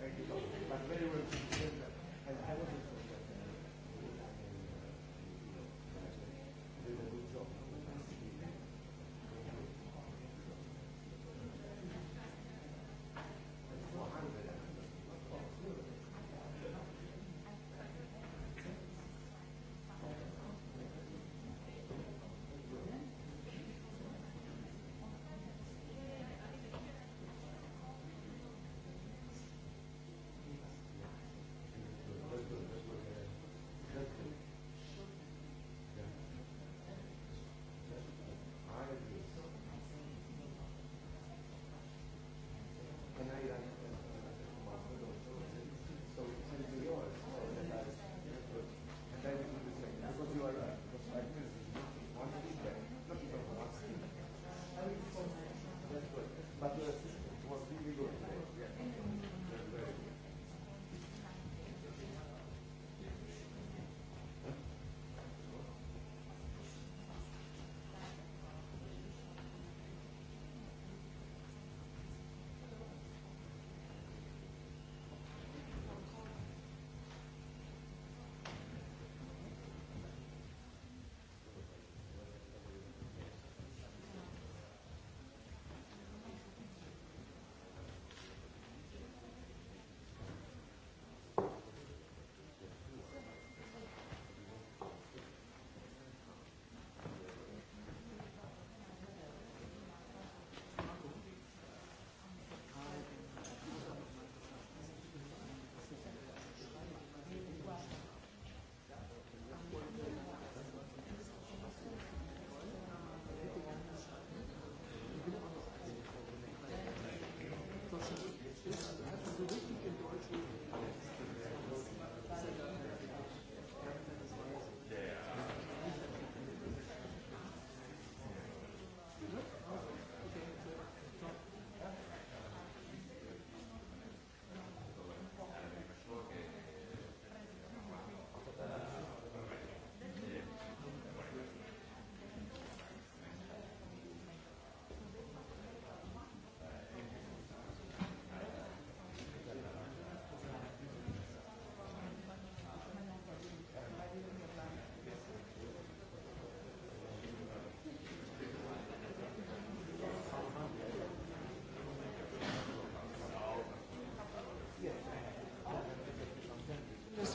Thank you.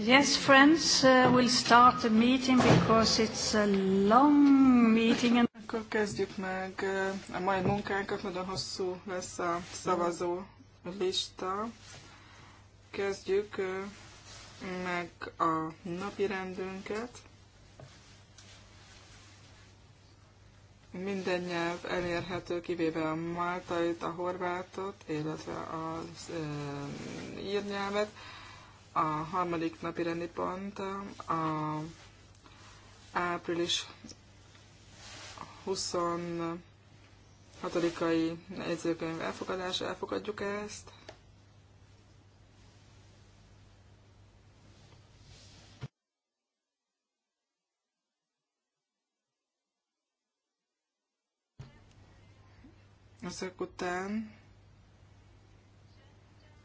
Yes, friends, uh, we'll start the meeting because it's a long meeting. And... Akkor kezdjük meg uh, a mai munkánkat, nagyon hosszú lesz a szavazó lista. Kezdjük uh, meg a napi rendünket. Minden nyelv elérhető, kivéve a máltait, a horvátot, illetve az e, írnyelvet a harmadik napi rendi pont a április 26-ai jegyzőkönyv elfogadása. Elfogadjuk ezt. Ezek után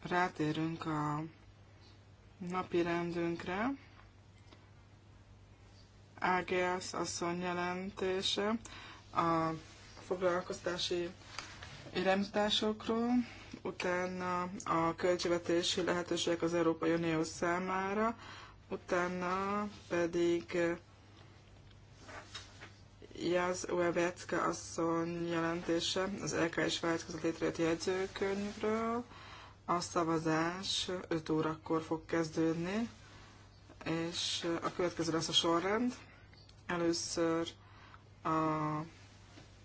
rátérünk a napi rendünkre. Ágész asszony jelentése a foglalkoztási irányításokról, utána a költségvetési lehetőségek az Európai Unió számára, utána pedig Jaz Uevecka asszony jelentése az LKS változat létrejött jegyzőkönyvről, a szavazás 5 órakor fog kezdődni, és a következő lesz a sorrend. Először a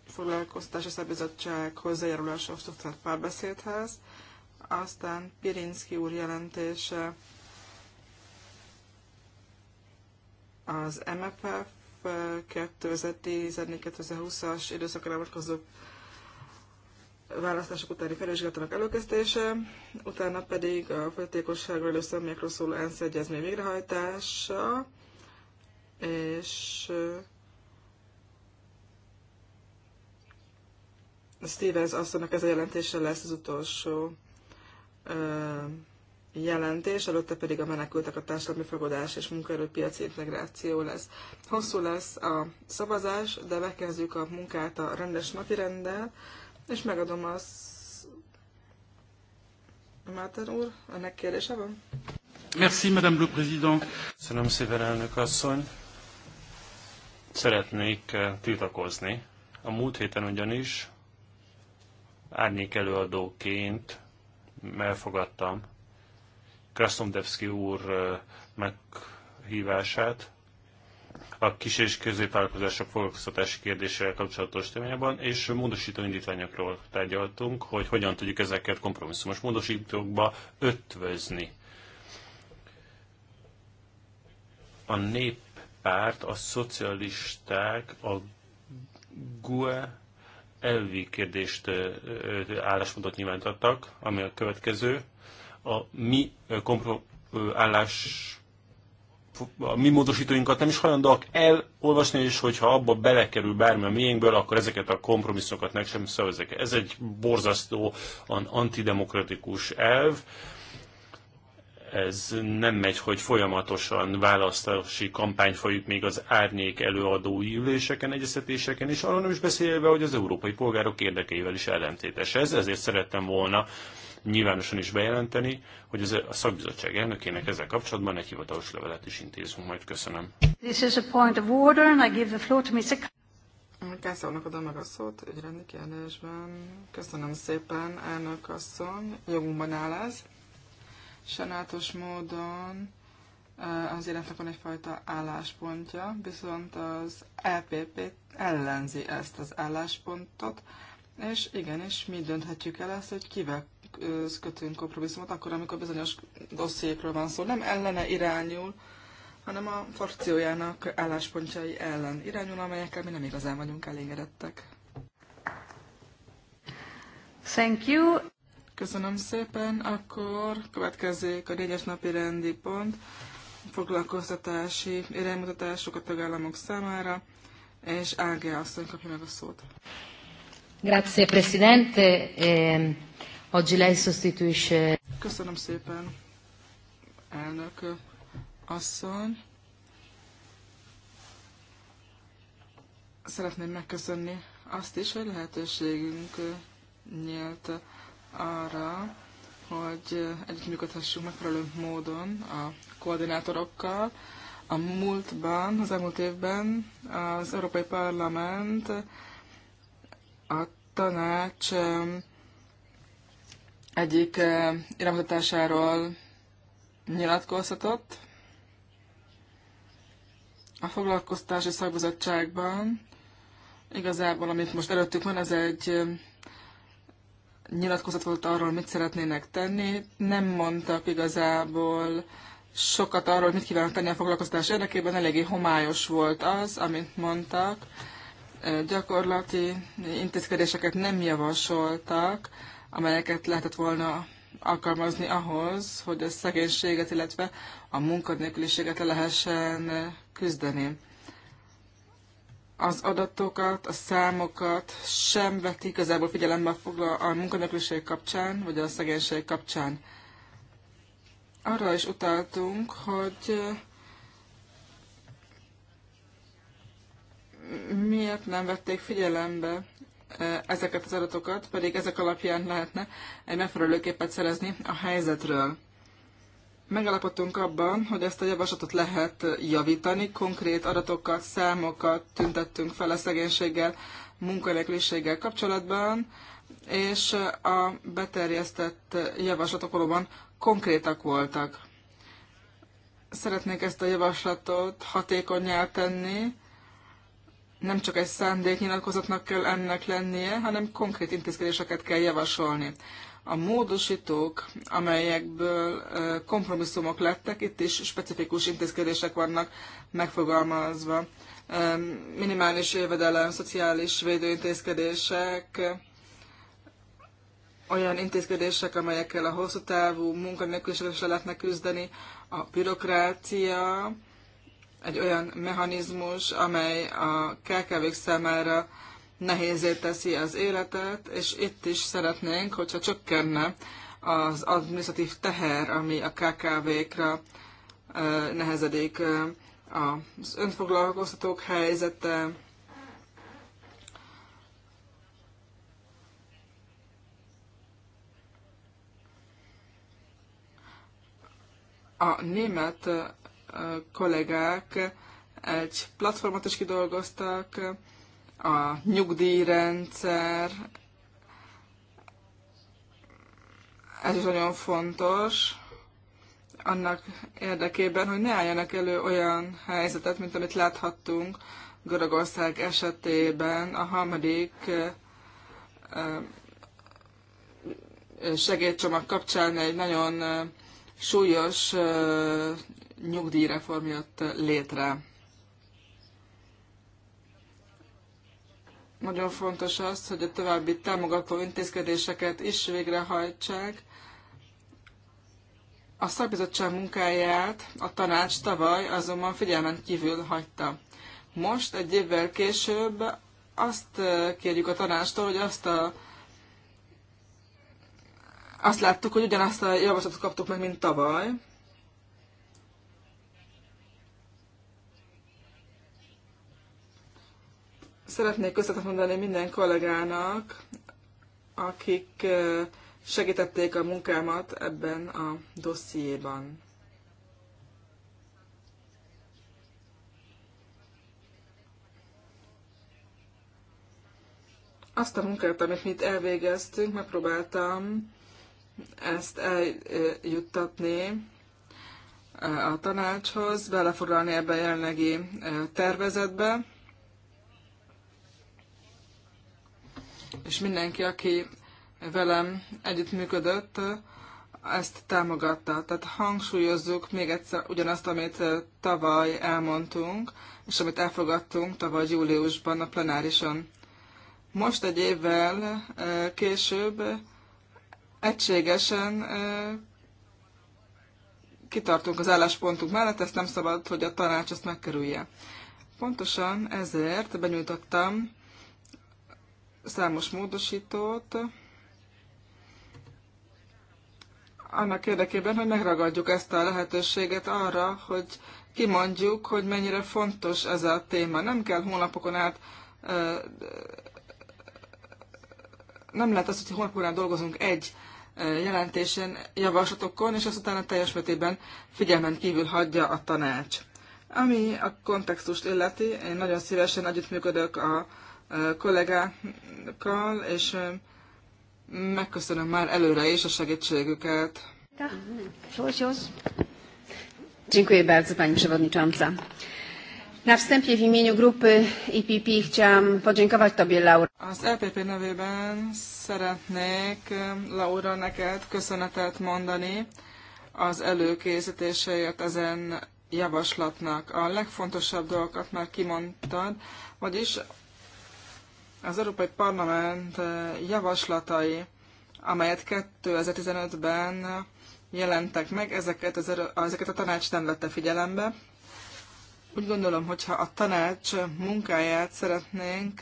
foglalkoztatási szabizottság hozzájárulása a struktúrált párbeszédhez, aztán Pirinszki úr jelentése az MFF 2014-2020-as időszakra vonatkozó választások utáni felvizsgálatának előkezdése, utána pedig a fogyatékosságról élő személyekről szóló ENSZ egyezmény végrehajtása, és Stevens asszonynak ez a jelentése lesz az utolsó jelentés, előtte pedig a menekültek a társadalmi fogadás és munkaerőpiaci integráció lesz. Hosszú lesz a szavazás, de megkezdjük a munkát a rendes napirenddel és megadom az A Máter úr, ennek kérdése van? Merci, Madame le Président. Köszönöm szépen, elnök asszony. Szeretnék eh, tiltakozni. A múlt héten ugyanis árnyék előadóként elfogadtam Krasnodevski úr eh, meghívását, a kis és középvállalkozások foglalkoztatási kérdésével kapcsolatos témában, és módosító indítványokról tárgyaltunk, hogy hogyan tudjuk ezeket kompromisszumos módosítókba ötvözni. A néppárt, a szocialisták, a GUE elvi kérdést, álláspontot nyilvántattak, ami a következő. A mi komprom- állás a mi módosítóinkat nem is hajlandóak elolvasni, és hogyha abba belekerül bármi a miénkből, akkor ezeket a kompromisszokat meg sem szövezek. Ez egy borzasztó, antidemokratikus elv. Ez nem megy, hogy folyamatosan választási kampány folyik még az árnyék előadói üléseken, egyeztetéseken, és arról nem is beszélve, hogy az európai polgárok érdekeivel is ellentétes ez, ezért szerettem volna nyilvánosan is bejelenteni, hogy az a szakbizottság elnökének ezzel kapcsolatban egy hivatalos levelet is intézünk. Majd köszönöm. This is a point of order, and I give the floor to Mr. Kászornak adom meg a szót rendi kérdésben. Köszönöm szépen, elnök asszony. Jogunkban áll ez. Sajnálatos módon eh, az életnek van egyfajta álláspontja, viszont az EPP ellenzi ezt az álláspontot, és igenis mi dönthetjük el ezt, hogy kivel kötünk kompromisszumot, akkor, amikor bizonyos dossziékről van szó, nem ellene irányul, hanem a frakciójának álláspontjai ellen irányul, amelyekkel mi nem igazán vagyunk elégedettek. Thank you. Köszönöm szépen, akkor következzék a négyes napi rendi pont, foglalkoztatási iránymutatások a tagállamok számára, és Ágé asszony kapja meg a szót. Grazie Presidente. Ehm, Oggi lei sostituisce. Köszönöm szépen, elnök asszony. Szeretném megköszönni azt is, hogy lehetőségünk nyílt arra, hogy együttműködhessünk megfelelő módon a koordinátorokkal. A múltban, az elmúlt évben az Európai Parlament a tanács egyik eh, iramutatásáról nyilatkozhatott. A foglalkoztási szakbizottságban igazából, amit most előttük van, ez egy eh, nyilatkozat volt arról, mit szeretnének tenni. Nem mondtak igazából sokat arról, mit kívánok tenni a foglalkoztatás érdekében. Eléggé homályos volt az, amit mondtak. Eh, gyakorlati intézkedéseket nem javasoltak amelyeket lehetett volna alkalmazni ahhoz, hogy a szegénységet, illetve a munkanélküliséget lehessen küzdeni. Az adatokat, a számokat sem vett igazából figyelembe a munkanélküliség kapcsán, vagy a szegénység kapcsán. Arra is utaltunk, hogy miért nem vették figyelembe ezeket az adatokat, pedig ezek alapján lehetne egy megfelelő képet szerezni a helyzetről. Megalapodtunk abban, hogy ezt a javaslatot lehet javítani, konkrét adatokat, számokat tüntettünk fel a szegénységgel, munkanélküliséggel kapcsolatban, és a beterjesztett javaslatok valóban konkrétak voltak. Szeretnék ezt a javaslatot hatékonyá tenni, nem csak egy szándéknyilatkozatnak kell ennek lennie, hanem konkrét intézkedéseket kell javasolni. A módosítók, amelyekből kompromisszumok lettek, itt is specifikus intézkedések vannak megfogalmazva. Minimális jövedelem, szociális védőintézkedések, olyan intézkedések, amelyekkel a hosszú távú munkanélküliséget lehetne küzdeni, a bürokrácia, egy olyan mechanizmus, amely a kkv számára nehézé teszi az életet, és itt is szeretnénk, hogyha csökkenne az administratív teher, ami a KKV-kra nehezedik, az önfoglalkoztatók helyzete, a német kollégák egy platformot is kidolgoztak, a nyugdíjrendszer, ez is nagyon fontos, annak érdekében, hogy ne álljanak elő olyan helyzetet, mint amit láthattunk Görögország esetében a harmadik segédcsomag kapcsán egy nagyon súlyos nyugdíjreform jött létre. Nagyon fontos az, hogy a további támogató intézkedéseket is végrehajtsák. A szakbizottság munkáját a tanács tavaly azonban figyelmen kívül hagyta. Most, egy évvel később azt kérjük a tanástól, hogy azt a azt láttuk, hogy ugyanazt a javaslatot kaptuk meg, mint tavaly. Szeretnék köszönetet mondani minden kollégának, akik segítették a munkámat ebben a dossziéban. Azt a munkát, amit mi elvégeztünk, megpróbáltam ezt eljuttatni a tanácshoz, belefoglalni ebbe a jelenlegi tervezetbe. és mindenki, aki velem együttműködött, ezt támogatta. Tehát hangsúlyozzuk még egyszer ugyanazt, amit eh, tavaly elmondtunk, és amit elfogadtunk tavaly júliusban a plenárison. Most egy évvel eh, később egységesen eh, kitartunk az álláspontunk mellett, ezt nem szabad, hogy a tanács ezt megkerülje. Pontosan ezért benyújtottam számos módosítót, annak érdekében, hogy megragadjuk ezt a lehetőséget arra, hogy kimondjuk, hogy mennyire fontos ez a téma. Nem kell hónapokon át, nem lehet az, hogy hónapokon át dolgozunk egy jelentésen, javaslatokon, és azt utána teljes mértékben figyelmen kívül hagyja a tanács. Ami a kontextust illeti, én nagyon szívesen együttműködök a kollégákkal, és megköszönöm már előre is a segítségüket. Szóval Dziękuję bardzo Pani Przewodnicząca. Na wstępie w imieniu grupy EPP chciałam podziękować Tobie, Laura. Az EPP nevében szeretnék, Laura, neked köszönetet mondani az előkészítéséért ezen javaslatnak. A legfontosabb dolgokat már kimondtad, vagyis az Európai Parlament eh, javaslatai, amelyet 2015-ben jelentek meg, ezeket, az, ezeket a tanács nem vette figyelembe. Úgy gondolom, hogyha a tanács munkáját szeretnénk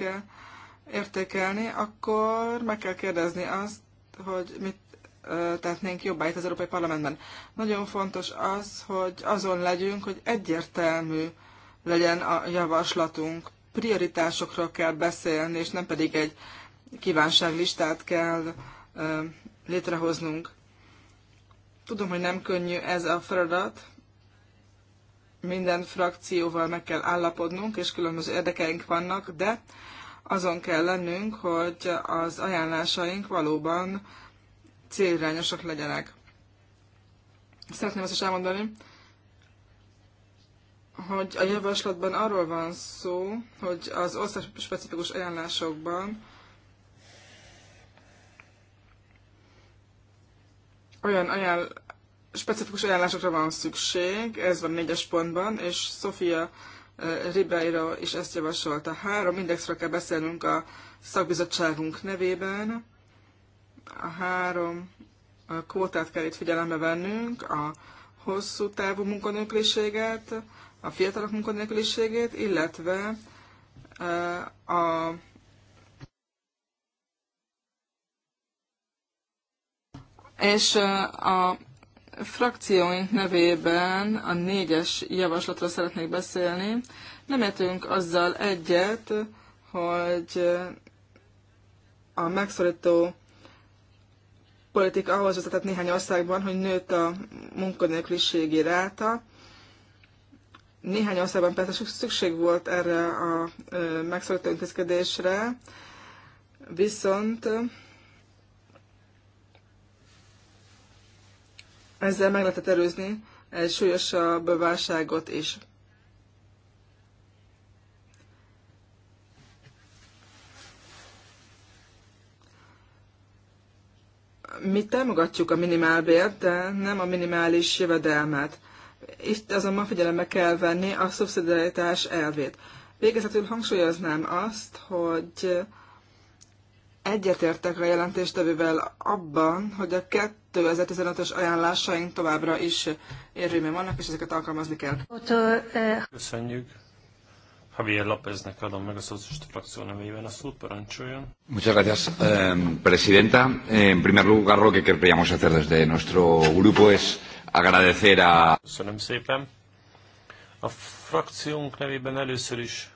értékelni, akkor meg kell kérdezni azt, hogy mit eh, tehetnénk jobbá itt az Európai Parlamentben. Nagyon fontos az, hogy azon legyünk, hogy egyértelmű legyen a javaslatunk prioritásokról kell beszélni, és nem pedig egy kívánságlistát kell ö, létrehoznunk. Tudom, hogy nem könnyű ez a feladat. Minden frakcióval meg kell állapodnunk, és különböző érdekeink vannak, de azon kell lennünk, hogy az ajánlásaink valóban célirányosak legyenek. Szeretném azt is elmondani, hogy a javaslatban arról van szó, hogy az országspecifikus specifikus ajánlásokban olyan ajánl specifikus ajánlásokra van szükség, ez van négyes pontban, és Sofia eh, Ribeiro is ezt javasolta. Három indexről kell beszélnünk a szakbizottságunk nevében. A három eh, kvótát kell itt figyelembe vennünk, a hosszú távú munkanőkliséget, a fiatalok munkanélküliségét, illetve eh, a és eh, a frakcióink nevében a négyes javaslatról szeretnék beszélni. Nem értünk azzal egyet, hogy eh, a megszorító politika ahhoz vezetett néhány országban, hogy nőtt a munkanélküliségi ráta, néhány országban persze szükség volt erre a megszorító intézkedésre, viszont ezzel meg lehetett erőzni egy súlyosabb válságot is. Mi támogatjuk a minimálbért, de nem a minimális jövedelmet. Itt azonban figyelembe kell venni a szubszidiaritás elvét. Végezetül hangsúlyoznám azt, hogy egyetértek a jelentéstevővel abban, hogy a 2015-ös ajánlásaink továbbra is érvényben vannak, és ezeket alkalmazni kell. Eh, Köszönjük. Javier Lópeznek adom meg de szocialista frakció nevében a szót, parancsoljon. Muchas gracias, eh, presidenta. Eh, En primer lugar, lo que queríamos hacer desde nuestro grupo es agradecer a... Köszönöm szépen. A frakciónk nevében először is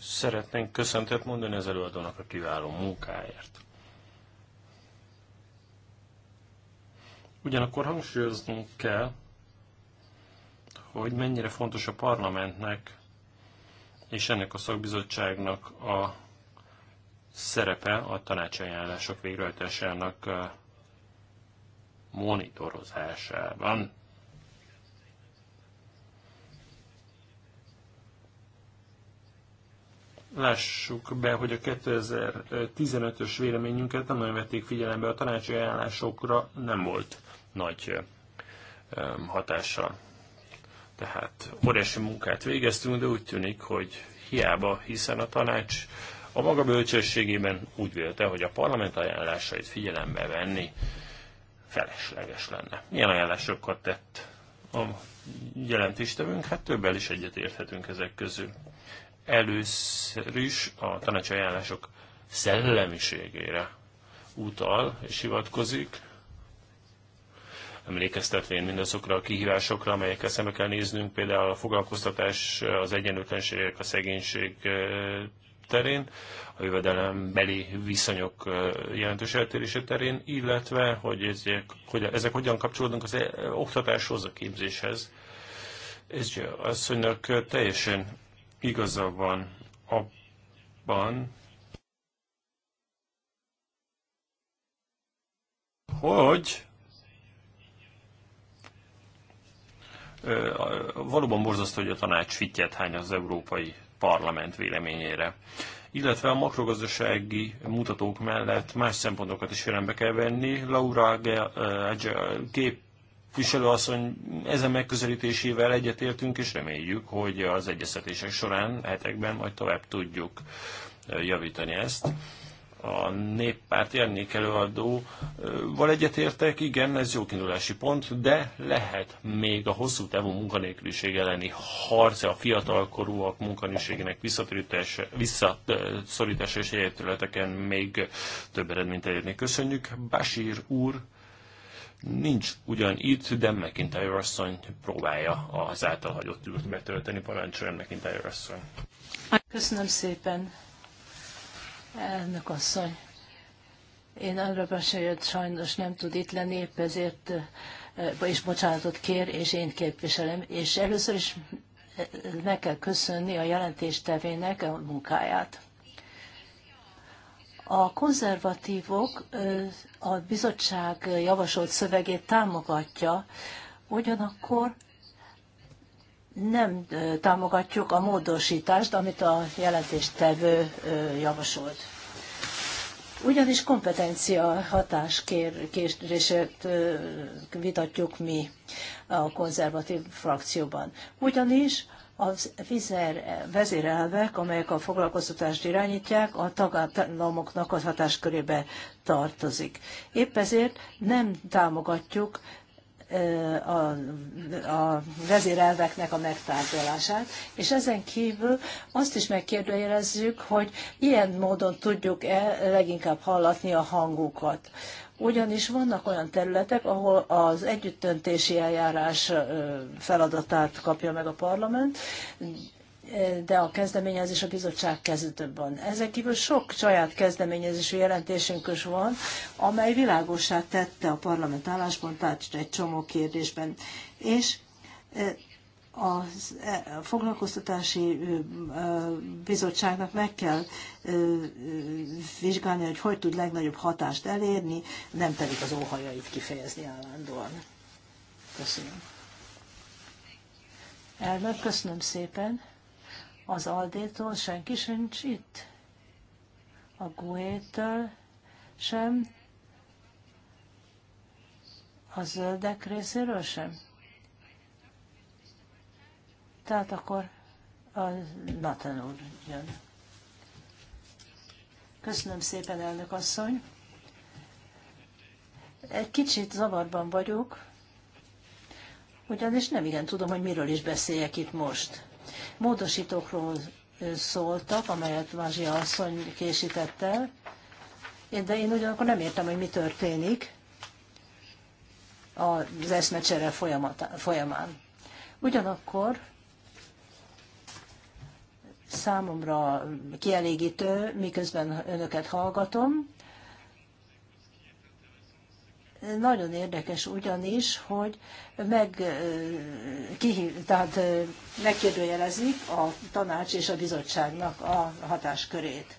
szeretnénk köszöntet mondani az előadónak a kiváló munkáért. Ugyanakkor hangsúlyoznunk kell, hogy mennyire fontos a parlamentnek és ennek a szakbizottságnak a szerepe a tanácsajánlások végrehajtásának monitorozásában. Lássuk be, hogy a 2015-ös véleményünket nem nagyon vették figyelembe, a tanácsajánlásokra nem volt nagy hatással. Tehát óriási munkát végeztünk, de úgy tűnik, hogy hiába, hiszen a tanács a maga bölcsességében úgy vélte, hogy a parlament ajánlásait figyelembe venni felesleges lenne. Milyen ajánlásokat tett a jelentéstevünk? Hát többel is egyetérthetünk ezek közül. Először is a tanács ajánlások szellemiségére utal és hivatkozik, emlékeztetvén mindazokra a kihívásokra, amelyekkel szembe kell néznünk, például a foglalkoztatás, az egyenlőtlenségek, a szegénység terén, a jövedelembeli viszonyok jelentős eltérése terén, illetve hogy ezek, hogy ezek hogyan kapcsolódnak az oktatáshoz, a képzéshez. Ez hogy teljesen igaza van abban, hogy Valóban borzasztó, hogy a tanács fittyet hány az Európai Parlament véleményére. Illetve a makrogazdasági mutatók mellett más szempontokat is jelenbe kell venni. Laura kép viselőasszony ezen megközelítésével egyetértünk, és reméljük, hogy az egyeztetések során, hetekben majd tovább tudjuk javítani ezt a néppárti árnyék előadóval egyetértek, igen, ez jó kiindulási pont, de lehet még a hosszú távú munkanélküliség elleni harca, a fiatalkorúak munkanélküliségének visszaszorítása és egyetületeken még több eredményt elérni. Köszönjük, Basír úr! Nincs ugyan itt, de McIntyre asszony próbálja az által hagyott ült betölteni, parancsoljon McIntyre asszony. Köszönöm szépen, Elnök asszony, én arra beszéljött, sajnos nem tud itt lenni, épp ezért eh, és bocsánatot kér, és én képviselem. És először is eh, meg kell köszönni a jelentéstevének a munkáját. A konzervatívok eh, a bizottság javasolt szövegét támogatja, ugyanakkor nem támogatjuk a módosítást, amit a jelentéstevő javasolt. Ugyanis kompetencia hatás kérdését vitatjuk mi a konzervatív frakcióban. Ugyanis a vizer vezérelvek, amelyek a foglalkoztatást irányítják, a tagállamoknak a hatáskörébe tartozik. Épp ezért nem támogatjuk a, a vezérelveknek a megtárgyalását, és ezen kívül azt is megkérdőjelezzük, hogy ilyen módon tudjuk-e leginkább hallatni a hangukat. Ugyanis vannak olyan területek, ahol az együttöntési eljárás feladatát kapja meg a parlament, de a kezdeményezés a bizottság kezdetőbb van. Ezek kívül sok saját kezdeményezésű jelentésünk is van, amely világosá tette a parlament álláspontát egy csomó kérdésben. És a foglalkoztatási bizottságnak meg kell vizsgálni, hogy hogy tud legnagyobb hatást elérni, nem pedig az óhajait kifejezni állandóan. Köszönöm. Elnök, köszönöm szépen. Az Aldétól senki sincs itt. A Guétől sem. A zöldek részéről sem. Tehát akkor a Nathan úr jön. Köszönöm szépen, elnök asszony. Egy kicsit zavarban vagyok, ugyanis nem igen tudom, hogy miről is beszéljek itt most. Módosítókról szóltak, amelyet Vázsia asszony készített el, de én ugyanakkor nem értem, hogy mi történik az eszmecsere folyamán. Ugyanakkor számomra kielégítő, miközben önöket hallgatom, nagyon érdekes ugyanis, hogy meg, ki, tehát megkérdőjelezik a tanács és a bizottságnak a hatáskörét.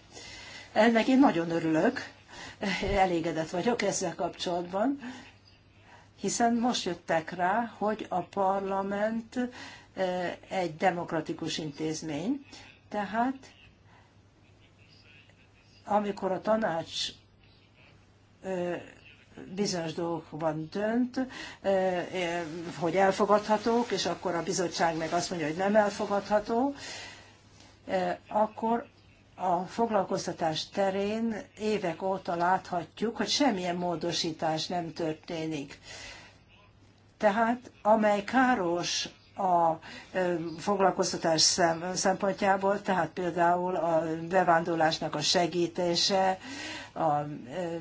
Ennek én nagyon örülök, elégedett vagyok ezzel kapcsolatban, hiszen most jöttek rá, hogy a parlament egy demokratikus intézmény, tehát amikor a tanács bizonyos dolgokban dönt, e, e, hogy elfogadhatók, és akkor a bizottság meg azt mondja, hogy nem elfogadható, e, akkor a foglalkoztatás terén évek óta láthatjuk, hogy semmilyen módosítás nem történik. Tehát amely káros a foglalkoztatás szempontjából, tehát például a bevándorlásnak a segítése, a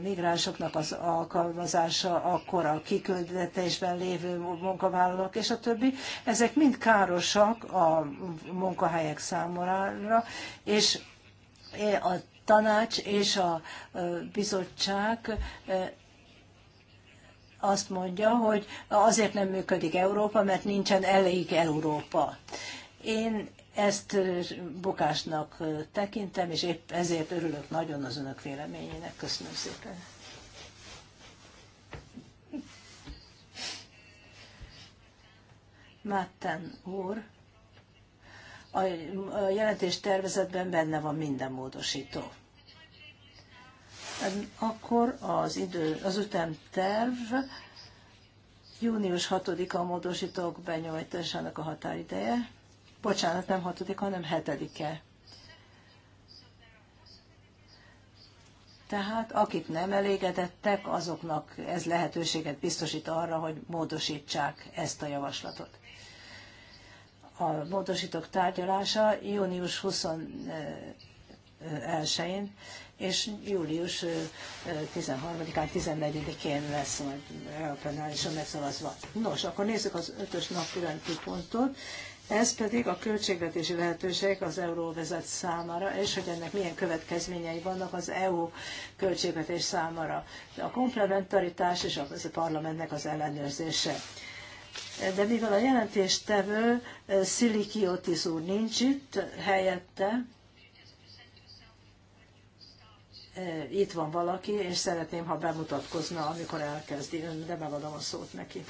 migránsoknak az alkalmazása, akkor a kiküldetésben lévő munkavállalók és a többi. Ezek mind károsak a munkahelyek számára, és a tanács és a bizottság e, azt mondja, hogy azért nem működik Európa, mert nincsen elég Európa. Én ezt bukásnak tekintem, és épp ezért örülök nagyon az önök véleményének. Köszönöm szépen. Mátten úr, a jelentés tervezetben benne van minden módosító. Akkor az, idő, az ütemterv június 6 a módosítók benyújtásának a határideje bocsánat, nem hatodik, hanem hetedike. Tehát akik nem elégedettek, azoknak ez lehetőséget biztosít arra, hogy módosítsák ezt a javaslatot. A módosítók tárgyalása június 21-én és július 13-án, 14-én lesz majd a plenárison megszavazva. Nos, akkor nézzük az ötös napi pontot. Ez pedig a költségvetési lehetőség az euróvezet számára, és hogy ennek milyen következményei vannak az EU költségvetés számára. A komplementaritás és a parlamentnek az ellenőrzése. De mivel a jelentéstevő eh, Szilikiotis úr nincs itt helyette, eh, itt van valaki, és szeretném, ha bemutatkozna, amikor elkezdi ön, de megadom a szót neki.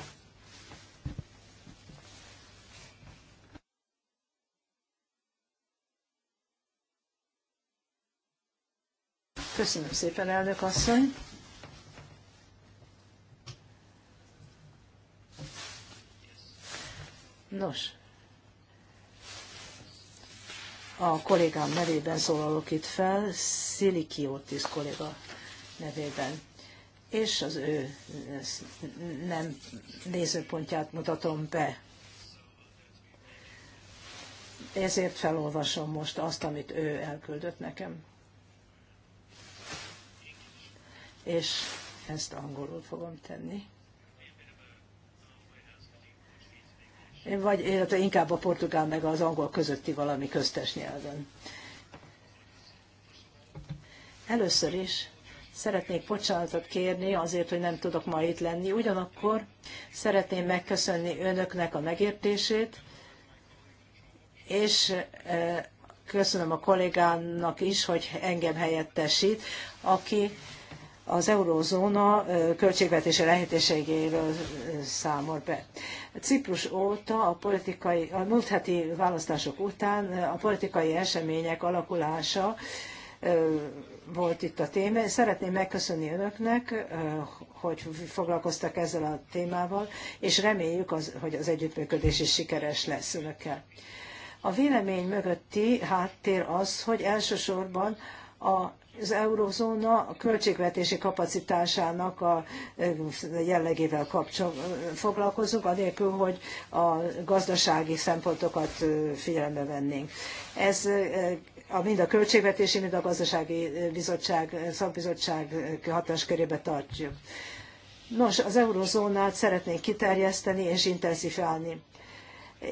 Köszönöm szépen, elnök asszony. Nos, a kollégám nevében szólalok itt fel, Sziliki Ortiz kolléga nevében, és az ő nem nézőpontját mutatom be. Ezért felolvasom most azt, amit ő elküldött nekem. és ezt angolul fogom tenni. Én Vagy illetve inkább a portugál meg az angol közötti valami köztes nyelven. Először is szeretnék bocsánatot kérni azért, hogy nem tudok ma itt lenni. Ugyanakkor szeretném megköszönni önöknek a megértését, és e, köszönöm a kollégának is, hogy engem helyettesít, aki az eurózóna költségvetési lehetőségéről számol be. Ciprus óta a politikai, a múlt heti választások után a politikai események alakulása volt itt a téma. Szeretném megköszönni önöknek, hogy foglalkoztak ezzel a témával, és reméljük, az, hogy az együttműködés is sikeres lesz önökkel. A vélemény mögötti háttér az, hogy elsősorban a az eurozóna költségvetési kapacitásának a eh, jellegével eh, foglalkozunk, anélkül, hogy a gazdasági szempontokat eh, figyelembe vennénk. Ez a mind a költségvetési, mind a gazdasági bizottság, szakbizottság hatáskörébe tartjuk. Nos, az eurozónát szeretnénk kiterjeszteni és intenzifikálni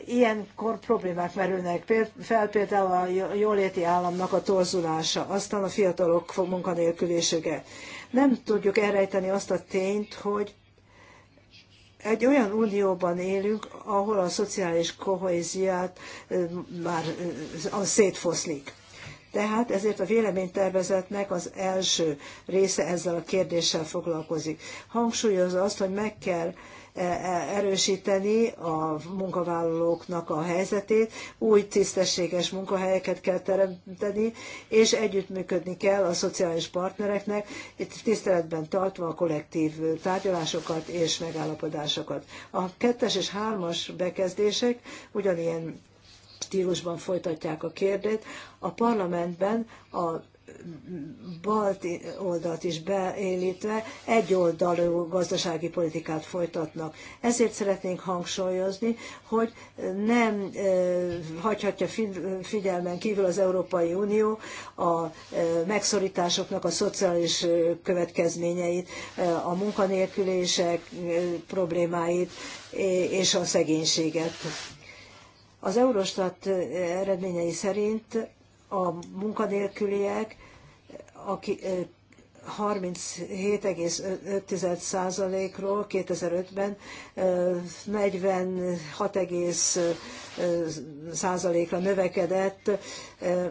ilyenkor problémák merülnek fel, például a jóléti államnak a torzulása, aztán a fiatalok munkanélkülisége. Nem tudjuk elrejteni azt a tényt, hogy egy olyan unióban élünk, ahol a szociális kohéziát már szétfoszlik. Tehát ezért a véleménytervezetnek az első része ezzel a kérdéssel foglalkozik. Hangsúlyozza azt, hogy meg kell E, e, erősíteni a munkavállalóknak a helyzetét, új tisztességes munkahelyeket kell teremteni, és együttműködni kell a szociális partnereknek, itt tiszteletben tartva a kollektív tárgyalásokat és megállapodásokat. A kettes és hármas bekezdések ugyanilyen stílusban folytatják a kérdét. A parlamentben a balt oldalt is beélítve egyoldalú gazdasági politikát folytatnak. Ezért szeretnénk hangsúlyozni, hogy nem hagyhatja figyelmen kívül az Európai Unió a megszorításoknak a szociális következményeit, a munkanélkülések problémáit és a szegénységet. Az Eurostat eredményei szerint a munkanélküliek, aki 37,5%-ról 2005-ben 46,0%-ra növekedett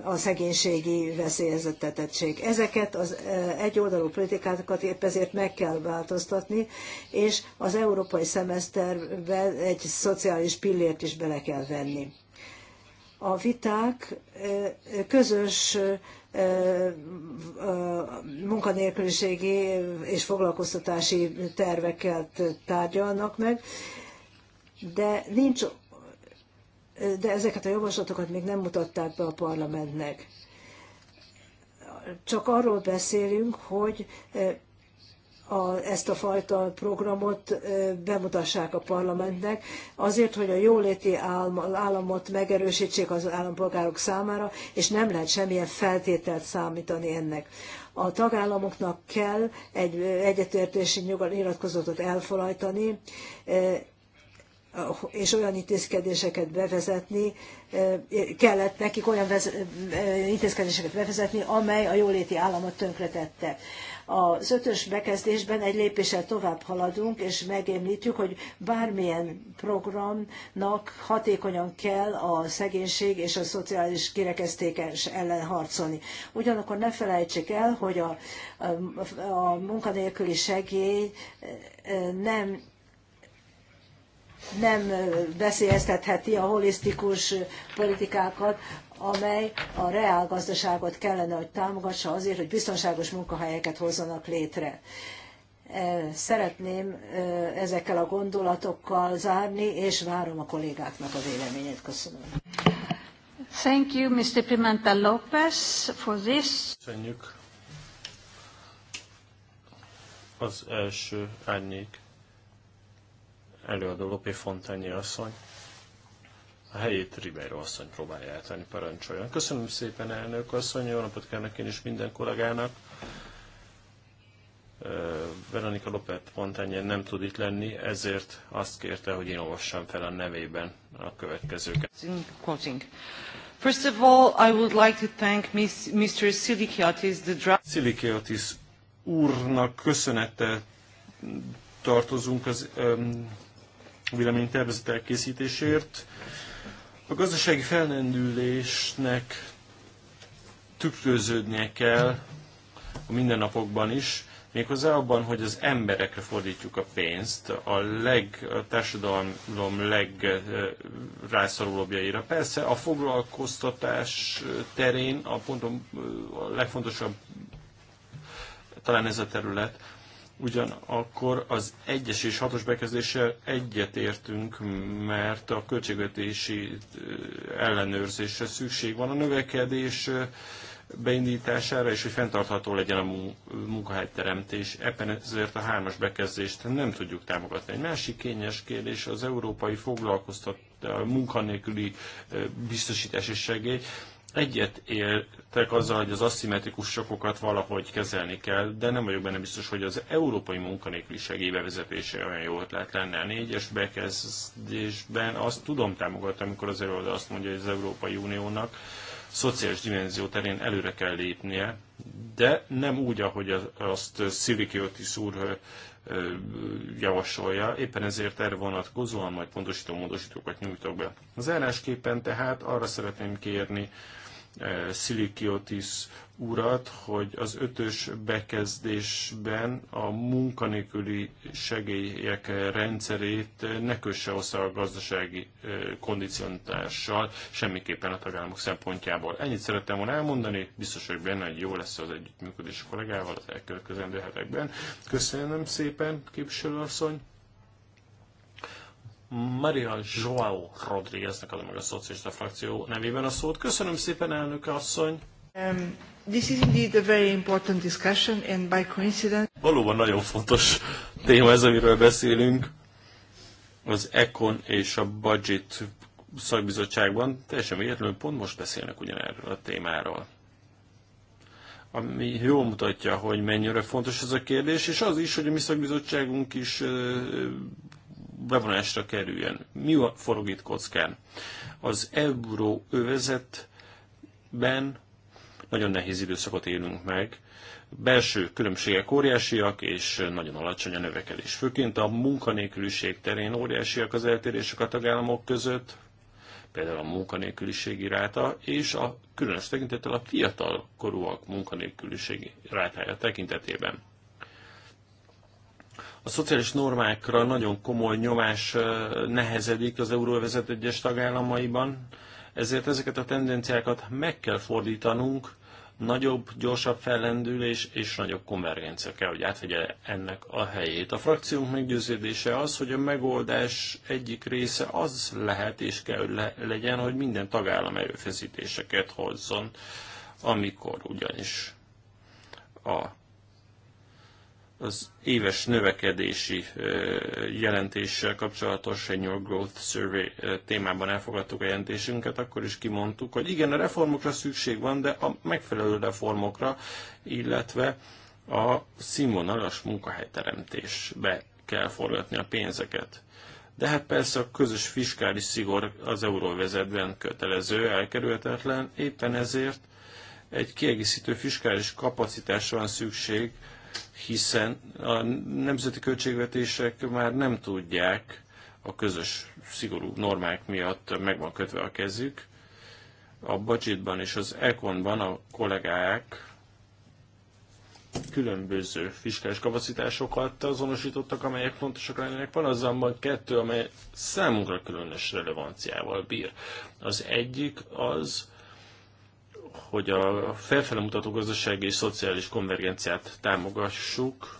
a szegénységi veszélyezettetettség. Ezeket az egyoldalú politikákat épp ezért meg kell változtatni, és az európai szemeszterbe egy szociális pillért is bele kell venni a viták közös munkanélküliségi és foglalkoztatási terveket tárgyalnak meg, de nincs de ezeket a javaslatokat még nem mutatták be a parlamentnek. Csak arról beszélünk, hogy a, ezt a fajta programot bemutassák a parlamentnek, azért, hogy a jóléti államot megerősítsék az állampolgárok számára, és nem lehet semmilyen feltételt számítani ennek. A tagállamoknak kell egy egyetértési nyilatkozatot elfogadni, és olyan intézkedéseket bevezetni, kellett nekik olyan intézkedéseket bevezetni, amely a jóléti államot tönkretette. Az ötös bekezdésben egy lépéssel tovább haladunk, és megémlítjük, hogy bármilyen programnak hatékonyan kell a szegénység és a szociális kirekesztékes ellen harcolni. Ugyanakkor ne felejtsék el, hogy a, a, a munkanélküli segély eh, nem nem eh, veszélyeztetheti a holisztikus politikákat, amely a reálgazdaságot kellene, hogy támogassa azért, hogy biztonságos munkahelyeket hozzanak létre. Szeretném ezekkel a gondolatokkal zárni, és várom a kollégáknak a véleményét. Köszönöm. Thank you, Mr. Pimentel López, for this. Köszönjük az első árnyék előadó Lopé Fontányi asszony. A helyét Ribeiro asszony próbálja eltenni, parancsoljon. Köszönöm szépen, elnök asszony, jó napot kívánok én is minden kollégának. Veronika Lopet Montanye nem tud itt lenni, ezért azt kérte, hogy én olvassam fel a nevében a következőket. Quoting. First of all, I would like to thank Mr. Silikiotis, the Silikiotis úrnak köszönete tartozunk az um, véleménytervezet elkészítésért. Mm a gazdasági felnendülésnek tükröződnie kell a mindennapokban is, méghozzá abban, hogy az emberekre fordítjuk a pénzt, a, leg, a társadalom legrászorulóbbjaira. Persze a foglalkoztatás terén a, ponton, a legfontosabb talán ez a terület, Ugyanakkor az egyes és hatos bekezdéssel egyetértünk, mert a költségvetési ellenőrzésre szükség van a növekedés beindítására, és hogy fenntartható legyen a munkahelyteremtés. Ebben ezért a hármas bekezdést nem tudjuk támogatni. Egy másik kényes kérdés az európai foglalkoztat munkanélküli biztosítási segély. Egyet értek azzal, hogy az aszimmetrikus sokokat valahogy kezelni kell, de nem vagyok benne biztos, hogy az európai munkanélküliségé bevezetése olyan jó ötlet lenne. A négyes bekezdésben azt tudom támogatni, amikor az előadó azt mondja, hogy az Európai Uniónak szociális dimenzió terén előre kell lépnie, de nem úgy, ahogy azt Kiotis úr javasolja, éppen ezért erre vonatkozóan majd pontosító módosítókat nyújtok be. Az állásképpen tehát arra szeretném kérni Szilikiotis urat, hogy az ötös bekezdésben a munkanélküli segélyek rendszerét ne kösse hozzá a gazdasági kondicionitással, semmiképpen a tagállamok szempontjából. Ennyit szerettem volna elmondani, biztos vagyok benne, hogy jó lesz az együttműködés a kollégával az elkövetkezendő hetekben. Köszönöm szépen, képviselőasszony! Maria João Rodrigueznek adom meg a szocialista frakció nevében a szót. Köszönöm szépen, elnök asszony! Um, this is indeed a very important discussion and by coincidence... Valóban nagyon fontos téma ez, amiről beszélünk. Az ECON és a Budget szakbizottságban teljesen véletlenül pont most beszélnek ugyanerről a témáról. Ami jól mutatja, hogy mennyire fontos ez a kérdés, és az is, hogy a mi szakbizottságunk is bevonásra kerüljön. Mi forog itt kockán? Az övezetben nagyon nehéz időszakot élünk meg, belső különbségek óriásiak, és nagyon alacsony a növekedés. Főként a munkanélküliség terén óriásiak az eltérések a tagállamok között, például a munkanélküliségi ráta, és a különös tekintettel a fiatalkorúak munkanélküliségi rátája tekintetében. A szociális normákra nagyon komoly nyomás nehezedik az euróvezet egyes tagállamaiban, ezért ezeket a tendenciákat meg kell fordítanunk, nagyobb, gyorsabb fellendülés és nagyobb konvergencia kell, hogy átvegye ennek a helyét. A frakciónk meggyőződése az, hogy a megoldás egyik része az lehet és kell, le legyen, hogy minden tagállam erőfeszítéseket hozzon, amikor ugyanis a az éves növekedési jelentéssel kapcsolatos Annual Growth Survey témában elfogadtuk a jelentésünket, akkor is kimondtuk, hogy igen, a reformokra szükség van, de a megfelelő reformokra, illetve a színvonalas munkahelyteremtésbe kell forgatni a pénzeket. De hát persze a közös fiskális szigor az euróvezetben kötelező, elkerülhetetlen, éppen ezért egy kiegészítő fiskális kapacitásra van szükség, hiszen a nemzeti költségvetések már nem tudják a közös szigorú normák miatt meg van kötve a kezük. A budgetban és az econban a kollégák különböző fiskális kapacitásokat azonosítottak, amelyek fontosak lennének. Van azonban kettő, amely számunkra különös relevanciával bír. Az egyik az, hogy a felfele mutató gazdasági és szociális konvergenciát támogassuk,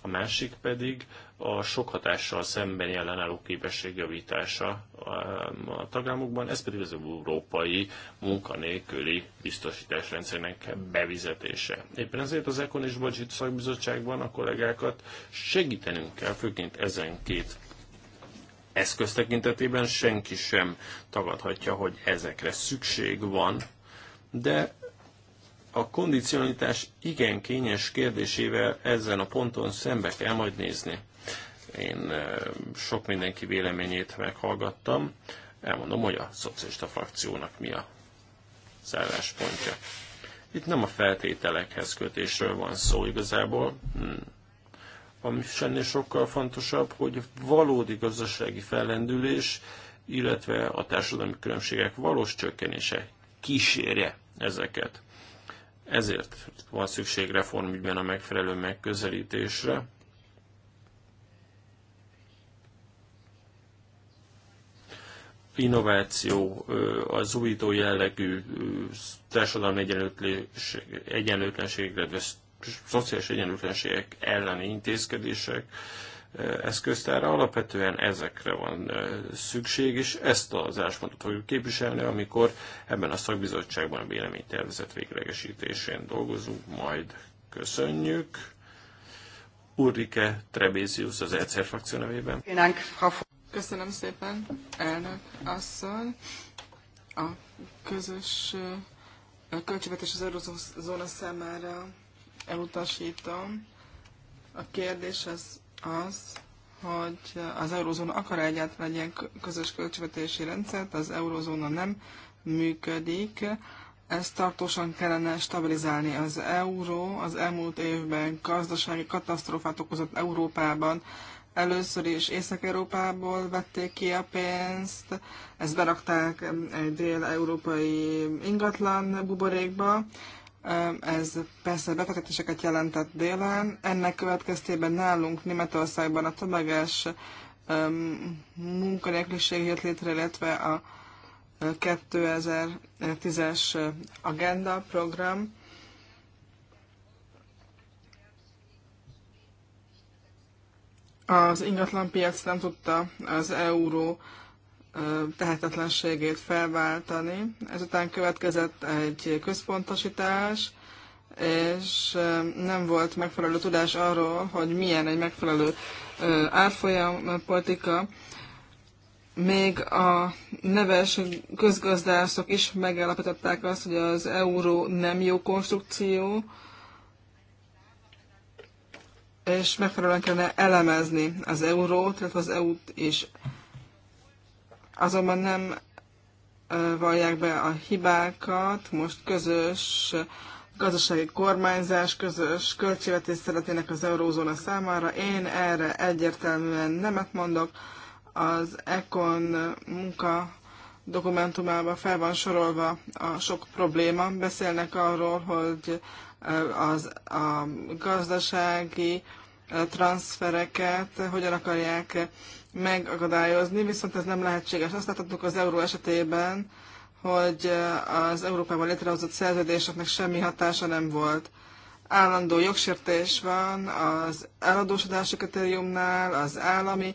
a másik pedig a sok hatással szemben jelenálló képesség javítása um, a tagállamokban, ez pedig az európai munkanélküli biztosításrendszernek bevizetése. Éppen ezért az Econ és Budget szakbizottságban a kollégákat segítenünk kell, főként ezen két eszköz tekintetében senki sem tagadhatja, hogy ezekre szükség van, de a kondicionalitás igen kényes kérdésével ezen a ponton szembe kell majd nézni. Én sok mindenki véleményét meghallgattam. Elmondom, hogy a szocialista frakciónak mi a szálláspontja. Itt nem a feltételekhez kötésről van szó igazából. Hmm. Ami ennél sokkal fontosabb, hogy valódi gazdasági fellendülés, illetve a társadalmi különbségek valós csökkenése kísérje ezeket. Ezért van szükség reformügyben a megfelelő megközelítésre. innováció, az újító jellegű társadalmi egyenlőtlenségre, de szociális egyenlőtlenségek elleni intézkedések, eszköztára. Alapvetően ezekre van szükség, és ezt az álláspontot fogjuk képviselni, amikor ebben a szakbizottságban a véleménytervezet véglegesítésén dolgozunk, majd köszönjük. Ulrike Trebézius az ECR frakció nevében. Köszönöm szépen, elnök asszony. A közös költségvetés az eurozóna számára elutasítom. A kérdés az az, hogy az eurozóna akar egyáltalán egy ilyen közös költségvetési rendszert, az eurozóna nem működik. Ezt tartósan kellene stabilizálni. Az euró az elmúlt évben gazdasági katasztrófát okozott Európában. Először is Észak-Európából vették ki a pénzt, ezt berakták egy dél-európai ingatlan buborékba, ez persze befektetéseket jelentett délen. Ennek következtében nálunk Németországban a tömeges munkanélküliség jött létre, illetve a 2010-es agenda program. Az ingatlanpiac nem tudta az euró tehetetlenségét felváltani. Ezután következett egy központosítás, és nem volt megfelelő tudás arról, hogy milyen egy megfelelő árfolyam politika. Még a neves közgazdászok is megállapították azt, hogy az euró nem jó konstrukció, és megfelelően kellene elemezni az eurót, illetve az EU-t is azonban nem vallják be a hibákat, most közös gazdasági kormányzás, közös költségvetés szeretnének az eurózóna számára. Én erre egyértelműen nemet mondok. Az ECON munka dokumentumában fel van sorolva a sok probléma. Beszélnek arról, hogy az, a gazdasági transfereket hogyan akarják megakadályozni, viszont ez nem lehetséges. Azt láthatjuk az euró esetében, hogy az Európában létrehozott szerződéseknek semmi hatása nem volt. Állandó jogsértés van az eladósodási kritériumnál, az állami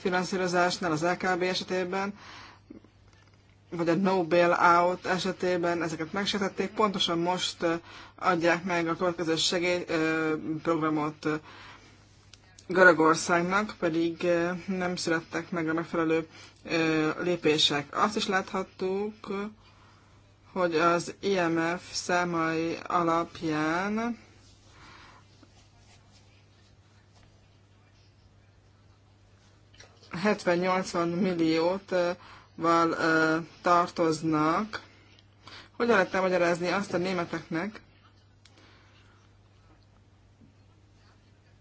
finanszírozásnál, az LKB esetében, vagy a no bailout esetében ezeket megsértették. Pontosan most adják meg a következő segélyprogramot Görögországnak pedig eh, nem születtek meg a megfelelő eh, lépések. Azt is láthattuk, hogy az IMF számai alapján ...70-80 milliót eh, val tartoznak. Hogyan lehetne magyarázni azt a németeknek,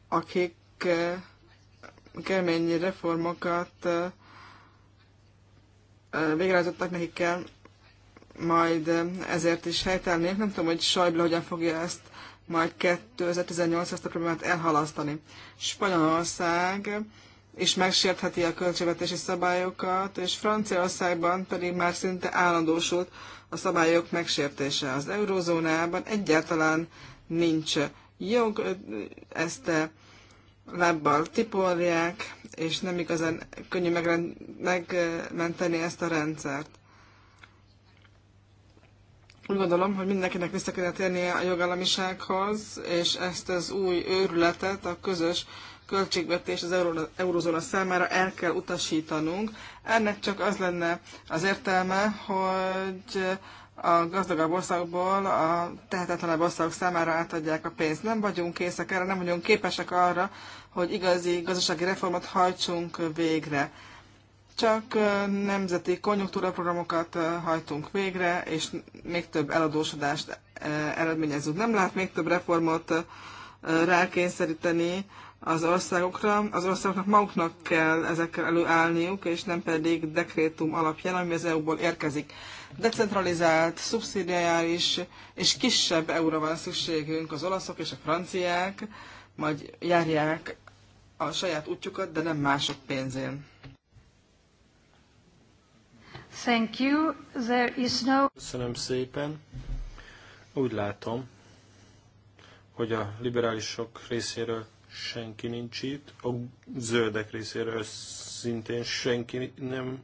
akik Eh, kemény reformokat eh, eh, végrehajtottak, nekik kell majd ezért is helytelniük. Nem tudom, hogy Sajble hogyan fogja ezt majd 2018 ezt a problémát elhalasztani. Spanyolország is megsértheti a költségvetési szabályokat, és Franciaországban pedig már szinte állandósult a szabályok megsértése. Az eurózónában egyáltalán nincs jog ezt lábbal tiporják, és nem igazán könnyű megmenteni ezt a rendszert. Úgy gondolom, hogy mindenkinek vissza kellene térnie a jogállamisághoz, és ezt az új őrületet, a közös költségvetés az eurozóna számára el kell utasítanunk. Ennek csak az lenne az értelme, hogy a gazdagabb országból a tehetetlenebb országok számára átadják a pénzt. Nem vagyunk készek erre, nem vagyunk képesek arra, hogy igazi gazdasági reformot hajtsunk végre. Csak nemzeti konjunktúraprogramokat hajtunk végre, és még több eladósodást eredményezünk. Nem lehet még több reformot rákényszeríteni az országokra. Az országoknak maguknak kell ezekkel előállniuk, és nem pedig dekrétum alapján, ami az EU-ból érkezik decentralizált, szubszidiáris és kisebb euróra van szükségünk. Az olaszok és a franciák majd járják a saját útjukat, de nem mások pénzén. Thank you. There is no... Köszönöm szépen. Úgy látom, hogy a liberálisok részéről senki nincs itt, a zöldek részéről szintén senki nem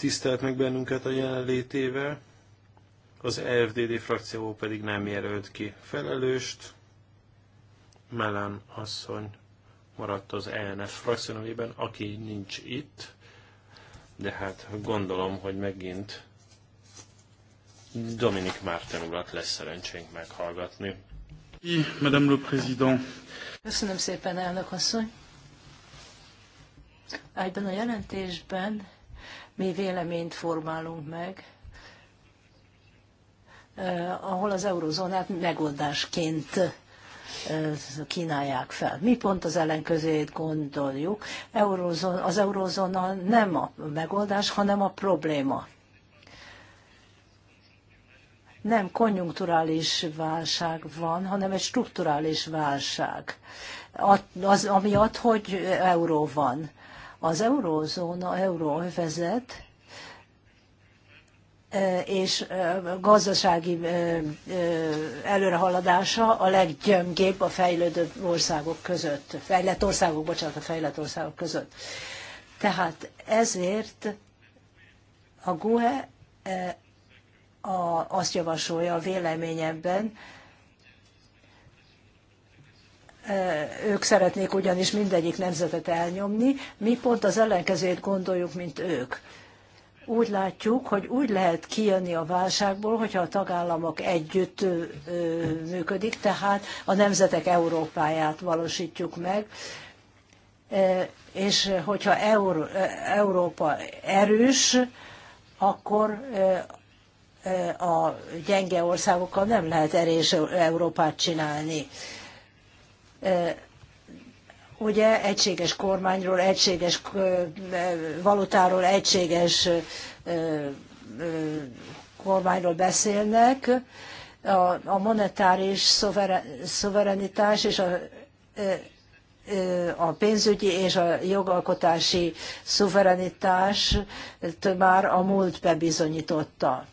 tisztelt meg bennünket a jelenlétével, az EFDD frakció pedig nem jelölt ki felelőst. Melán asszony maradt az ENF frakció nevében, aki nincs itt, de hát gondolom, hogy megint Dominik Márten urat lesz szerencsénk meghallgatni. I, Madame le Président. Köszönöm szépen, elnök asszony. Ebben a jelentésben mi véleményt formálunk meg, eh, ahol az eurozónát megoldásként eh, kínálják fel. Mi pont az ellenkezőjét gondoljuk. Az eurozóna nem a megoldás, hanem a probléma. Nem konjunkturális válság van, hanem egy strukturális válság. Az, amiatt, hogy euró van. Az eurózóna, euróövezet e, és e, gazdasági e, előrehaladása a leggyöngébb a fejlődő országok között, fejlett országok, bocsánat, a fejlett országok között. Tehát ezért a GUE azt javasolja a véleményemben, ők szeretnék ugyanis mindegyik nemzetet elnyomni, mi pont az ellenkezőjét gondoljuk, mint ők. Úgy látjuk, hogy úgy lehet kijönni a válságból, hogyha a tagállamok együtt működik, tehát a nemzetek Európáját valósítjuk meg, és hogyha Európa erős, akkor a gyenge országokkal nem lehet erős Európát csinálni ugye egységes kormányról, egységes valutáról, egységes kormányról beszélnek, a monetáris szuverenitás és a, a pénzügyi és a jogalkotási szuverenitás már a múlt bebizonyította.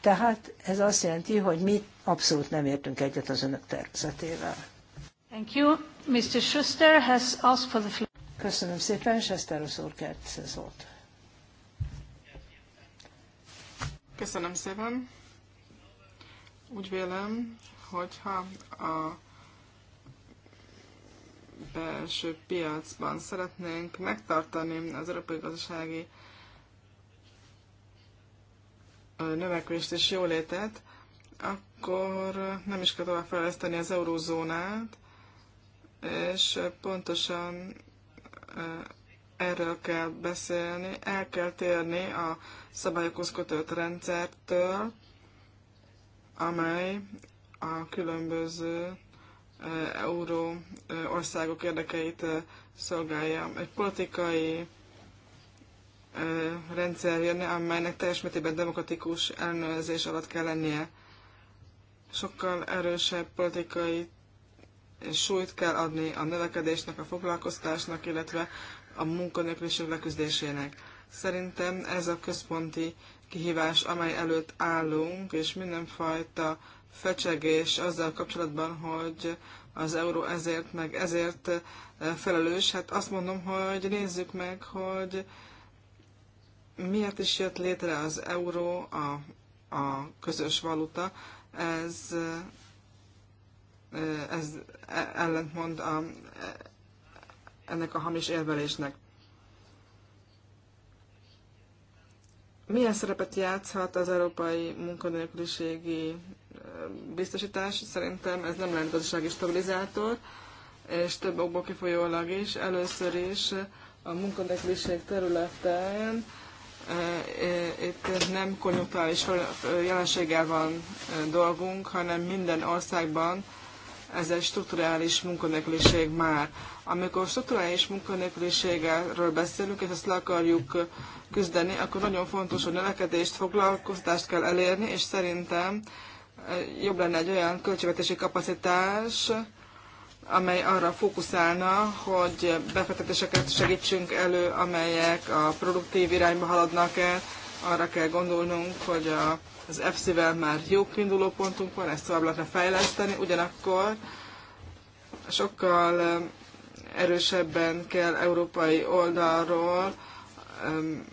Tehát ez azt jelenti, hogy mi abszolút nem értünk egyet az önök tervezetével. Thank you. Mr. Schuster has asked for the floor. Köszönöm szépen, Schuster úr kert szót. Köszönöm szépen. Úgy vélem, hogyha a belső piacban szeretnénk megtartani az európai gazdasági növekvést és jólétet, akkor nem is kell tovább fejleszteni az eurózónát, és pontosan erről kell beszélni, el kell térni a szabályokhoz kötött rendszertől, amely a különböző euró országok érdekeit szolgálja. Egy politikai rendszer jönne, amelynek teljes mértékben demokratikus ellenőrzés alatt kell lennie. Sokkal erősebb politikai súlyt kell adni a növekedésnek, a foglalkoztásnak, illetve a munkanélküliség leküzdésének. Szerintem ez a központi kihívás, amely előtt állunk, és mindenfajta fecsegés azzal kapcsolatban, hogy az euró ezért, meg ezért felelős. Hát azt mondom, hogy nézzük meg, hogy miért is jött létre az euró, a, a közös valuta, ez, eh, ez ellentmond a, ennek a hamis érvelésnek. Milyen szerepet játszhat az európai munkanélküliségi eh, biztosítás? Szerintem ez nem lehet gazdasági stabilizátor, és több okból kifolyólag is. Először is a munkanélküliség területen itt nem konjunktuális jelenséggel van dolgunk, hanem minden országban ez egy strukturális munkanélküliség már. Amikor strukturális munkanélküliségről beszélünk, és ezt le akarjuk küzdeni, akkor nagyon fontos, hogy növekedést, foglalkoztást kell elérni, és szerintem jobb lenne egy olyan költségvetési kapacitás, amely arra fókuszálna, hogy befektetéseket segítsünk elő, amelyek a produktív irányba haladnak el. Arra kell gondolnunk, hogy a, az EFSZ-vel már jó kiinduló pontunk van, ezt tovább lehetne fejleszteni, ugyanakkor sokkal um, erősebben kell európai oldalról um,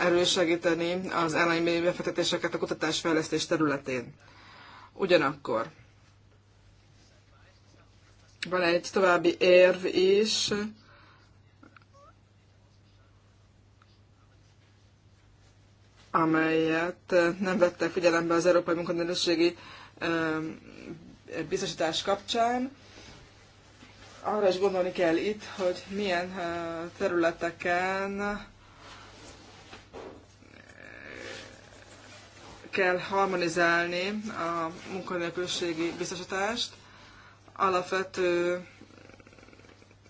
erősegíteni az állami befektetéseket a kutatásfejlesztés területén. Ugyanakkor van egy további érv is. amelyet nem vettek figyelembe az Európai Munkanőrösségi Biztosítás kapcsán. Arra is gondolni kell itt, hogy milyen területeken kell harmonizálni a munkanélküliségi biztosítást alapvető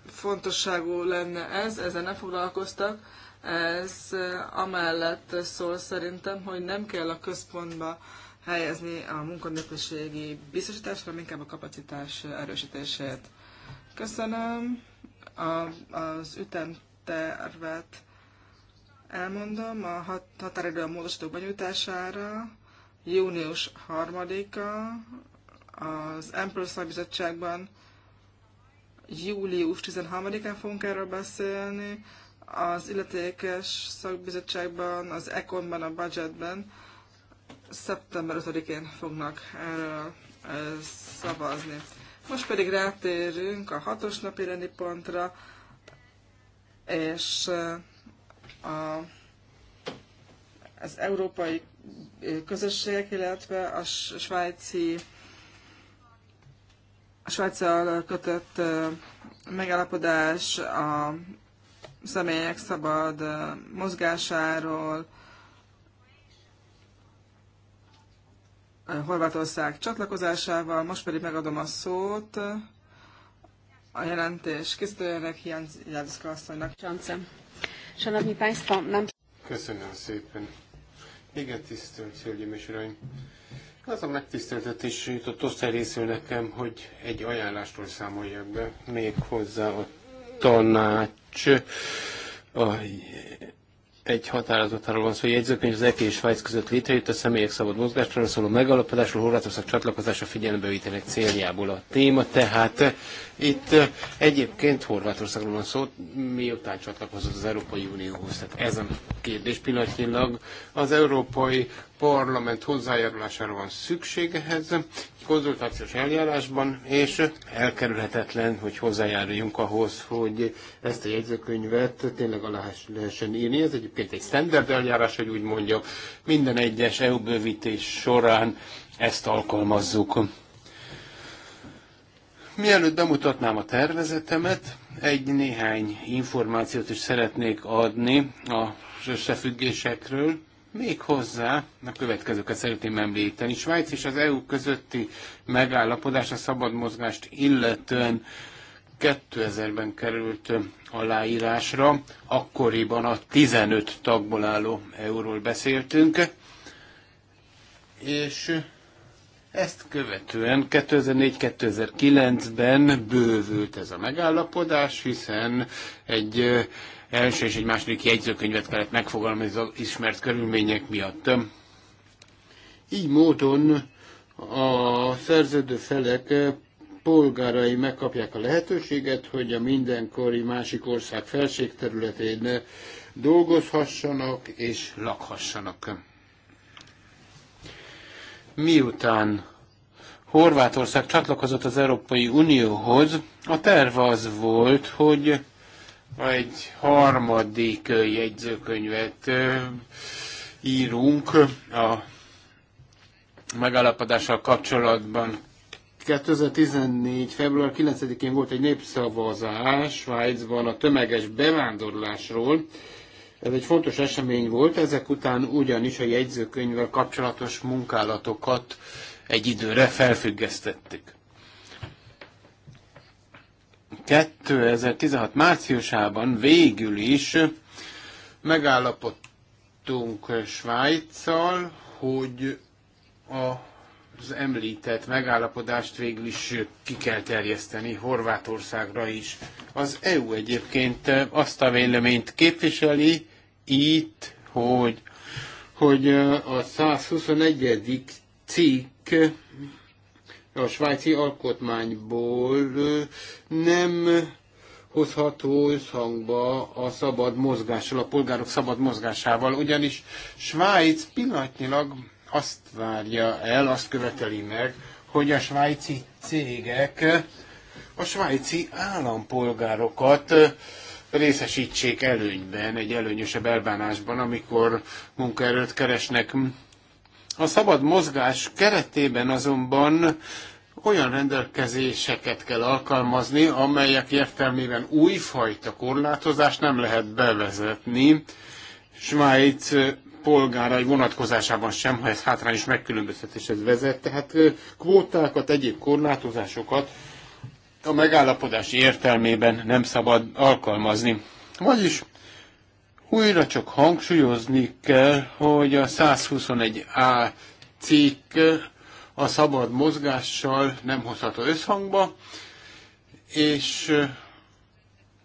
fontosságú lenne ez, ezzel nem foglalkoztak. Ez amellett szól szerintem, hogy nem kell a központba helyezni a munkanélküliségi biztosításra hanem inkább a kapacitás erősítését. Köszönöm a, az ütemtervet elmondom, a határidő a módosítók benyújtására június 3-a, az Emperor Szakbizottságban július 13-án fogunk erről beszélni, az illetékes szakbizottságban, az Econ-ban, a budgetben szeptember 5-én fognak erről szavazni. Most pedig rátérünk a hatos napi rendi pontra, és a, az európai közösségek, illetve a svájci a Svájccal kötött megállapodás a személyek szabad mozgásáról, Horvátország csatlakozásával, most pedig megadom a szót a jelentés készítőjének, Ján Jelszka asszonynak. Szanowni Köszönöm szépen. Igen, tisztelt Hölgyeim és Uraim! Az a megtiszteltetés jutott osztály részül nekem, hogy egy ajánlástól számoljak be, méghozzá a tanács a egy határozatáról van szó, hogy jegyzőkönyv az EK és Svájc között létrejött a személyek szabad mozgásról szóló megalapodásról Horvátország csatlakozása figyelembevételének céljából a téma. Tehát eh, itt eh, egyébként Horvátországról van szó, miután csatlakozott az Európai Unióhoz. Tehát ez a kérdés pillanatnyilag az Európai Parlament hozzájárulására van szükségehez konzultációs eljárásban, és elkerülhetetlen, hogy hozzájáruljunk ahhoz, hogy ezt a jegyzőkönyvet tényleg alá lehessen írni. Ez egyébként egy standard eljárás, hogy úgy mondjam, minden egyes EU bővítés során ezt alkalmazzuk. Mielőtt bemutatnám a tervezetemet, egy néhány információt is szeretnék adni az összefüggésekről még hozzá a következőket szeretném említeni. Svájc és az EU közötti megállapodás a szabad mozgást illetően 2000-ben került aláírásra, akkoriban a 15 tagból álló euról beszéltünk, és ezt követően 2004-2009-ben bővült ez a megállapodás, hiszen egy első és egy második jegyzőkönyvet kellett megfogalmazni az ismert körülmények miatt. Így módon a szerződő felek polgárai megkapják a lehetőséget, hogy a mindenkori másik ország felségterületén dolgozhassanak és lakhassanak. Miután Horvátország csatlakozott az Európai Unióhoz, a terv az volt, hogy egy harmadik jegyzőkönyvet írunk a megállapodással kapcsolatban. 2014. február 9-én volt egy népszavazás Svájcban a tömeges bevándorlásról. Ez egy fontos esemény volt, ezek után ugyanis a jegyzőkönyvvel kapcsolatos munkálatokat egy időre felfüggesztették. 2016 márciusában végül is megállapodtunk Svájccal, hogy a az említett megállapodást végül is ki kell terjeszteni Horvátországra is. Az EU egyébként azt a véleményt képviseli itt, hogy, hogy a 121. cikk a svájci alkotmányból nem hozható összhangba a szabad mozgással, a polgárok szabad mozgásával, ugyanis Svájc pillanatnyilag azt várja el, azt követeli meg, hogy a svájci cégek a svájci állampolgárokat részesítsék előnyben, egy előnyösebb elbánásban, amikor munkaerőt keresnek. A szabad mozgás keretében azonban olyan rendelkezéseket kell alkalmazni, amelyek értelmében újfajta korlátozást nem lehet bevezetni. Svájc polgárai vonatkozásában sem, ha ez hátrányos megkülönböztetéshez vezet. Tehát kvótákat, egyéb korlátozásokat a megállapodás értelmében nem szabad alkalmazni. Vagyis újra csak hangsúlyozni kell, hogy a 121A cikk a szabad mozgással nem hozható összhangba, és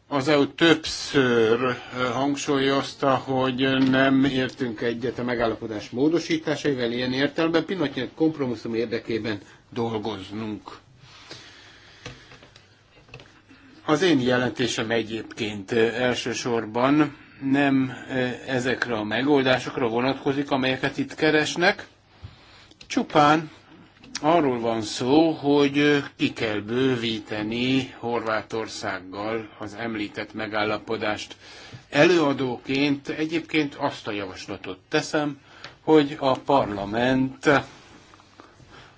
az EU többször hangsúlyozta, hogy nem értünk egyet a megállapodás módosításaival, ilyen értelemben pillanatnyi kompromisszum érdekében dolgoznunk. Az én jelentésem egyébként elsősorban nem ezekre a megoldásokra vonatkozik, amelyeket itt keresnek. Csupán arról van szó, hogy ki kell bővíteni Horvátországgal az említett megállapodást. Előadóként egyébként azt a javaslatot teszem, hogy a parlament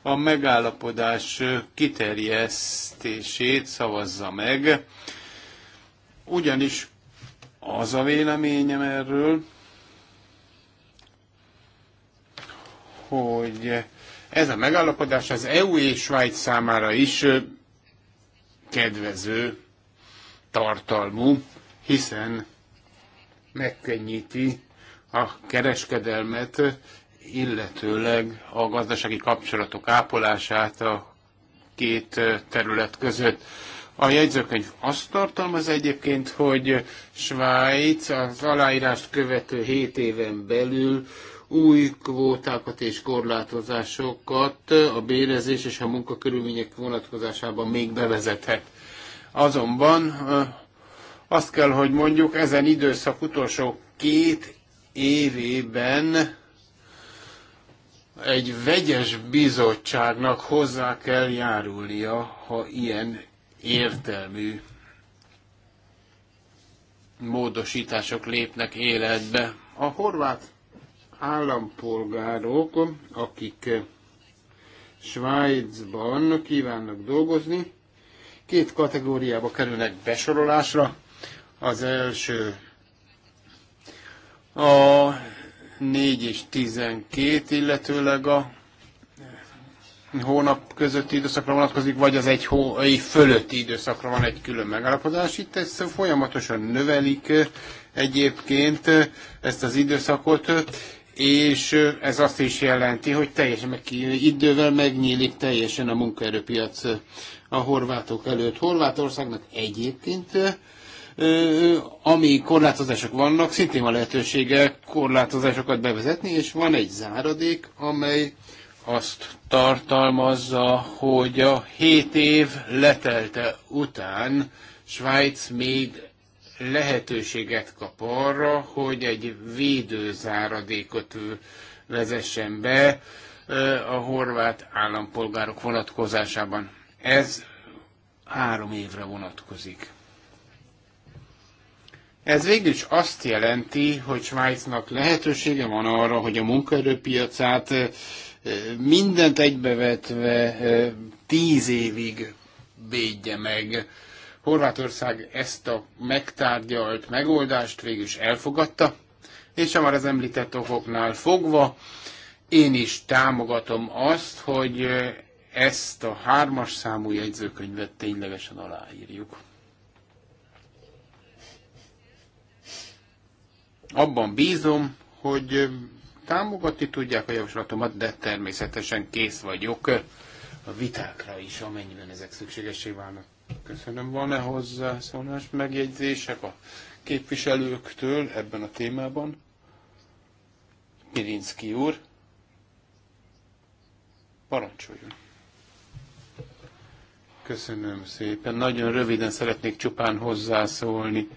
a megállapodás kiterjesztését szavazza meg, ugyanis az a véleményem erről, hogy ez a megállapodás az EU és Svájc számára is kedvező tartalmú, hiszen megkönnyíti a kereskedelmet, illetőleg a gazdasági kapcsolatok ápolását a két terület között. A jegyzőkönyv azt tartalmaz egyébként, hogy Svájc az aláírást követő 7 éven belül új kvótákat és korlátozásokat a bérezés és a munkakörülmények vonatkozásában még bevezethet. Azonban azt kell, hogy mondjuk ezen időszak utolsó két évében egy vegyes bizottságnak hozzá kell járulnia, ha ilyen értelmű módosítások lépnek életbe. A horvát állampolgárok, akik Svájcban kívánnak dolgozni, két kategóriába kerülnek besorolásra. Az első a 4 és 12, illetőleg a hónap közötti időszakra vonatkozik, vagy az egy hónap fölötti időszakra van egy külön megállapodás. Itt ezt folyamatosan növelik egyébként ezt az időszakot, és ez azt is jelenti, hogy teljesen meg, idővel megnyílik teljesen a munkaerőpiac a horvátok előtt. Horvátországnak egyébként ami korlátozások vannak, szintén van lehetősége korlátozásokat bevezetni, és van egy záradék, amely azt tartalmazza, hogy a hét év letelte után Svájc még lehetőséget kap arra, hogy egy védőzáradékot vezessen be a horvát állampolgárok vonatkozásában. Ez három évre vonatkozik. Ez végül is azt jelenti, hogy Svájcnak lehetősége van arra, hogy a munkaerőpiacát mindent egybevetve tíz évig védje meg. Horvátország ezt a megtárgyalt megoldást végül is elfogadta, és a már az említett okoknál fogva én is támogatom azt, hogy ezt a hármas számú jegyzőkönyvet ténylegesen aláírjuk. Abban bízom, hogy Támogatni tudják a javaslatomat, de természetesen kész vagyok a vitákra is, amennyiben ezek szükségesé válnak. Köszönöm. Van-e hozzászólás, megjegyzések a képviselőktől ebben a témában? Mirinszki úr, parancsoljon. Köszönöm szépen. Nagyon röviden szeretnék csupán hozzászólni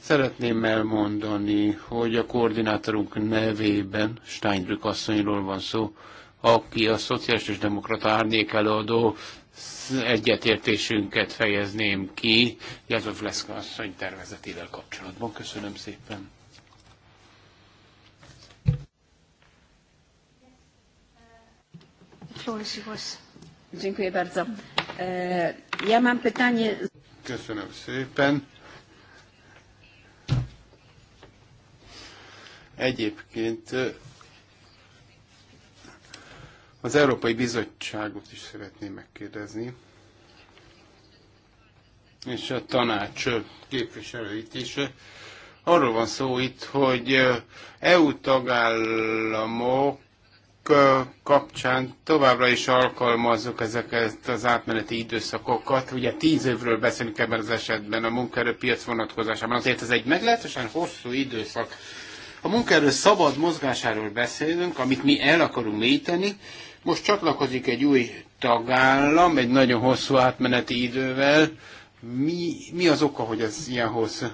Szeretném elmondani, hogy a koordinátorunk nevében Steinbrück asszonyról van szó, aki a szociális és demokrata árnyék előadó egyetértésünket fejezném ki Jazov Leszka asszony tervezetével kapcsolatban. Köszönöm szépen. E, Köszönöm szépen. Egyébként az Európai Bizottságot is szeretném megkérdezni, és a tanács képviselőit is. Arról van szó itt, hogy EU tagállamok kapcsán továbbra is alkalmazzuk ezeket az átmeneti időszakokat. Ugye tíz évről beszélünk ebben az esetben a munkaerőpiac vonatkozásában. Azért ez egy meglehetősen hosszú időszak. A munkaerő szabad mozgásáról beszélünk, amit mi el akarunk mélyíteni. Most csatlakozik egy új tagállam, egy nagyon hosszú átmeneti idővel. Mi, mi az oka, hogy ez ilyen hosszú?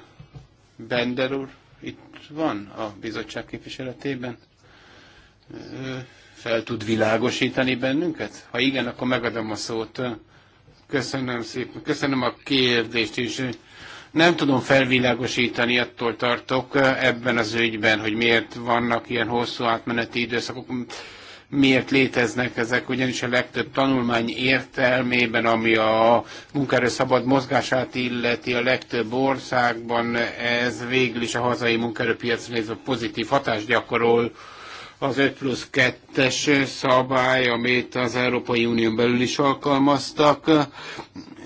Bender úr, itt van a bizottság képviseletében? Fel tud világosítani bennünket? Ha igen, akkor megadom a szót. Köszönöm szépen. Köszönöm a kérdést is. Nem tudom felvilágosítani, attól tartok eh, ebben az ügyben, hogy miért vannak ilyen hosszú átmeneti időszakok, miért léteznek ezek, ugyanis a legtöbb tanulmány értelmében, ami a munkaerő szabad mozgását illeti a legtöbb országban, ez végül is a hazai munkaerőpiacra nézve pozitív hatást gyakorol, az 5 plusz 2-es szabály, amit az Európai Unión belül is alkalmaztak,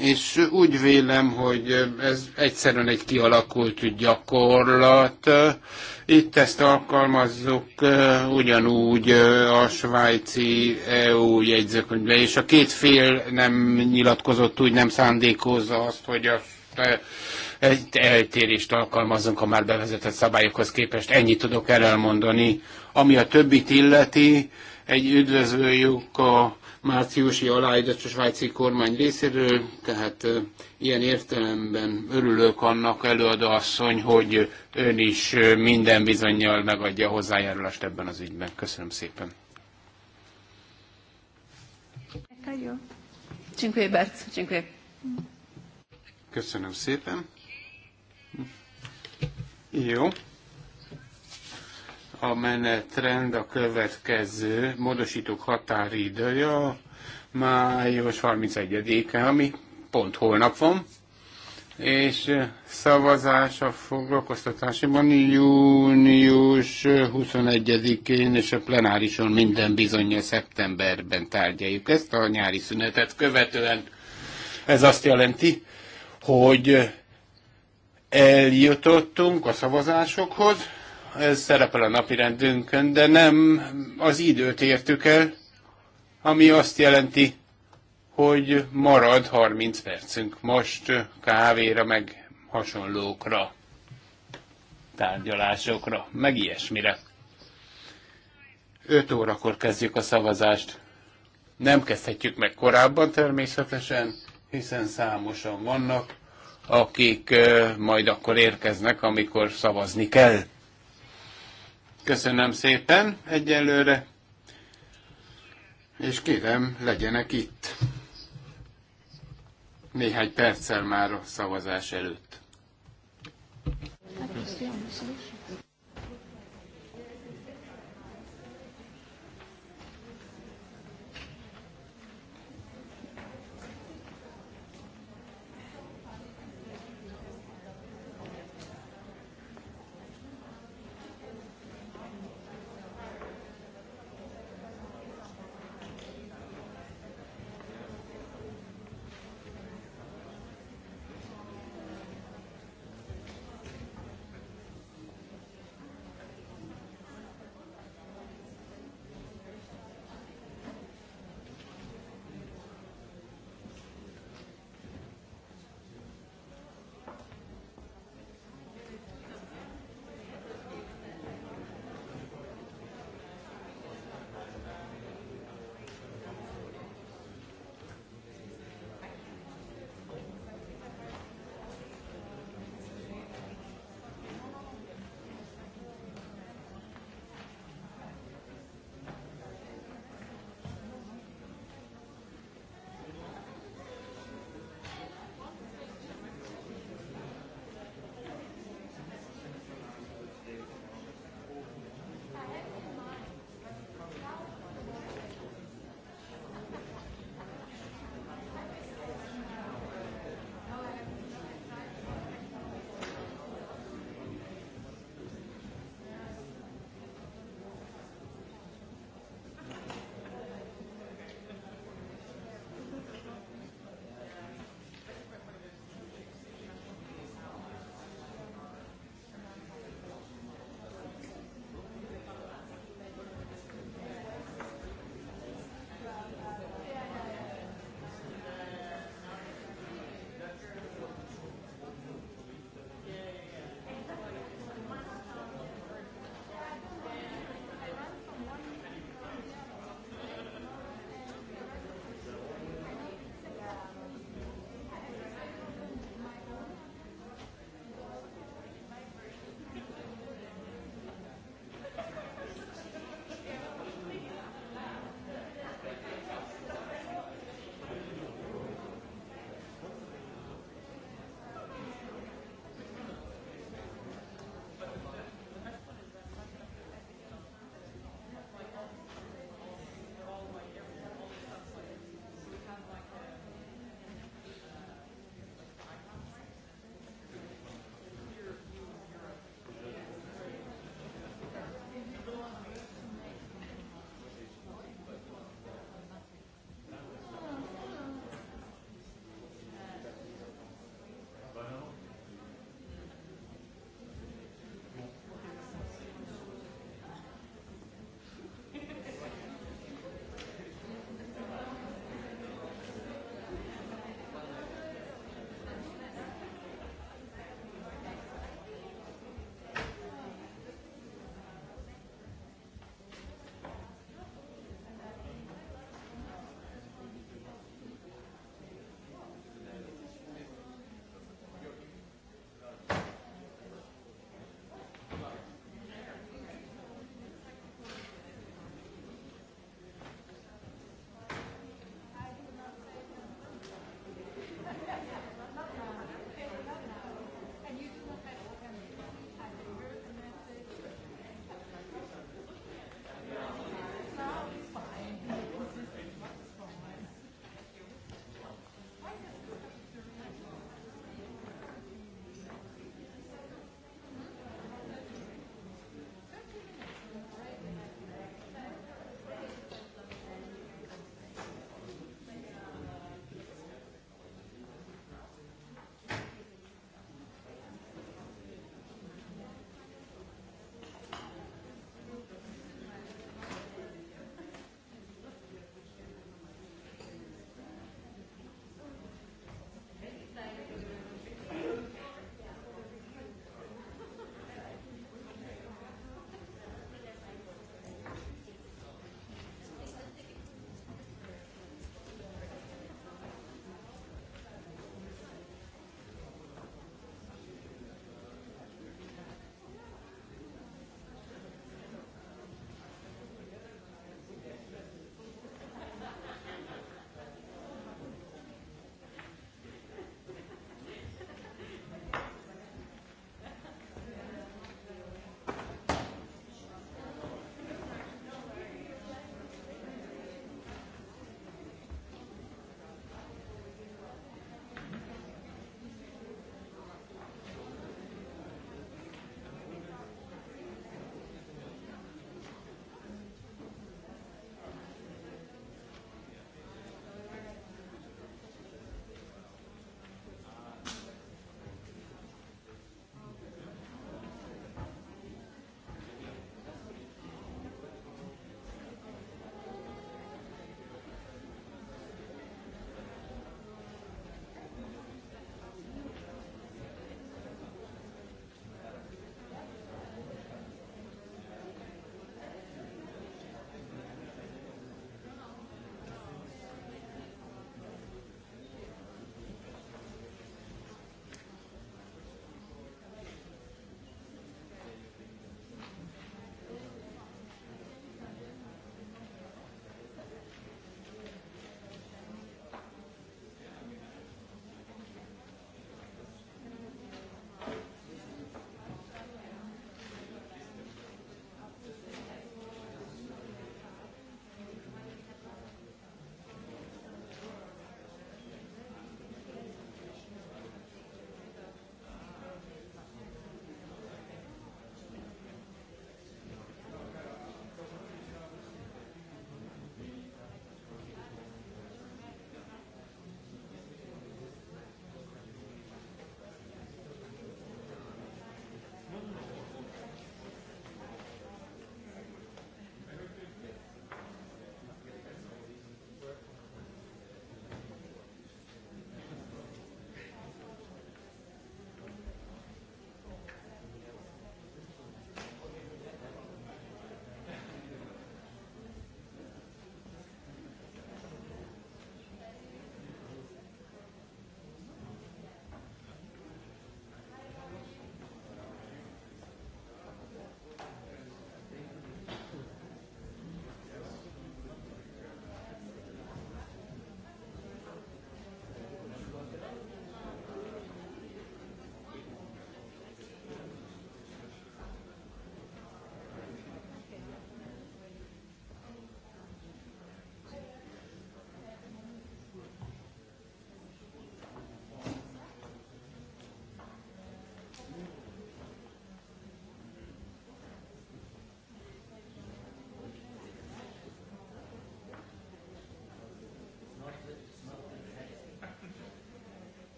és úgy vélem, hogy ez egyszerűen egy kialakult gyakorlat. Itt ezt alkalmazzuk ugyanúgy a svájci EU jegyzőkönyvbe, és a két fél nem nyilatkozott úgy, nem szándékozza azt, hogy a egy eltérést alkalmazunk a már bevezetett szabályokhoz képest. Ennyit tudok erről elmondani. Ami a többit illeti, egy üdvözöljük a márciusi aláírt a svájci kormány részéről, tehát ilyen értelemben örülök annak előadó asszony, hogy ön is minden bizonyal megadja a hozzájárulást ebben az ügyben. Köszönöm szépen. Köszönöm szépen. Jó. A menetrend a következő módosítók határidője május 31-e, ami pont holnap van, és eh, szavazás a foglalkoztatásban június 21-én, eh, és a plenárison minden bizonyja szeptemberben tárgyaljuk ezt a nyári szünetet követően. Ez azt jelenti, hogy eh, eljutottunk a szavazásokhoz, ez szerepel a napi rendünkön, de nem az időt értük el, ami azt jelenti, hogy marad 30 percünk most kávéra, meg hasonlókra, tárgyalásokra, meg ilyesmire. 5 órakor kezdjük a szavazást. Nem kezdhetjük meg korábban természetesen, hiszen számosan vannak, akik majd akkor érkeznek, amikor szavazni kell. Köszönöm szépen egyelőre, és kérem, legyenek itt néhány perccel már a szavazás előtt. Köszönöm.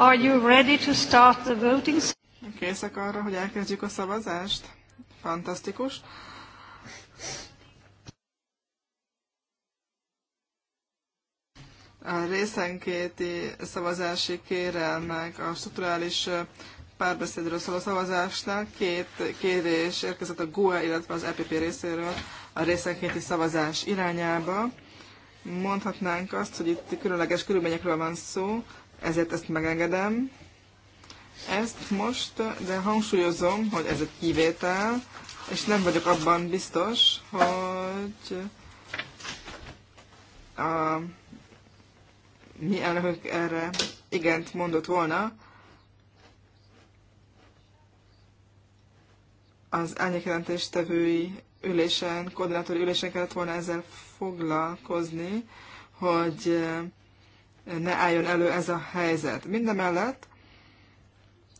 Are you ready to start the voting? Készek arra, hogy elkezdjük a szavazást? Fantasztikus. A részenkéti szavazási kérelmek a strukturális párbeszédről szóló szavazásnál két kérés érkezett a GUE, illetve az EPP részéről a részenkéti szavazás irányába. Mondhatnánk azt, hogy itt különleges körülményekről van szó, ezért ezt megengedem. Ezt most, de hangsúlyozom, hogy ez egy kivétel, és nem vagyok abban biztos, hogy a mi elnökök erre igent mondott volna. Az elnyékjelentéstevői ülésen, koordinátori ülésen kellett volna ezzel foglalkozni, hogy ne álljon elő ez a helyzet. Mindemellett,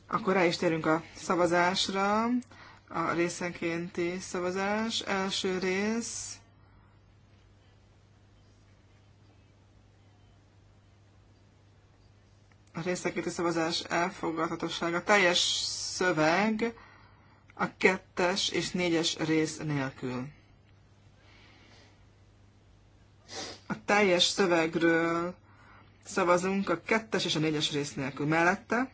akkor rá is térünk a szavazásra, a részenkénti szavazás. Első rész, a részenkénti szavazás elfogadhatósága, teljes szöveg a kettes és négyes rész nélkül. A teljes szövegről Szavazunk a kettes és a négyes rész nélkül. Mellette.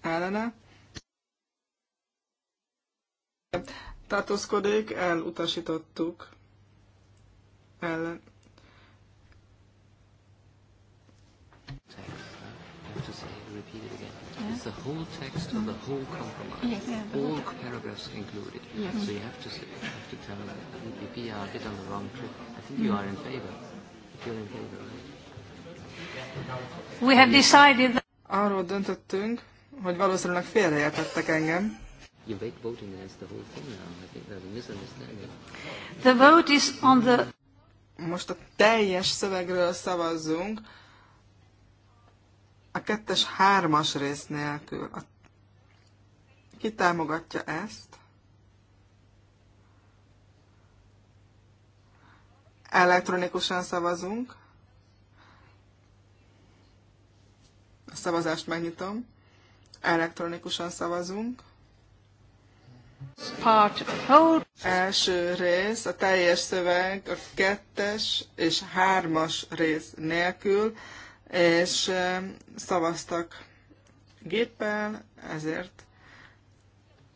Ellene. tartózkodék, elutasítottuk. Ellen. the whole text mm. of the whole compromise, yes, yeah, all yeah. paragraphs included. Yes. So you have to, you have to tell the uh, EPP the PR bit on the wrong trip. I think mm. you are in favour. We have decided that... Arról döntöttünk, hogy valószínűleg félreértettek engem. the vote is on the... Most a teljes szövegről szavazzunk, a kettes hármas rész nélkül. Ki támogatja ezt? elektronikusan szavazunk. A szavazást megnyitom. Elektronikusan szavazunk. Part whole. Első rész, a teljes szöveg a kettes és hármas rész nélkül, és szavaztak géppel, ezért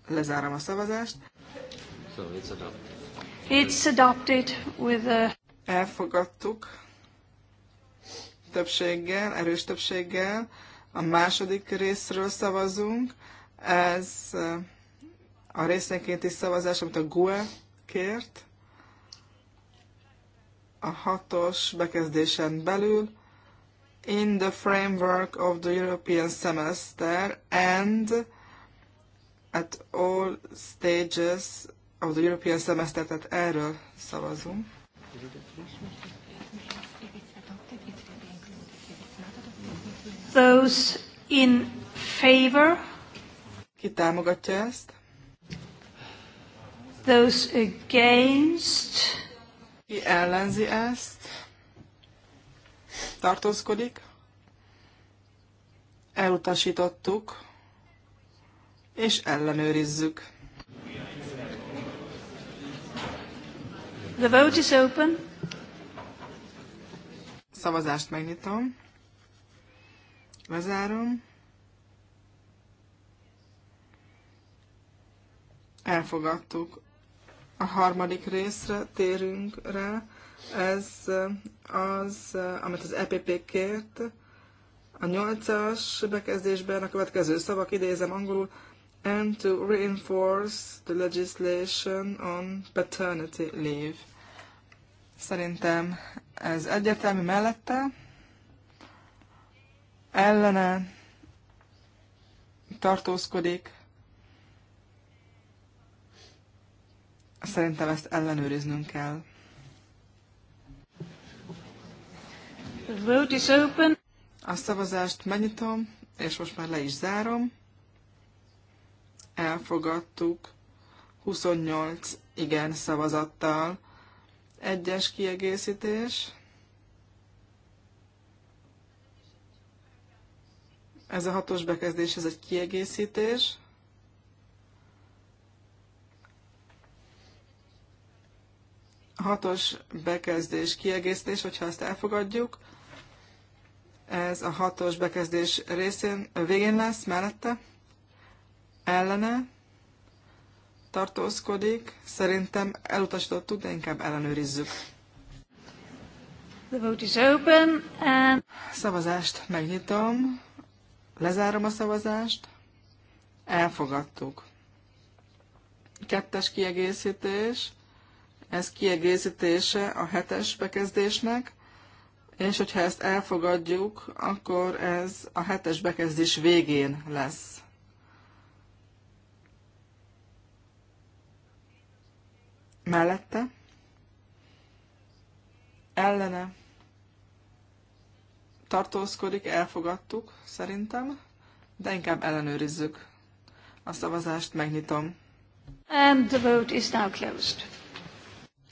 lezárom a szavazást. So it's adopted. It's adopted with a elfogadtuk többséggel, erős többséggel. A második részről szavazunk. Ez a részenkénti szavazás, amit a GUE kért. A hatos bekezdésen belül in the framework of the European semester and at all stages of the European semester, tehát erről szavazunk. Those in favor. Ki támogatja ezt? Those against. Ki ellenzi ezt? Tartózkodik? Elutasítottuk, és ellenőrizzük. The vote is open. Szavazást megnyitom. Lezárom. Elfogadtuk. A harmadik részre térünk rá. Ez az, amit az EPP kért. A nyolcas bekezdésben a következő szavak, idézem angolul, and to reinforce the legislation on paternity leave. Szerintem ez egyértelmű mellette ellene tartózkodik. Szerintem ezt ellenőriznünk kell. The vote is open. A szavazást megnyitom, és most már le is zárom. Elfogadtuk 28 igen szavazattal. Egyes kiegészítés. Ez a hatos bekezdés, ez egy kiegészítés. Hatos bekezdés, kiegészítés, hogyha ezt elfogadjuk, ez a hatos bekezdés részén, végén lesz, mellette, ellene, tartózkodik, szerintem elutasítottuk, de inkább ellenőrizzük. The vote is open and... Szavazást megnyitom. Lezárom a szavazást. Elfogadtuk. Kettes kiegészítés. Ez kiegészítése a hetes bekezdésnek. És hogyha ezt elfogadjuk, akkor ez a hetes bekezdés végén lesz. Mellette? Ellene? tartózkodik, elfogadtuk szerintem, de inkább ellenőrizzük. A szavazást megnyitom. And the vote is now closed.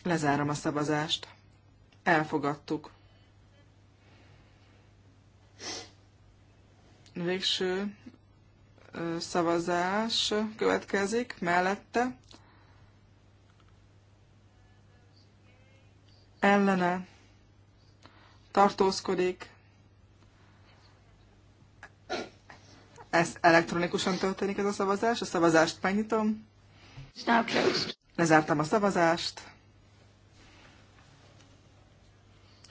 Lezárom a szavazást. Elfogadtuk. Végső szavazás következik mellette. Ellene tartózkodik, Ez elektronikusan történik ez a szavazás. A szavazást megnyitom. Lezártam a szavazást.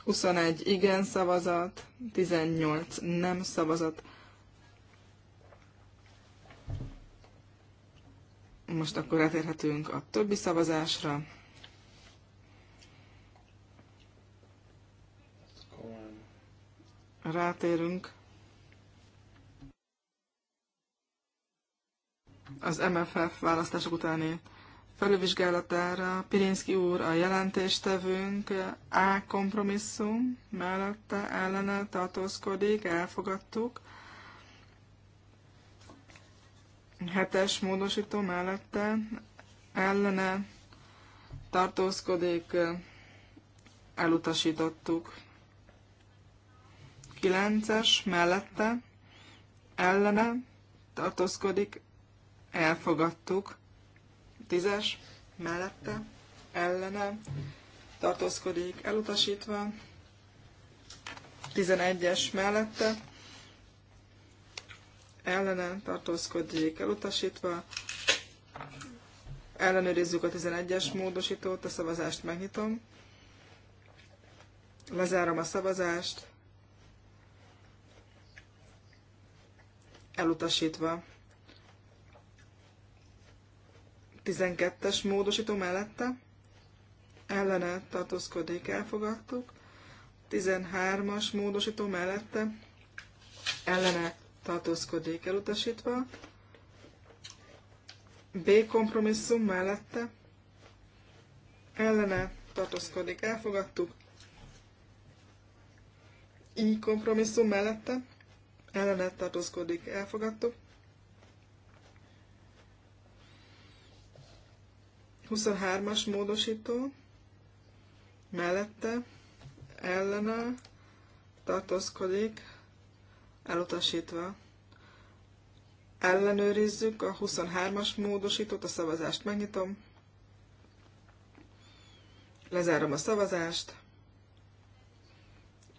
21 igen szavazat, 18 nem szavazat. Most akkor átérhetünk a többi szavazásra. Rátérünk az MFF választások utáni felülvizsgálatára. Pirinszki úr a jelentéstevőnk A kompromisszum mellette ellene tartózkodik, elfogadtuk. Hetes módosító mellette ellene tartózkodik, elutasítottuk. Kilences mellette ellene tartózkodik, elfogadtuk. Tízes mellette, ellene, tartózkodik, elutasítva. Tizenegyes mellette, ellene, tartózkodik, elutasítva. Ellenőrizzük a 11-es módosítót, a szavazást megnyitom. Lezárom a szavazást. Elutasítva. 12-es módosító mellette ellene tartózkodik, elfogadtuk. 13-as módosító mellette ellene tartózkodik, elutasítva. B kompromisszum mellette ellene tartózkodik, elfogadtuk. I kompromisszum mellette ellene tartózkodik, elfogadtuk. 23-as módosító mellette ellene tartózkodik, elutasítva. Ellenőrizzük a 23-as módosítót, a szavazást megnyitom. Lezárom a szavazást.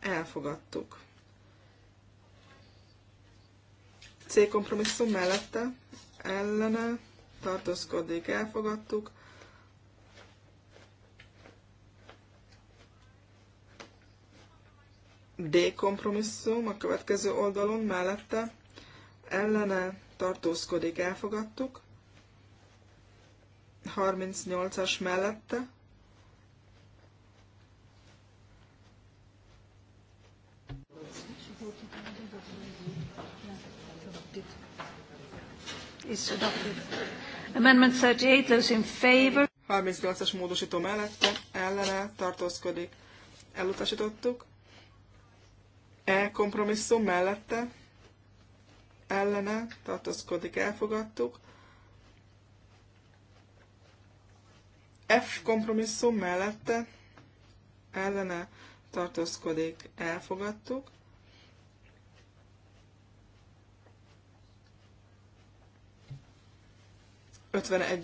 Elfogadtuk. C kompromisszum mellette ellene tartózkodik, elfogadtuk. D kompromisszum a következő oldalon mellette ellene tartózkodik, elfogadtuk. 38-as mellette. Is Amendment 38, those in favor. 38-as módosító mellette, ellene tartózkodik. Elutasítottuk. E kompromisszum mellette ellene tartozkodik, elfogadtuk. F kompromisszum mellette ellene tartózkodik, elfogadtuk.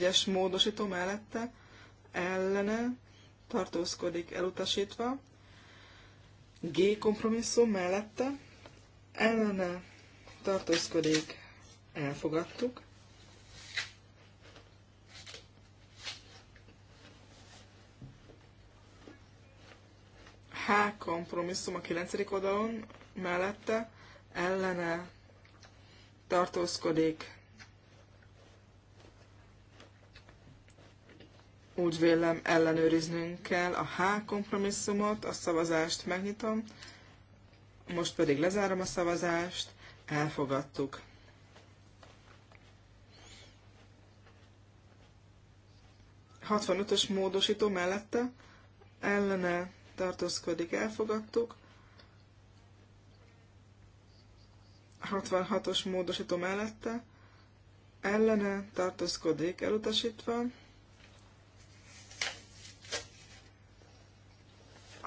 es módosító mellette ellene tartózkodik elutasítva. G kompromisszum mellette ellene tartózkodik, elfogadtuk. H kompromisszum a 9. oldalon mellette ellene tartózkodik, úgy vélem ellenőriznünk kell a H kompromisszumot, a szavazást megnyitom, most pedig lezárom a szavazást, elfogadtuk. ös módosító mellette ellene tartózkodik, elfogadtuk. 66-os módosító mellette ellene tartózkodik, elutasítva.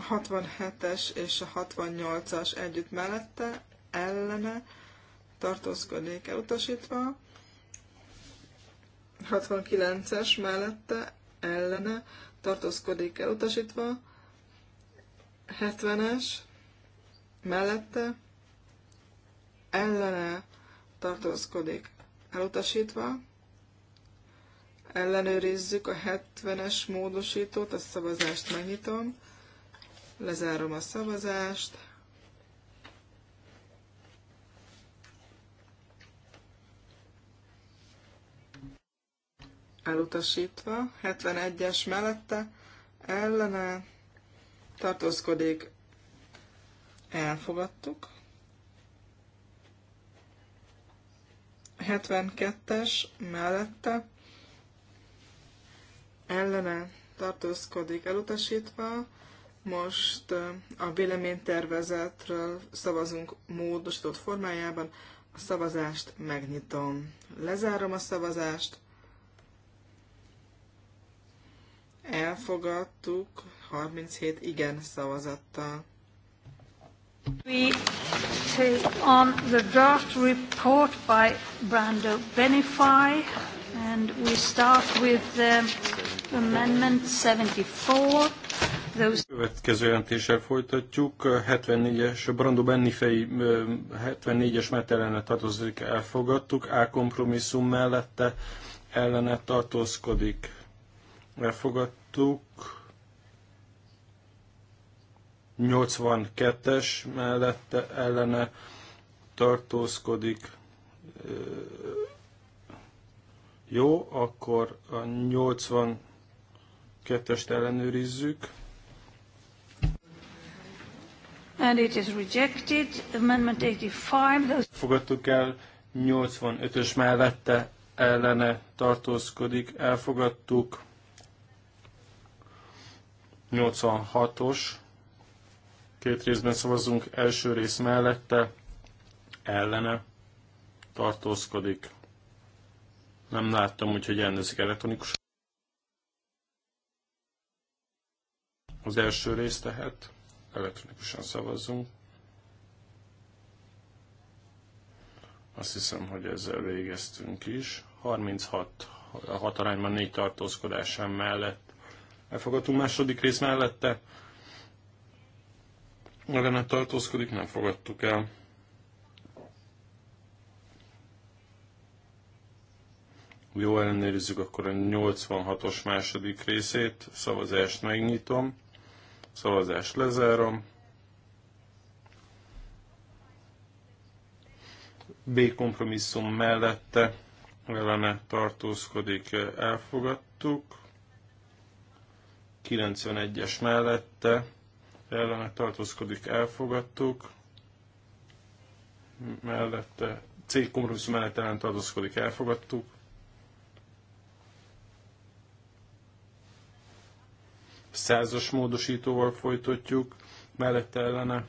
67-es és a 68-as együtt mellette, ellene tartózkodik elutasítva, 69-es mellette, ellene tartózkodik elutasítva, 70-es mellette, ellene tartózkodik elutasítva, ellenőrizzük a 70-es módosítót, a szavazást megnyitom, Lezárom a szavazást. Elutasítva. 71-es mellette ellene tartózkodik. Elfogadtuk. 72-es mellette ellene tartózkodik elutasítva, most a véleménytervezetről szavazunk módosított formájában. A szavazást megnyitom. Lezárom a szavazást. Elfogadtuk 37 igen szavazattal. We take on the draft report by Brando Benify and we start with the um, Amendment 74. Those... Következő jelentéssel folytatjuk. 74-es, Brando Bennifei 74-es metelene tartozik, elfogadtuk. A kompromisszum mellette ellene tartózkodik. Elfogadtuk. 82-es mellette ellene tartózkodik. Jó, akkor a 80 Kettest ellenőrizzük. And it is rejected. Amendment 85. Those... Fogadtuk el 85-ös mellette ellene tartózkodik. Elfogadtuk 86-os. Két részben szavazunk. Első rész mellette ellene tartózkodik. Nem láttam, úgyhogy elnézik elektronikusan. Az első rész tehát elektronikusan szavazzunk. Azt hiszem, hogy ezzel végeztünk is. 36 a hat arányban négy tartózkodásán mellett. Elfogadtunk második rész mellette. Ellene tartózkodik, nem fogadtuk el. Jó, ellenőrizzük akkor a 86-os második részét. Szavazást megnyitom. Szavazást lezárom. B kompromisszum mellette ellene tartózkodik, elfogadtuk. 91-es mellette ellene tartózkodik, elfogadtuk. Mellette, C kompromisszum mellett ellene tartózkodik, elfogadtuk. Százas módosítóval folytatjuk, mellette ellene,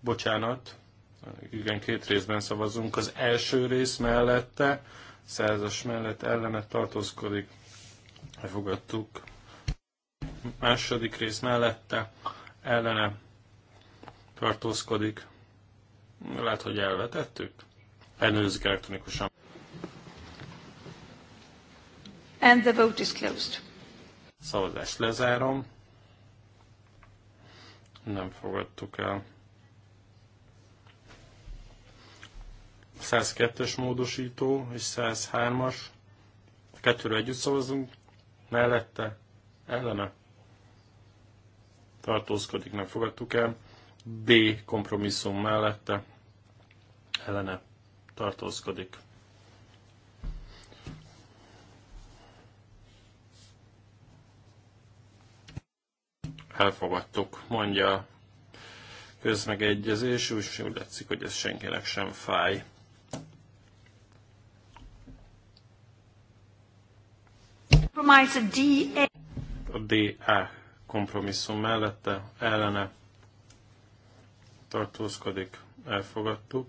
bocsánat, igen, két részben szavazunk. Az első rész mellette, százas mellett ellene tartózkodik, elfogadtuk. Második rész mellette, ellene tartózkodik. Lehet, hogy elvetettük? Elnőzik elektronikusan. And the vote is closed. Szavazást lezárom. Nem fogadtuk el. 102-es módosító és 103-as. A kettőről együtt szavazunk. Mellette, ellene. Tartózkodik, nem fogadtuk el. B kompromisszum mellette, ellene tartózkodik. elfogadtuk, mondja közmegegyezés, úgy, úgy látszik, hogy ez senkinek sem fáj. A DA kompromisszum mellette ellene tartózkodik, elfogadtuk.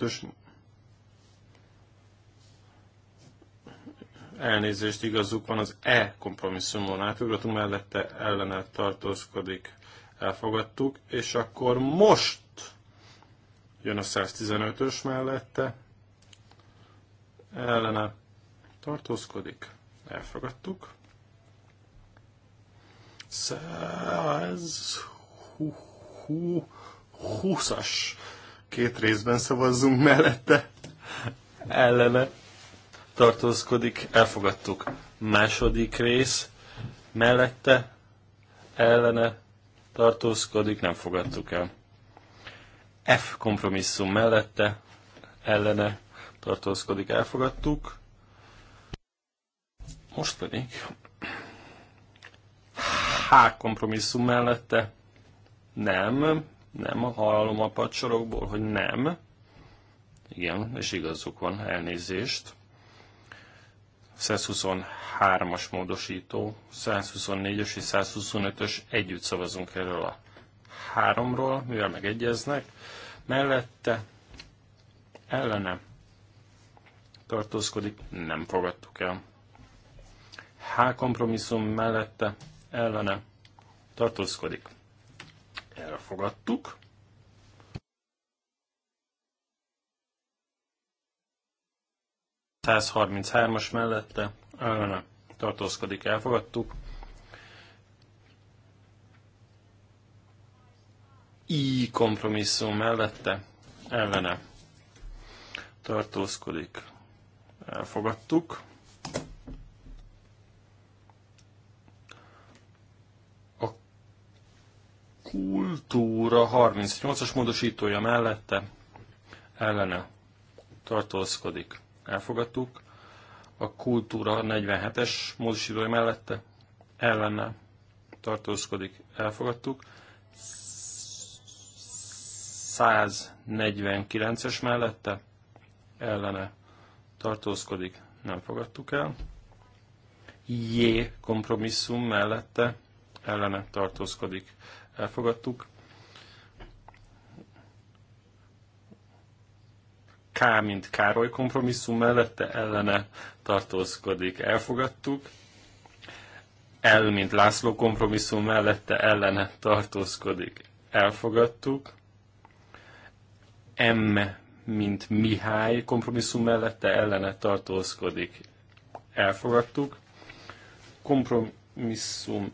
ös elnézést igazuk van, az E kompromisszumon átugratunk, mellette ellene tartózkodik, elfogadtuk, és akkor most jön a 115-ös mellette, ellene tartózkodik, elfogadtuk. 120-as két részben szavazzunk mellette, ellene tartózkodik, elfogadtuk. Második rész mellette, ellene tartózkodik, nem fogadtuk el. F kompromisszum mellette, ellene tartózkodik, elfogadtuk. Most pedig H kompromisszum mellette nem, nem, hallom a padsorokból, hogy nem. Igen, és igazuk van, elnézést. 123-as módosító, 124 ös és 125-ös együtt szavazunk erről a háromról, mivel megegyeznek, mellette ellene tartózkodik, nem fogadtuk el. H kompromisszum mellette ellene tartózkodik. Elfogadtuk. 133-as mellette ellene tartózkodik, elfogadtuk. I kompromisszum mellette ellene tartózkodik, elfogadtuk. A kultúra 38-as módosítója mellette ellene tartózkodik elfogadtuk. A kultúra 47-es mozisidói mellette ellenne tartózkodik, elfogadtuk. 149-es mellette ellene tartózkodik, nem fogadtuk el. J kompromisszum mellette ellene tartózkodik, elfogadtuk. K, mint Károly kompromisszum mellette ellene tartózkodik. Elfogadtuk. L, mint László kompromisszum mellette ellene tartózkodik. Elfogadtuk. M, mint Mihály kompromisszum mellette ellene tartózkodik. Elfogadtuk. Kompromisszum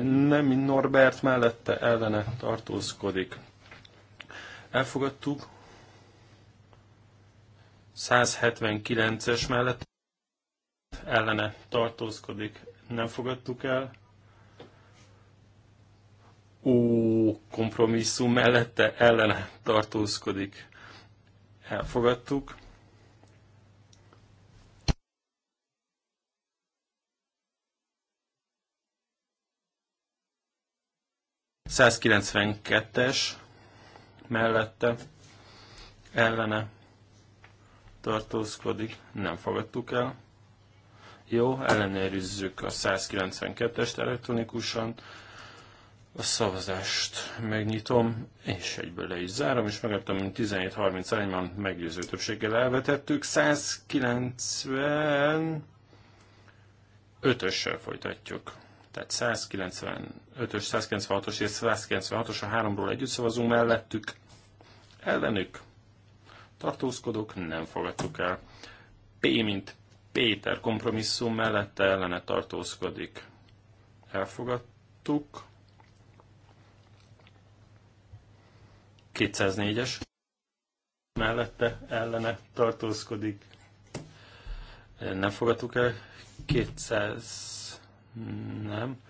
N, mint Norbert mellette ellene tartózkodik. Elfogadtuk. 179-es mellett ellene tartózkodik, nem fogadtuk el. Ó, kompromisszum mellette ellene tartózkodik, elfogadtuk. Százkilencvenkettes mellette ellene tartózkodik, nem fogadtuk el. Jó, ellenőrizzük a 192-est elektronikusan. A szavazást megnyitom, és egyből le is zárom, és megadtam, hogy 17.31-ban meggyőző többséggel elvetettük. 195-össel folytatjuk. Tehát 195-ös, 196-os és 196-os a háromról együtt szavazunk mellettük. Ellenük tartózkodók, nem fogadtuk el. P, mint Péter kompromisszum mellette ellene tartózkodik. Elfogadtuk. 204-es mellette ellene tartózkodik. Nem fogadtuk el. 200 nem.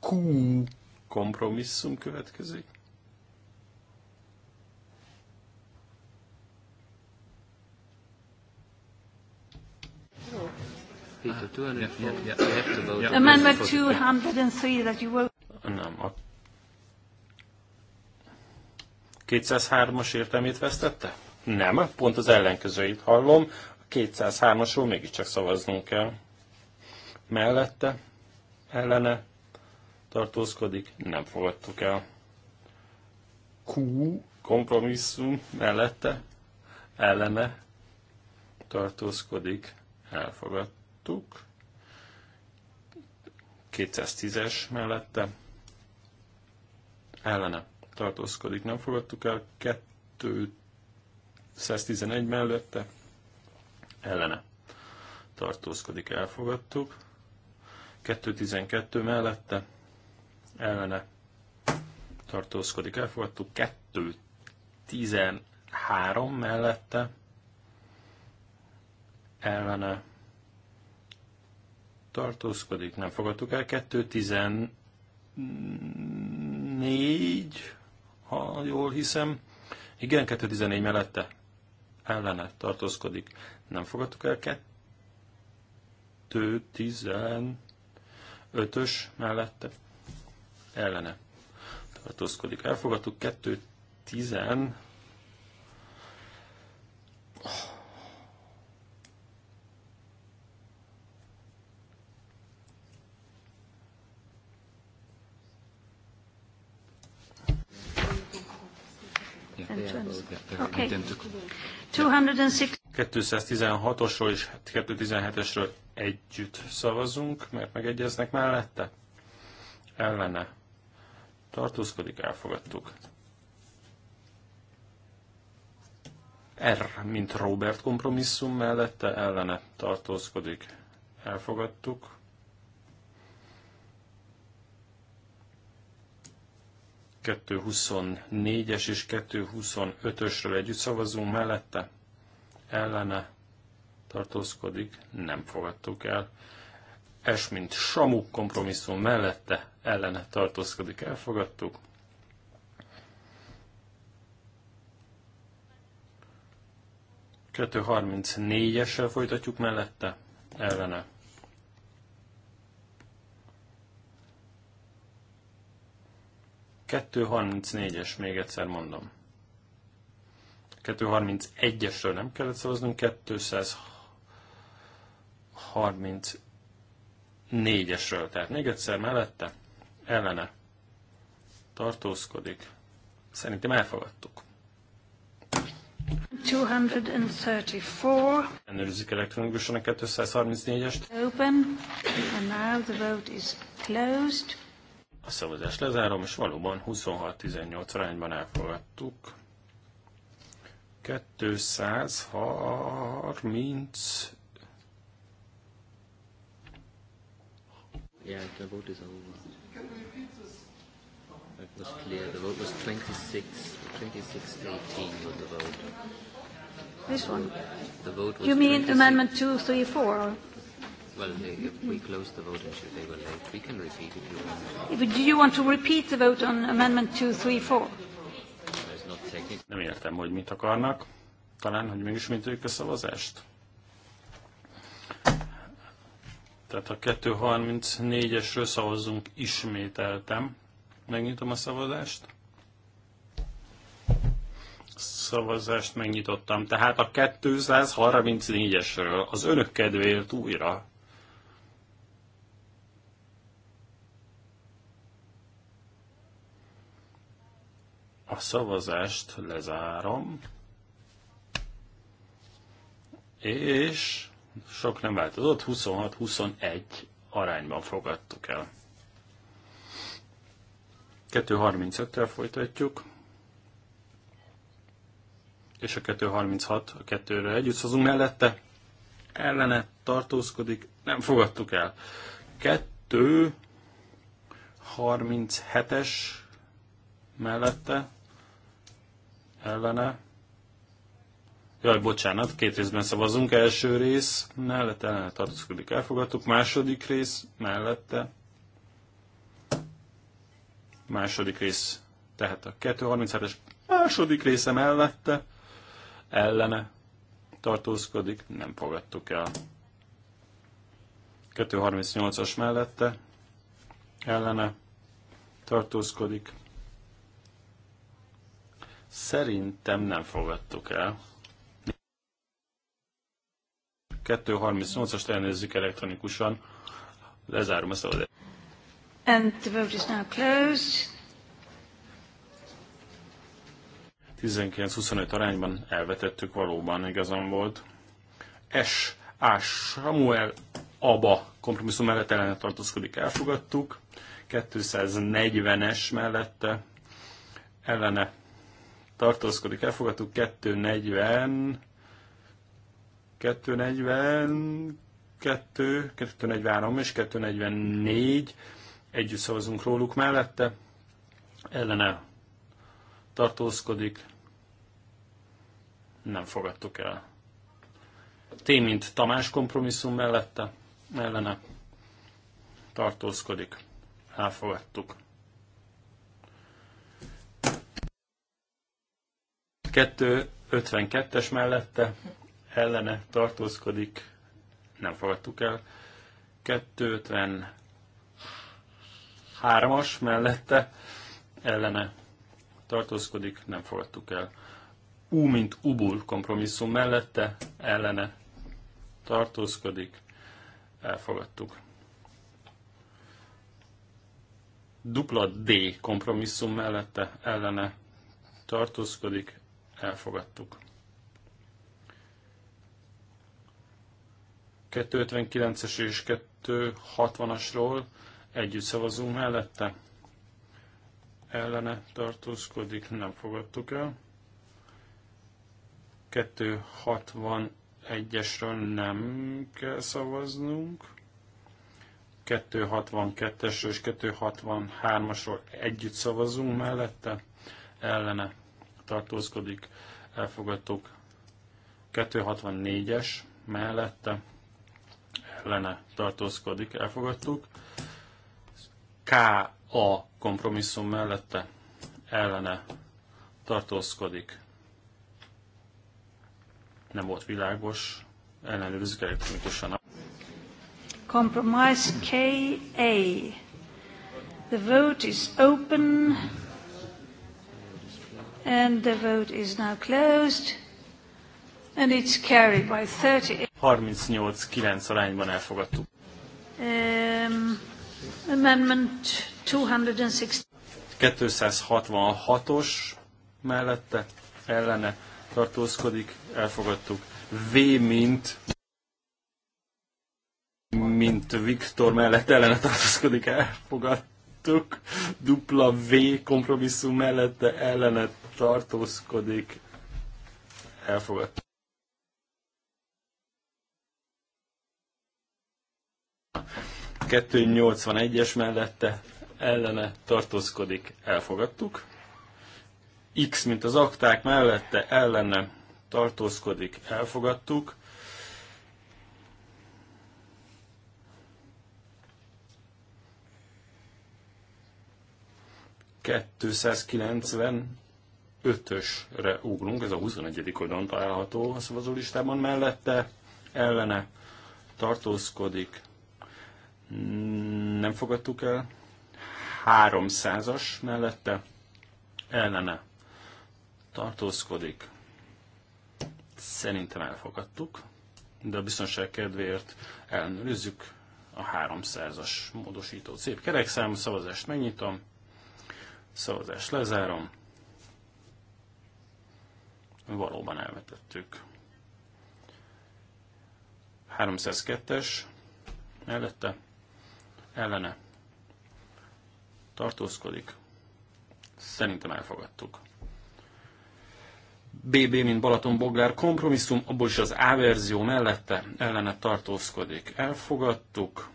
Q kompromisszum következik. Ah. Amendment 203 that you will... Nem, a 203-as értelmét vesztette? Nem, pont az ellenkezőit hallom. A 203-asról mégiscsak szavaznunk kell. Mellette, ellene, tartózkodik, nem fogadtuk el. Q, kompromisszum, mellette, ellene, tartózkodik, elfogadtuk. 210-es mellette ellene tartózkodik, nem fogadtuk el. 211 mellette ellene tartózkodik, elfogadtuk. 212 mellette ellene tartózkodik, elfogadtuk. 213 mellette ellene tartózkodik, nem fogadtuk el. 214, ha jól hiszem. Igen, 214 mellette ellene tartózkodik, nem fogadtuk el. 215-ös mellette ellene tartózkodik. Elfogadtuk 210 Okay. 216-osról és 217-esről együtt szavazunk, mert megegyeznek mellette. Ellene. Tartózkodik, elfogadtuk. R, mint Robert kompromisszum mellette, ellene tartózkodik. Elfogadtuk. 224-es és 225-ösről együtt szavazunk mellette, ellene tartózkodik, nem fogadtuk el. Es, mint Samu kompromisszum mellette, ellene tartózkodik, elfogadtuk. Kettő 34-essel folytatjuk mellette, ellene 234-es, még egyszer mondom. 231-esről nem kellett szavaznunk, 234-esről. Tehát még egyszer mellette, ellene tartózkodik. Szerintem elfogadtuk. 234. Ellenőrizzük elektronikusan a 234-est. Open, and now the vote is closed. A szavazást lezárom, és valóban 26-18 arányban elfogadtuk. 230 Yeah, the vote is over. It was clear. The vote was 26, 26 18 on the vote. This one? The vote was you mean 26. amendment 234? Well, if we close the vote and they were late, we can repeat if you want. do you want to repeat the vote on amendment 234? Nem értem, hogy mit akarnak. Talán, hogy megismételjük a szavazást? Tehát a 234-esről szavazzunk ismételtem. Megnyitom a szavazást. Szavazást megnyitottam. Tehát a 234-esről az önök kedvéért újra A szavazást lezárom, és sok nem változott, 26-21 arányban fogadtuk el. 2.35-tel folytatjuk, és a 2.36, a kettőre együtt szózunk mellette, ellene tartózkodik, nem fogadtuk el. 2.37-es mellette ellene. Jaj, bocsánat, két részben szavazunk. Első rész mellette ellene tartózkodik, elfogadtuk. Második rész mellette. Második rész, tehát a 237-es második része mellette ellene tartózkodik, nem fogadtuk el. 238-as mellette ellene tartózkodik, Szerintem nem fogadtuk el. 238-ast elnézzük elektronikusan. Lezárom ezt a adat. And the vote is now closed. 19-25 arányban elvetettük valóban, igazam volt. S. A. Samuel Aba kompromisszum mellett ellene tartózkodik, elfogadtuk. 240-es mellette ellene tartózkodik, elfogadtuk 240, 240, 2, 243 és 244, együtt szavazunk róluk mellette, ellene tartózkodik, nem fogadtuk el. T, mint Tamás kompromisszum mellette, ellene tartózkodik, elfogadtuk. 252-es mellette ellene tartózkodik, nem fogadtuk el. 253-as mellette ellene tartózkodik, nem fogadtuk el. U, mint ubul kompromisszum mellette ellene tartózkodik, elfogadtuk. Dupla D kompromisszum mellette ellene tartózkodik, elfogadtuk. 259-es és 260-asról együtt szavazunk mellette. Ellene tartózkodik, nem fogadtuk el. 261-esről nem kell szavaznunk. 262-esről és 263-asról együtt szavazunk mellette. Ellene tartózkodik, elfogadtuk. 264-es mellette ellene tartózkodik, elfogadtuk. KA kompromisszum mellette ellene tartózkodik. Nem volt világos, ellenőrizzük elektronikusan. Compromise KA. The vote is open. And the vote is now closed. And it's carried by 38-9 arányban elfogadtuk. Um, amendment 260. 266-os mellette ellene tartózkodik, elfogadtuk. V mint mint Viktor mellett ellene tartózkodik, elfogadtuk tök dupla V kompromisszum mellette ellene tartózkodik, Elfogad. Kettő 81-es mellette ellene tartózkodik, elfogadtuk. X, mint az akták mellette ellene tartózkodik, elfogadtuk. 295-ösre ugrunk, ez a 21. oldalon található a szavazólistában mellette, ellene tartózkodik, nem fogadtuk el, 300-as mellette, ellene tartózkodik, szerintem elfogadtuk, de a biztonság kedvéért ellenőrizzük a 300-as módosító. Szép kerekszám, szavazást megnyitom szavazás lezárom. Valóban elvetettük. 302-es mellette ellene tartózkodik. Szerintem elfogadtuk. BB, mint Balaton Boglár kompromisszum, abból is az A verzió mellette ellene tartózkodik. Elfogadtuk.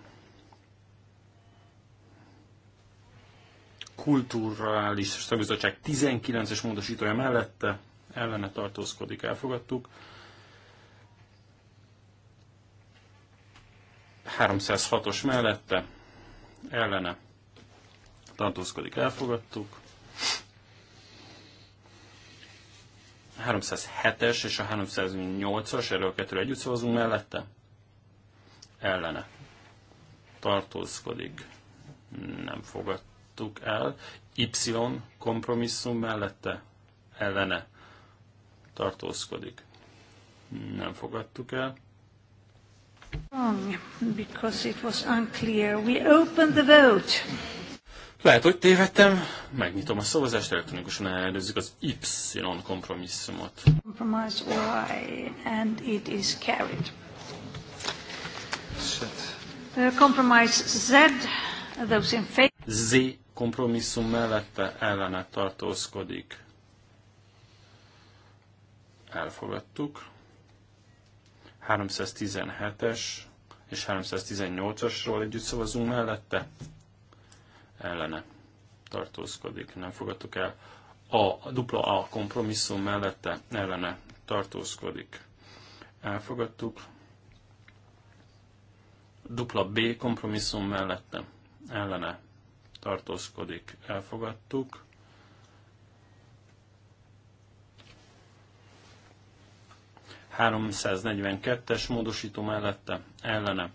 kulturális szakbizottság 19-es módosítója mellette ellene tartózkodik, elfogadtuk. 306-os mellette ellene tartózkodik, elfogadtuk. 307-es és a 308-as, erről a kettőre együtt szavazunk mellette, ellene tartózkodik, nem fogadtuk fogadtuk el, Y kompromisszum mellette ellene tartózkodik. Nem fogadtuk el. Because it was unclear. We opened the vote. Lehet, hogy tévedtem. Megnyitom a szavazást, elektronikusan előzzük az Y kompromisszumot. Compromise Y, and it is carried. Shit. Uh, compromise Z, those in favor. Z kompromisszum mellette ellene tartózkodik. Elfogadtuk. 317-es és 318-asról együtt szavazunk mellette. Ellene tartózkodik, nem fogadtuk el. A, a dupla A kompromisszum mellette ellene tartózkodik. Elfogadtuk. Dupla B kompromisszum mellette ellene tartózkodik, elfogadtuk. es módosító mellette ellene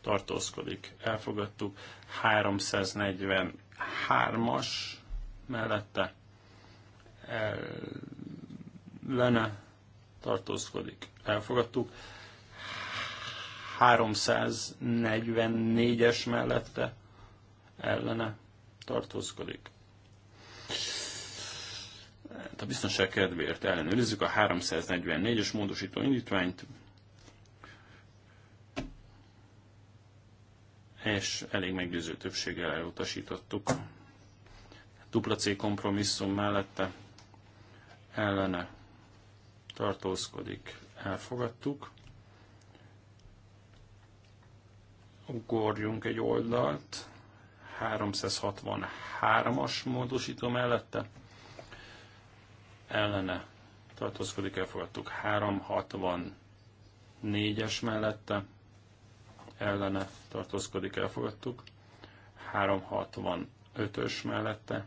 tartózkodik, elfogadtuk. 343-as mellette ellene tartózkodik, elfogadtuk. 344-es mellette ellene tartózkodik. Hát a biztonság kedvéért ellenőrizzük a 344-es módosító indítványt, és elég meggyőző többséggel elutasítottuk. Dupla C kompromisszum mellette ellene tartózkodik, elfogadtuk. Ugorjunk egy oldalt. 363-as módosító mellette ellene tartózkodik, elfogadtuk 364-es mellette ellene tartózkodik, elfogadtuk 365-ös mellette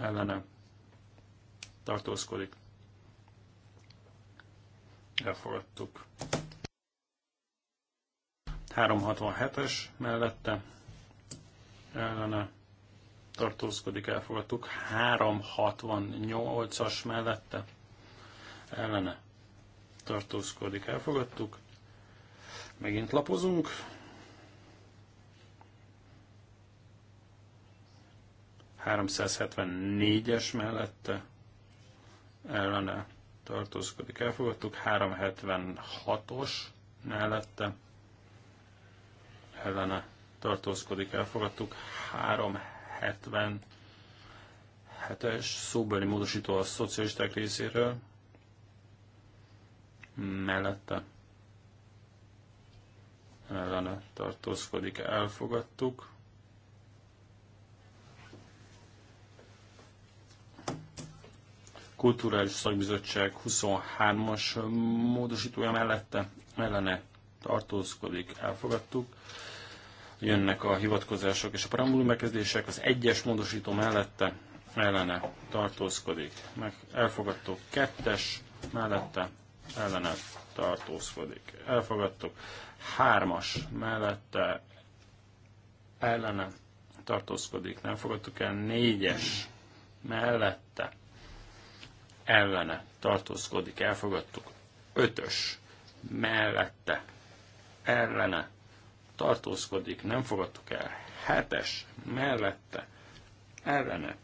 ellene tartózkodik, elfogadtuk 367-es mellette ellene tartózkodik, elfogadtuk. 368-as mellette ellene tartózkodik, elfogadtuk. Megint lapozunk. ...374-es mellette ellene tartózkodik, elfogadtuk. 376-os mellette ellene tartózkodik, elfogadtuk. 377-es szóbeli módosító a szocialisták részéről, mellette ellene tartózkodik, elfogadtuk. Kulturális Szakbizottság 23-as módosítója mellette ellene tartózkodik, elfogadtuk. Jönnek a hivatkozások és a preambulum bekezdések, az egyes módosító mellette ellene tartózkodik. Meg elfogadtuk kettes mellette ellene tartózkodik. Elfogadtuk hármas mellette ellene tartózkodik. Nem fogadtuk el négyes mellette ellene tartózkodik. Elfogadtuk ötös mellette ellene tartózkodik, nem fogadtuk el. Hetes mellette ellene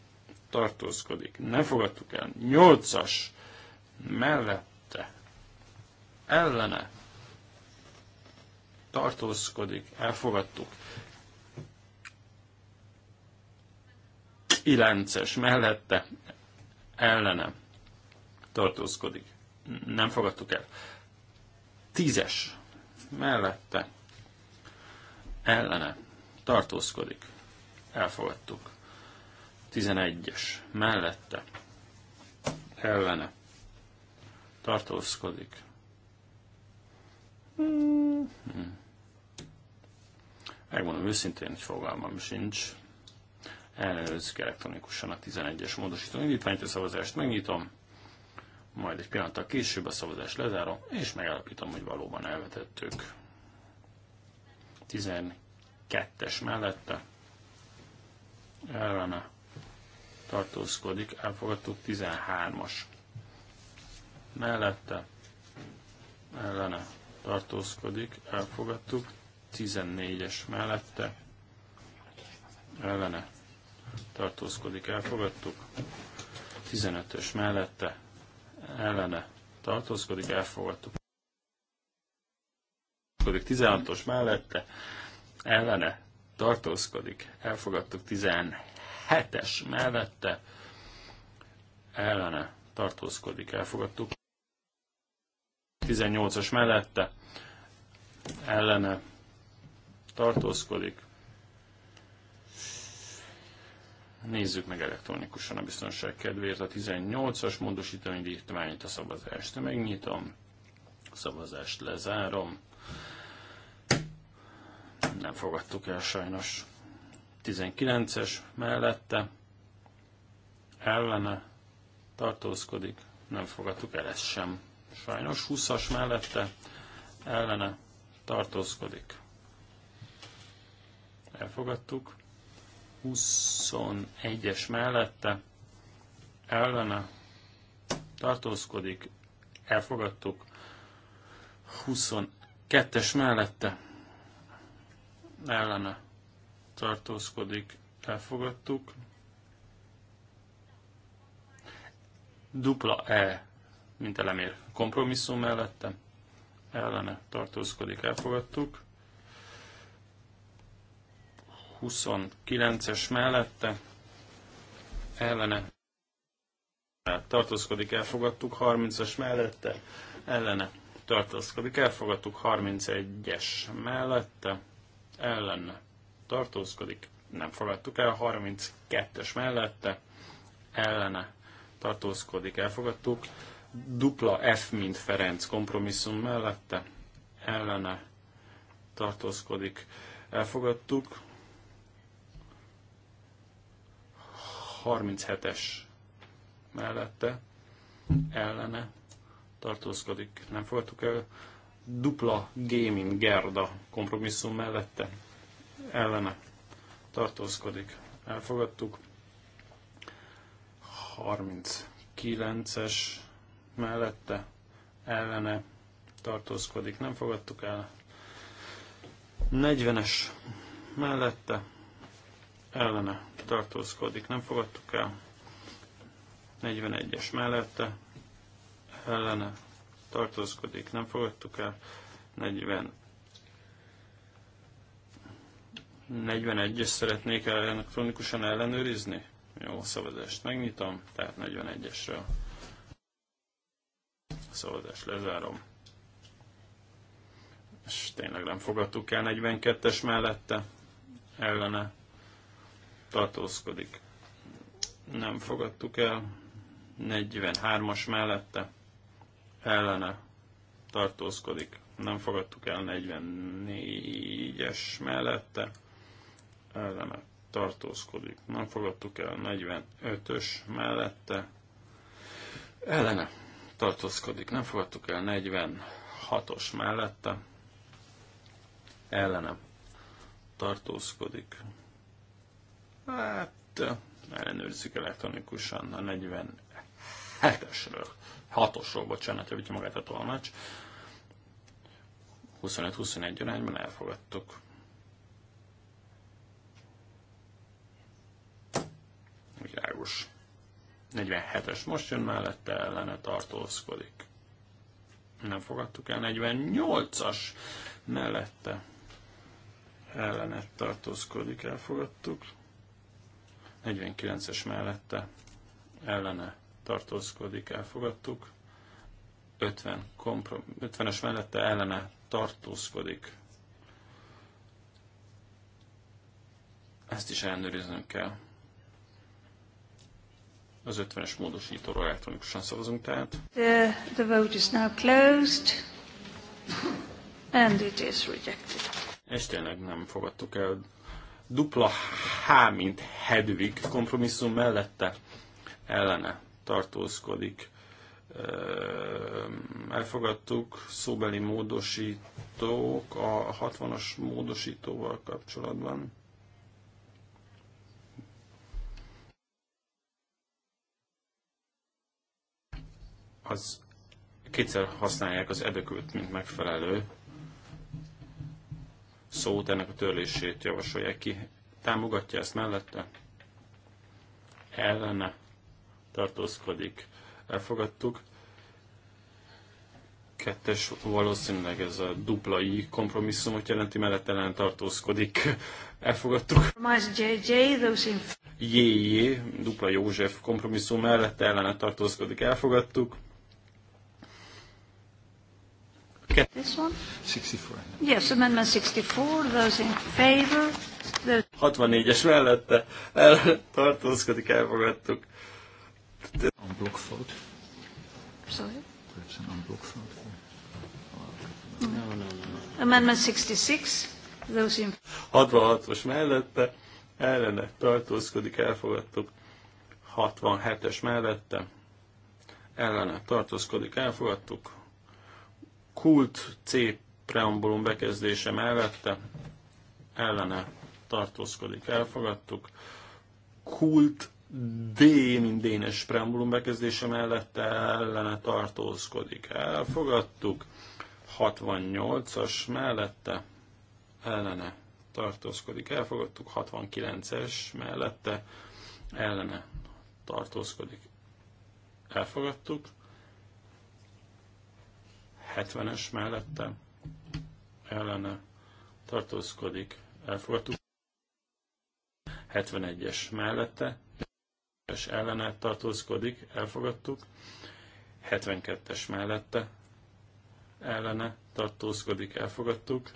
tartózkodik, nem fogadtuk el. Nyolcas mellette ellene tartózkodik, elfogadtuk. Kilences mellette ellene tartózkodik. Nem fogadtuk el. Tízes mellette ellene tartózkodik, elfogadtuk. 11-es mellette ellene tartózkodik. Hmm. Megmondom őszintén, hogy fogalmam sincs. Ellenőrzik elektronikusan a 11-es módosító indítványt, a szavazást megnyitom, majd egy pillanattal később a szavazást lezárom, és megállapítom, hogy valóban elvetettük. 12-es mellette ellene tartózkodik, elfogadtuk 13-as mellette ellene tartózkodik, elfogadtuk 14-es mellette ellene tartózkodik, elfogadtuk 15-ös mellette ellene tartózkodik, elfogadtuk elfogadódik, 16-os mellette ellene tartózkodik, elfogadtuk 17-es mellette ellene tartózkodik, elfogadtuk 18-as mellette ellene tartózkodik. Nézzük meg elektronikusan a biztonság kedvéért a 18-as módosító a szavazást megnyitom, a szavazást lezárom nem fogadtuk el sajnos. 19-es mellette ellene tartózkodik, nem fogadtuk el ezt sem. Sajnos 20-as mellette ellene tartózkodik. Elfogadtuk. 21-es mellette ellene tartózkodik, elfogadtuk. 22-es mellette ellene tartózkodik, elfogadtuk. Dupla E, mint elemér, kompromisszum mellette, ellene tartózkodik, elfogadtuk. 29-es mellette, ellene tartózkodik, elfogadtuk, 30-es mellette, ellene tartózkodik, elfogadtuk, 31-es mellette, ellen tartózkodik, nem fogadtuk el, 32-es mellette ellene tartózkodik, elfogadtuk, dupla F, mint Ferenc kompromisszum mellette ellene tartózkodik, elfogadtuk, 37-es mellette ellene tartózkodik, nem fogadtuk el, dupla gaming gerda kompromisszum mellette ellene tartózkodik. Elfogadtuk. 39-es mellette ellene tartózkodik. Nem fogadtuk el. 40-es mellette ellene tartózkodik. Nem fogadtuk el. 41-es mellette ellene tartózkodik, nem fogadtuk el. 40. 41-es szeretnék elektronikusan ellenőrizni? Jó, szavazást megnyitom, tehát 41-esről. Szabadást lezárom. És tényleg nem fogadtuk el 42-es mellette, ellene tartózkodik. Nem fogadtuk el. 43-as mellette ellene tartózkodik. Nem fogadtuk el 44-es mellette ellene tartózkodik. Nem fogadtuk el 45-ös mellette ellene tartózkodik. Nem fogadtuk el 46-os mellette ellene tartózkodik. Hát ellenőrzzük elektronikusan a 47-esről hatosról, bocsánat, javítja magát a tolmács. 25-21 arányban elfogadtuk. Virágos. 47-es most jön mellette, ellene tartózkodik. Nem fogadtuk el. 48-as mellette ellene tartózkodik, elfogadtuk. 49-es mellette ellene tartózkodik, elfogadtuk. 50 komprom 50-es mellette ellene tartózkodik. Ezt is ellenőriznünk kell. Az 50-es módosítóról elektronikusan szavazunk tehát. The, the vote is now closed and it is rejected. És tényleg nem fogadtuk el. Dupla H, mint Hedwig kompromisszum mellette ellene tartózkodik. Ehm, elfogadtuk szóbeli módosítók a 60-as módosítóval kapcsolatban. Az kétszer használják az edekült, mint megfelelő szót, ennek a törlését javasolják ki. Támogatja ezt mellette? Ellene? tartózkodik, elfogadtuk. Kettes valószínűleg ez a dupla I kompromisszumot jelenti, mellett ellen tartózkodik, elfogadtuk. JJ, dupla József kompromisszum mellett ellen tartózkodik, elfogadtuk. This one? 64. Yes, amendment 64, those in favor. Those... 64-es mellette ellen tartózkodik, elfogadtuk. On block vote. Sorry? Perhaps an unblock vote. No, no, no. Amendment 66. Those in... 66-os mellette ellene tartózkodik, elfogadtuk. 67-es mellette ellene tartózkodik, elfogadtuk. Kult C preambulum bekezdése mellette ellene tartózkodik, elfogadtuk. Kult D, mint Dénes preambulum bekezdése mellette ellene tartózkodik. Elfogadtuk. 68-as mellette ellene tartózkodik. Elfogadtuk. 69-es mellette ellene tartózkodik. Elfogadtuk. 70-es mellette ellene tartózkodik. Elfogadtuk. 71-es mellette es ellene tartózkodik, elfogadtuk. 72-es mellette ellene tartózkodik, elfogadtuk.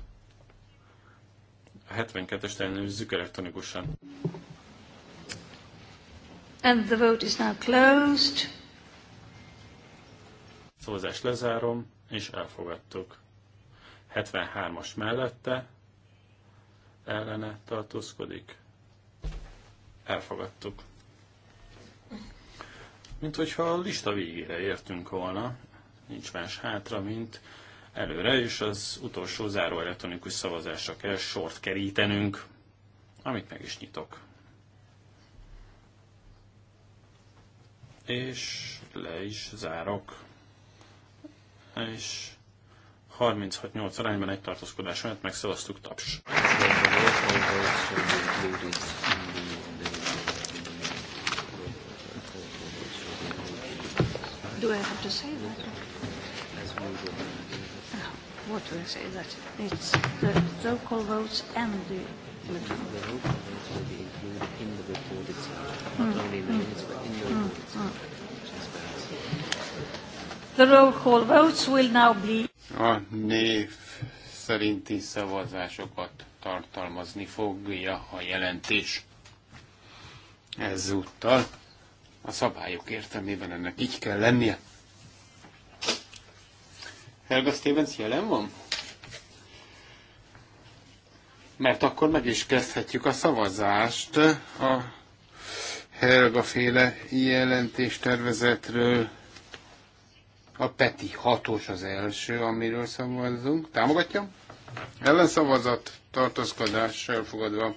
A 72-est ellenőrizzük elektronikusan. And the vote is now closed. Szózás lezárom, és elfogadtuk. 73-as mellette ellene tartózkodik. Elfogadtuk mint hogyha a lista végére értünk volna, nincs más hátra, mint előre, és az utolsó záró elektronikus szavazásra kell sort kerítenünk, amit meg is nyitok. És le is zárok. És 36-8 arányban egy tartózkodás mellett megszavaztuk taps. Do I have to say that? As ah, usual. What do I say that? It's the local votes and the The local votes will be included in the report itself, not mm. only in the hmm. minutes, but in the report hmm, itself. Mm. The roll call votes will now be... A név szerinti szavazásokat tartalmazni fogja a jelentés ezúttal. A szabályok értelmében ennek így kell lennie. Helga Stevens jelen van? Mert akkor meg is kezdhetjük a szavazást a Helga féle jelentéstervezetről. A Peti hatos az első, amiről szavazunk. Támogatja? Ellenszavazat, tartózkodás elfogadva.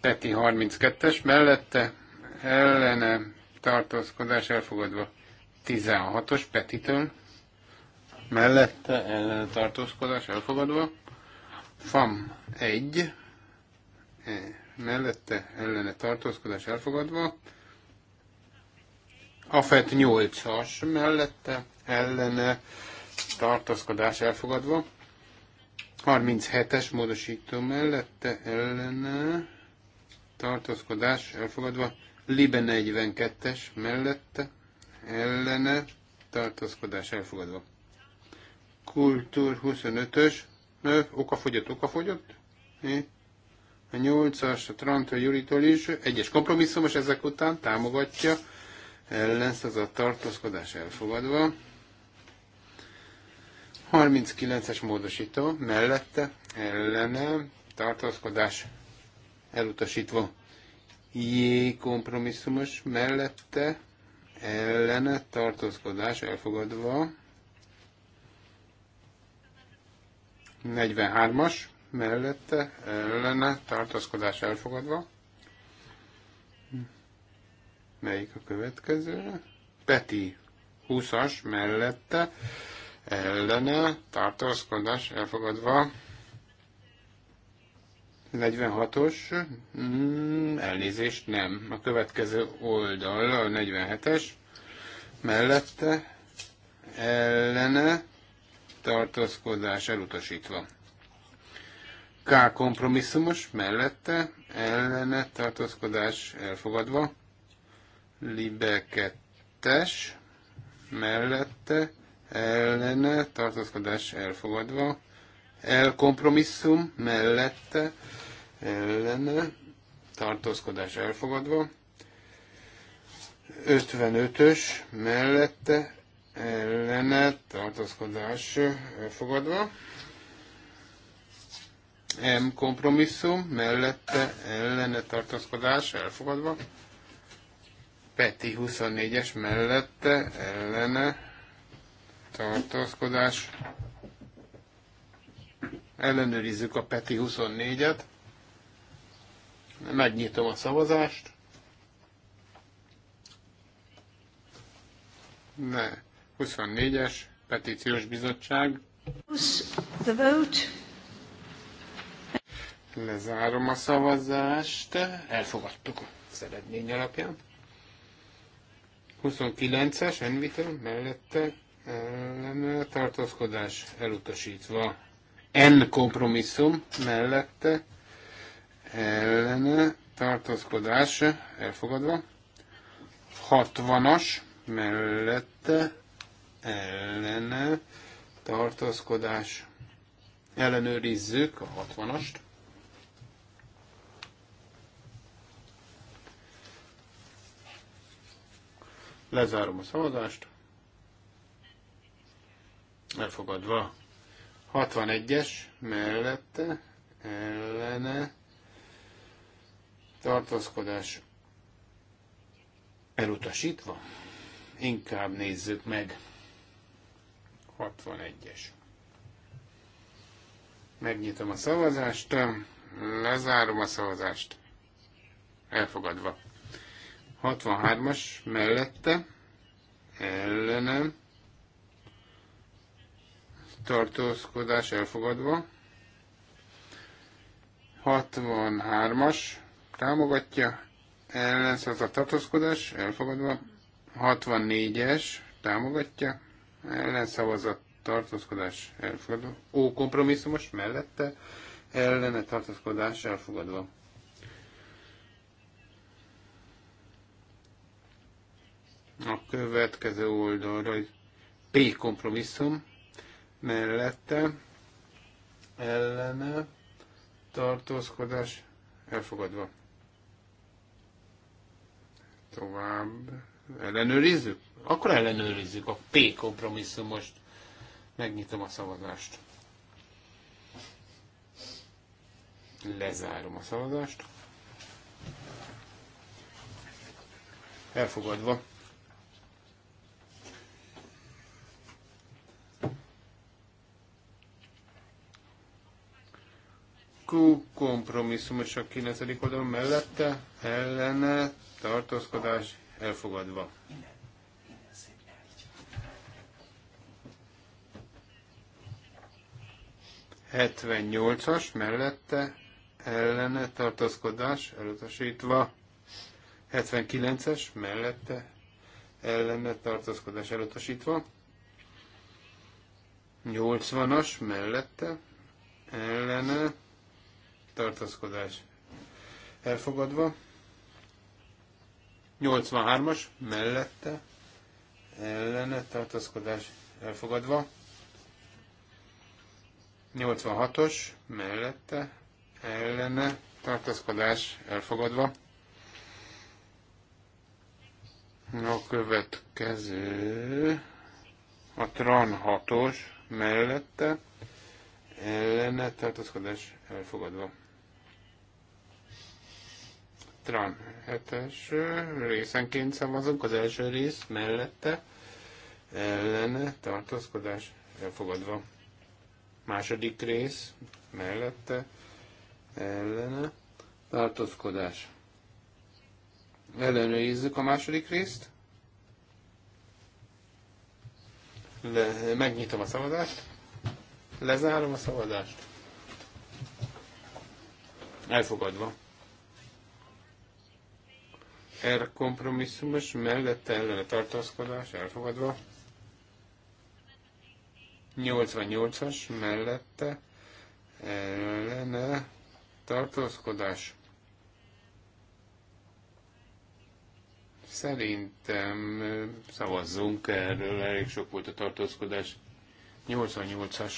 Peti 32-es mellette ellene tartózkodás elfogadva. 16-os Petitől mellette ellene tartózkodás elfogadva. FAM 1 eh, mellette ellene tartózkodás elfogadva. AFET 8-as mellette ellene tartózkodás elfogadva. 37-es módosító mellette ellene tartózkodás elfogadva. Libe 42-es mellette, ellene, tartózkodás elfogadva. Kultúr 25-ös, okafogyott, okafogyott, a 8-as, a Trantól, Juritól is, egyes kompromisszumos ezek után támogatja, az a tartózkodás elfogadva. 39-es módosító, mellette, ellene, tartózkodás elutasítva. J kompromisszumos mellette ellene tartózkodás elfogadva. 43-as mellette ellene tartózkodás elfogadva. Melyik a következő? Peti 20-as mellette ellene tartózkodás elfogadva. 46-os, mm, elnézést, nem. A következő oldal a 47-es, mellette ellene tartózkodás elutasítva. K kompromisszumos, mellette ellene tartózkodás elfogadva. Libe 2-es, mellette ellene tartózkodás elfogadva elkompromisszum mellette ellene tartózkodás elfogadva, 55-ös mellette ellene tartózkodás elfogadva, M kompromisszum mellette ellene tartózkodás elfogadva, Peti 24-es mellette ellene tartózkodás ellenőrizzük a PETI 24-et, megnyitom a szavazást, ne, 24-es, petíciós bizottság. The vote. Lezárom a szavazást. Elfogadtuk az eredmény alapján. 29-es, envitem, mellette ellen tartózkodás elutasítva. N kompromisszum mellette ellene tartózkodás elfogadva. 60-as mellette ellene tartózkodás ellenőrizzük a 60-ast. Lezárom a szavazást. Elfogadva. 61-es mellette ellene tartózkodás elutasítva. Inkább nézzük meg. 61-es. Megnyitom a szavazást, lezárom a szavazást. Elfogadva. 63-as mellette ellenem tartózkodás elfogadva. 63-as támogatja, a tartózkodás elfogadva. 64-es támogatja, szavazat tartózkodás elfogadva. Ó kompromisszumos mellette, ellene tartózkodás elfogadva. A következő oldalra P kompromisszum mellette ellene tartózkodás elfogadva. Tovább ellenőrizzük? Akkor ellenőrizzük a P kompromisszumost. Megnyitom a szavazást. Lezárom a szavazást. Elfogadva. kompromisszum és a 9. oldalon mellette, ellene, tartózkodás elfogadva. 78-as mellette ellene tartózkodás elutasítva, 79-es mellette ellene tartózkodás elutasítva, 80-as mellette ellene tartaszkodás elfogadva. 83-as mellette ellene tartaszkodás elfogadva. 86-os mellette ellene tartaszkodás elfogadva. A következő a TRAN 6-os mellette ellene tartaszkodás elfogadva. Tran 7-es részenként szavazunk, az első rész mellette ellene tartózkodás elfogadva. Második rész mellette ellene tartózkodás. Ellenőrizzük a második részt. Le, megnyitom a szavazást. Lezárom a szavazást. Elfogadva er kompromisszumos, mellette ellene tartózkodás elfogadva. 88-as mellette ellene tartózkodás. Szerintem szavazzunk erről, elég sok volt a tartózkodás. 88-as.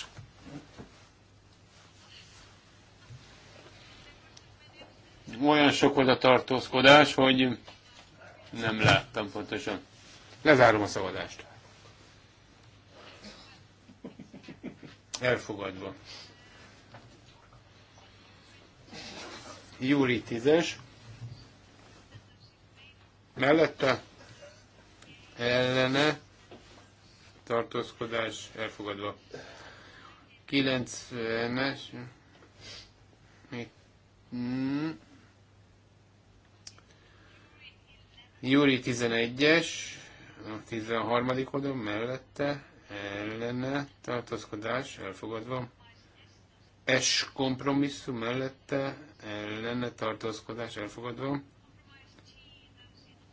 Olyan sok volt a tartózkodás, hogy nem láttam pontosan. Lezárom a szavazást. Elfogadva. Júri 10-es. Mellette ellene tartózkodás elfogadva. 90-es. Eh, Mi? Hmm. Júri 11-es, a 13. oldalon mellette, ellene, tartózkodás, elfogadva. S kompromisszum mellette, ellene, tartózkodás, elfogadva.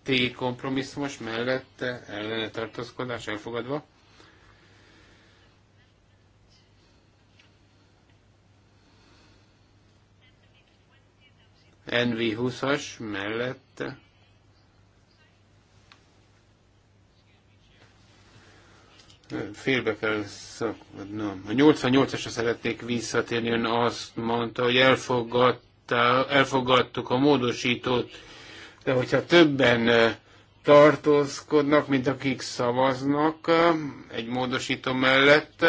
T kompromisszumos mellette, ellene, tartózkodás, elfogadva. NV20-as mellette, félbe kell szakadnom. A 88-asra szeretnék visszatérni, ön azt mondta, hogy elfogadta, elfogadtuk a módosítót, de hogyha többen tartózkodnak, mint akik szavaznak egy módosító mellett,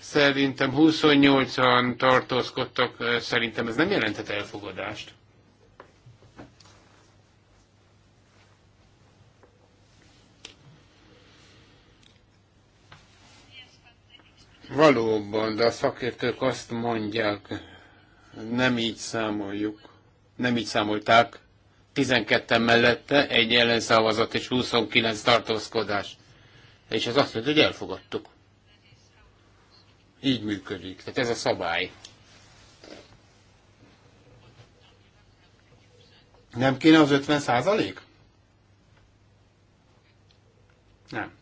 szerintem 28-an tartózkodtak, szerintem ez nem jelentett elfogadást. Valóban, de a szakértők azt mondják, nem így számoljuk, nem így számolták, 12 mellette egy ellenszavazat és 29 tartózkodás. És ez azt jelenti, hogy elfogadtuk. Így működik. Tehát ez a szabály. Nem kéne az 50 százalék? Nem.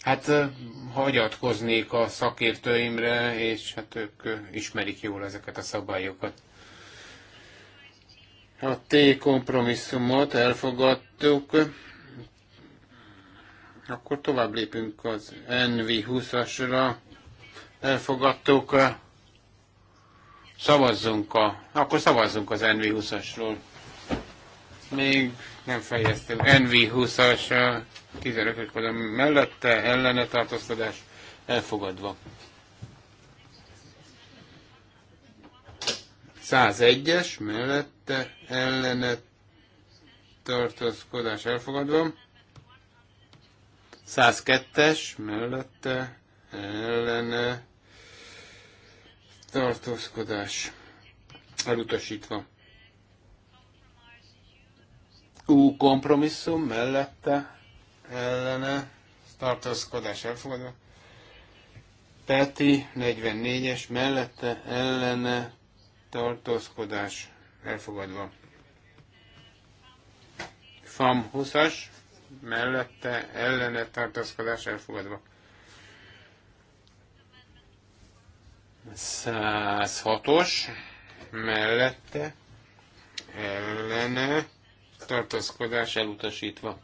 Hát hagyatkoznék a szakértőimre, és hát ők ismerik jól ezeket a szabályokat. A T kompromisszumot elfogadtuk. Akkor tovább lépünk az NV20-asra. Elfogadtuk. Szavazzunk a... Akkor szavazzunk az NV20-asról még nem fejeztem. NV20-as, 15-ös mellette, ellene tartózkodás elfogadva. 101-es mellette ellene tartózkodás elfogadva. 102-es mellette ellene tartózkodás elutasítva. Ú. kompromisszum mellette ellene tartózkodás elfogadva. Peti 44-es mellette ellene tartózkodás elfogadva. FAM 20-as mellette ellene tartózkodás elfogadva. 106-os mellette ellene tartózkodás elutasítva.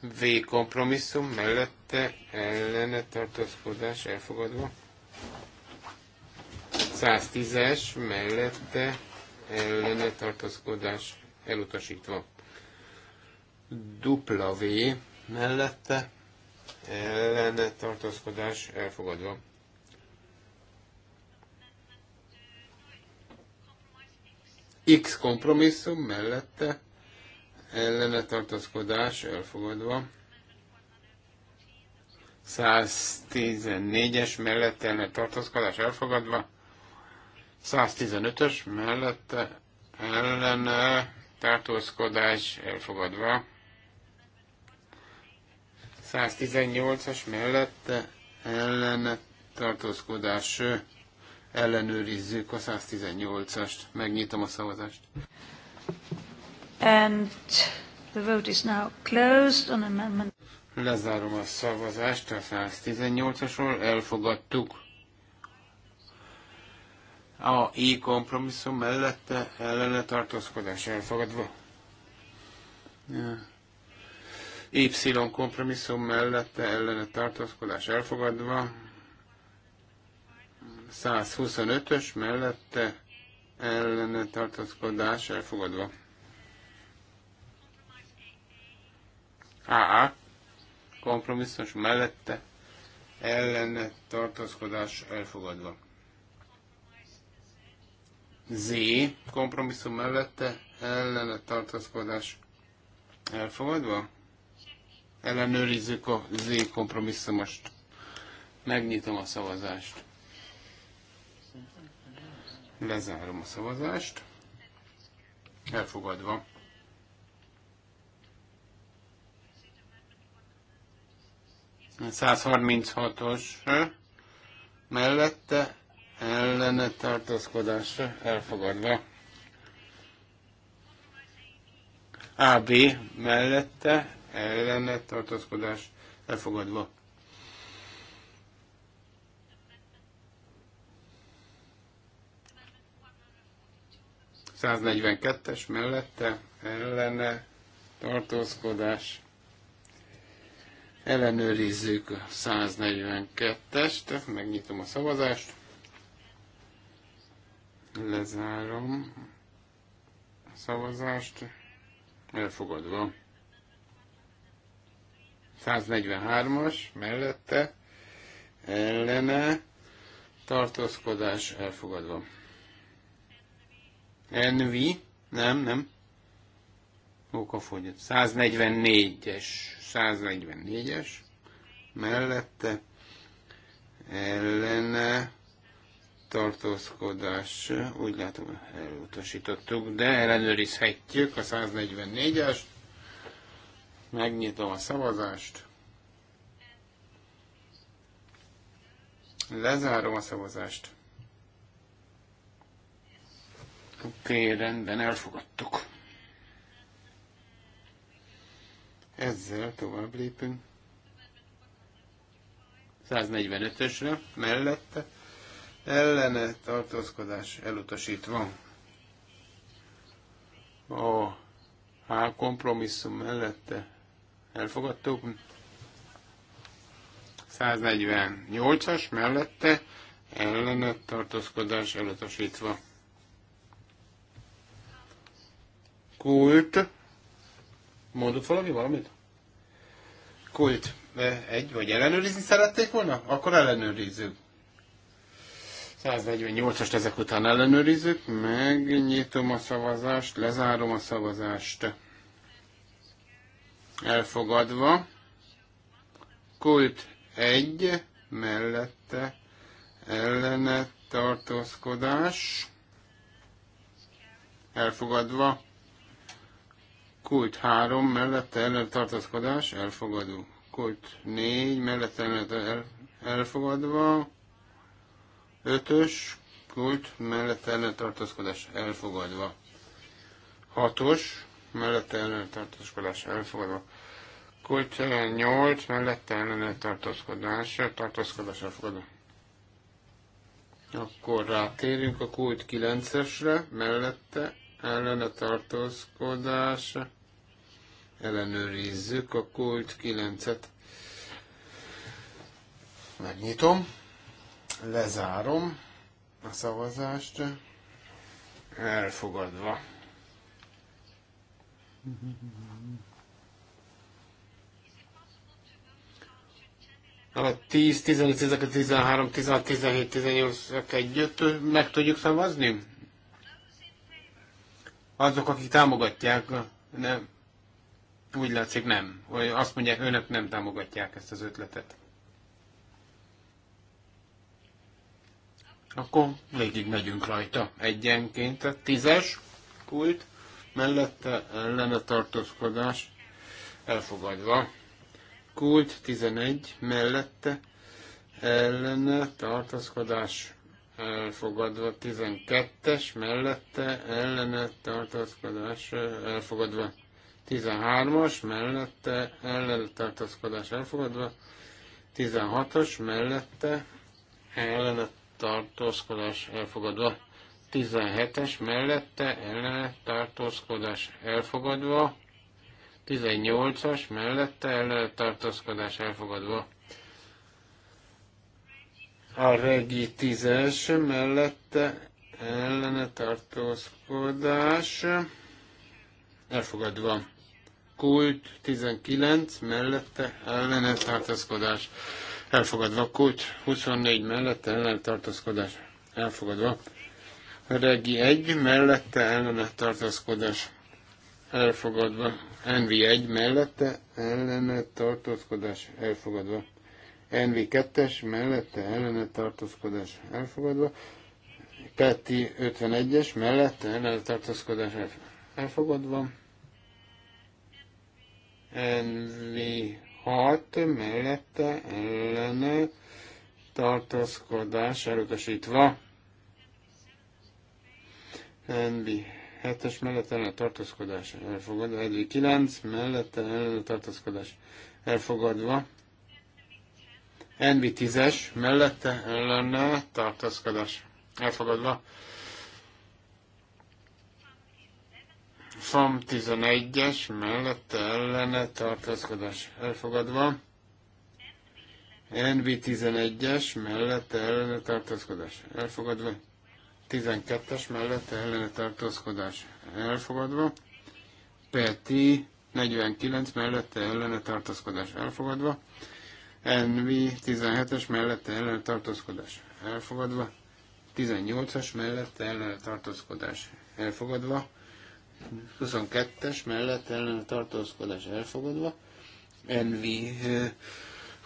V kompromisszum mellette ellene tartózkodás elfogadva. 110-es mellette ellene tartózkodás elutasítva. Dupla V mellette ellene tartózkodás elfogadva. X kompromisszum mellette ellene tartózkodás elfogadva. 114-es mellette ellene tartózkodás elfogadva. 115-ös mellette ellene tartózkodás elfogadva. 118-as mellette ellene tartózkodás elfogadva ellenőrizzük a 118-ast. Megnyitom a szavazást. And the vote is now closed on amendment. Lezárom a szavazást a 118-asról, elfogadtuk. A I kompromisszum mellette ellene tartózkodás elfogadva. Y kompromisszum mellette ellene tartózkodás elfogadva. 125-ös mellette ellene tartozkodás elfogadva. AA kompromisszus mellette ellene tartozkodás elfogadva. Z kompromisszum mellette ellene tartozkodás elfogadva. Ellenőrizzük a Z kompromisszumost. Megnyitom a szavazást. Lezárom a szavazást. Elfogadva. A 136-os eh? mellette ellene tartózkodásra eh? elfogadva. AB mellette ellene tartózkodás elfogadva. 142-es mellette ellene tartózkodás. Ellenőrizzük a 142-est, megnyitom a szavazást. Lezárom a szavazást. Elfogadva. 143-as mellette ellene tartózkodás elfogadva. Envi, nem, nem. Okafogyott. 144-es, 144-es mellette ellene tartózkodás, úgy látom elutasítottuk, de ellenőrizhetjük a 144 es Megnyitom a szavazást. Lezárom a szavazást. Oké, rendben, elfogadtuk. Ezzel tovább lépünk. 145-ösre, mellette, ellene tartózkodás elutasítva. A H kompromisszum mellette elfogadtuk. 148-as mellette ellenet tartózkodás elutasítva. Kult. Mondott valami valamit? Kult. Egy, vagy ellenőrizni szerették volna? Akkor ellenőrizzük. 148-as ezek után ellenőrizzük, megnyitom a szavazást, lezárom a szavazást. Elfogadva. Kult egy mellette ellene tartózkodás. Elfogadva. Kult 3 mellette ellen tartózkodás elfogadó. Kult 4 mellette ellen elfogadva. 5-ös kult mellette ellen tartózkodás elfogadva. 6-os mellette ellen tartózkodás elfogadva. Kult 8 mellette ellen tartaszkodás, tartózkodás elfogadva. Akkor rátérünk a kult 9-esre, mellette ellen a tartózkodás. Ellenőrizzük a kult 9-et. Megnyitom, lezárom a szavazást, elfogadva. A 10, 15, 12, 13, 16, 17, 18 együtt meg tudjuk szavazni? Azok, akik támogatják, nem, úgy látszik nem. Vagy azt mondják, önök nem támogatják ezt az ötletet. Akkor végig megyünk rajta egyenként. A tízes kult, mellette lenne tartózkodás elfogadva. Kult 11, mellette ellene tartózkodás elfogadva, 12-es eh, mellette ellene tartózkodás elfogadva, 13-as mellette ellene tartózkodás elfogadva, 16-os mellette ellene tartózkodás elfogadva, 17-es mellette ellene tartózkodás elfogadva, 18-as mellette ellene tartózkodás elfogadva. A regi tízes mellette ellene tartózkodás elfogadva. Kult 19 mellette ellene tartózkodás elfogadva. Kult 24 mellette ellene tartózkodás elfogadva. Regi 1 mellette ellene tartózkodás elfogadva. NV1 mellette ellene tartózkodás elfogadva. NV2-es mellette ellene tartózkodás elfogadva. Peti 51-es mellette ellene tartózkodás elfogadva. NV6 mellette ellene tartózkodás elutasítva. NV 7-es mellett ellen tartózkodás elfogadva, Edvi 9 mellette ellen tartózkodás elfogadva, Envi 10 es mellette ellene tartaszkodás. elfogadva. FAM 11-es mellette ellene tartaszkodás. elfogadva. NV 11-es mellette ellene tartaszkodás. elfogadva. 12-es mellette ellene tartaszkodás. elfogadva. Peti 49 mellette ellene tartaszkodás. elfogadva. NV 17-es mellette ellen tartózkodás elfogadva, 18-as mellette ellen tartózkodás elfogadva, 22-es mellette ellen tartózkodás elfogadva, NV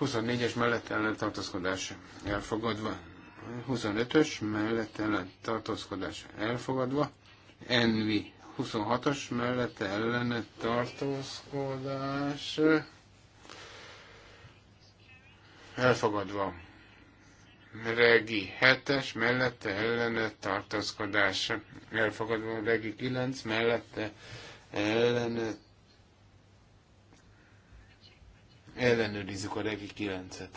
24-es eh, mellett ellen tartózkodás elfogadva, 25-ös mellett ellen tartózkodás elfogadva, NV 26-as mellette ellen tartózkodás elfogadva. Regi 7-es, mellette ellene tartózkodás elfogadva. Regi 9, mellette ellene ellenőrizzük a Regi 9-et.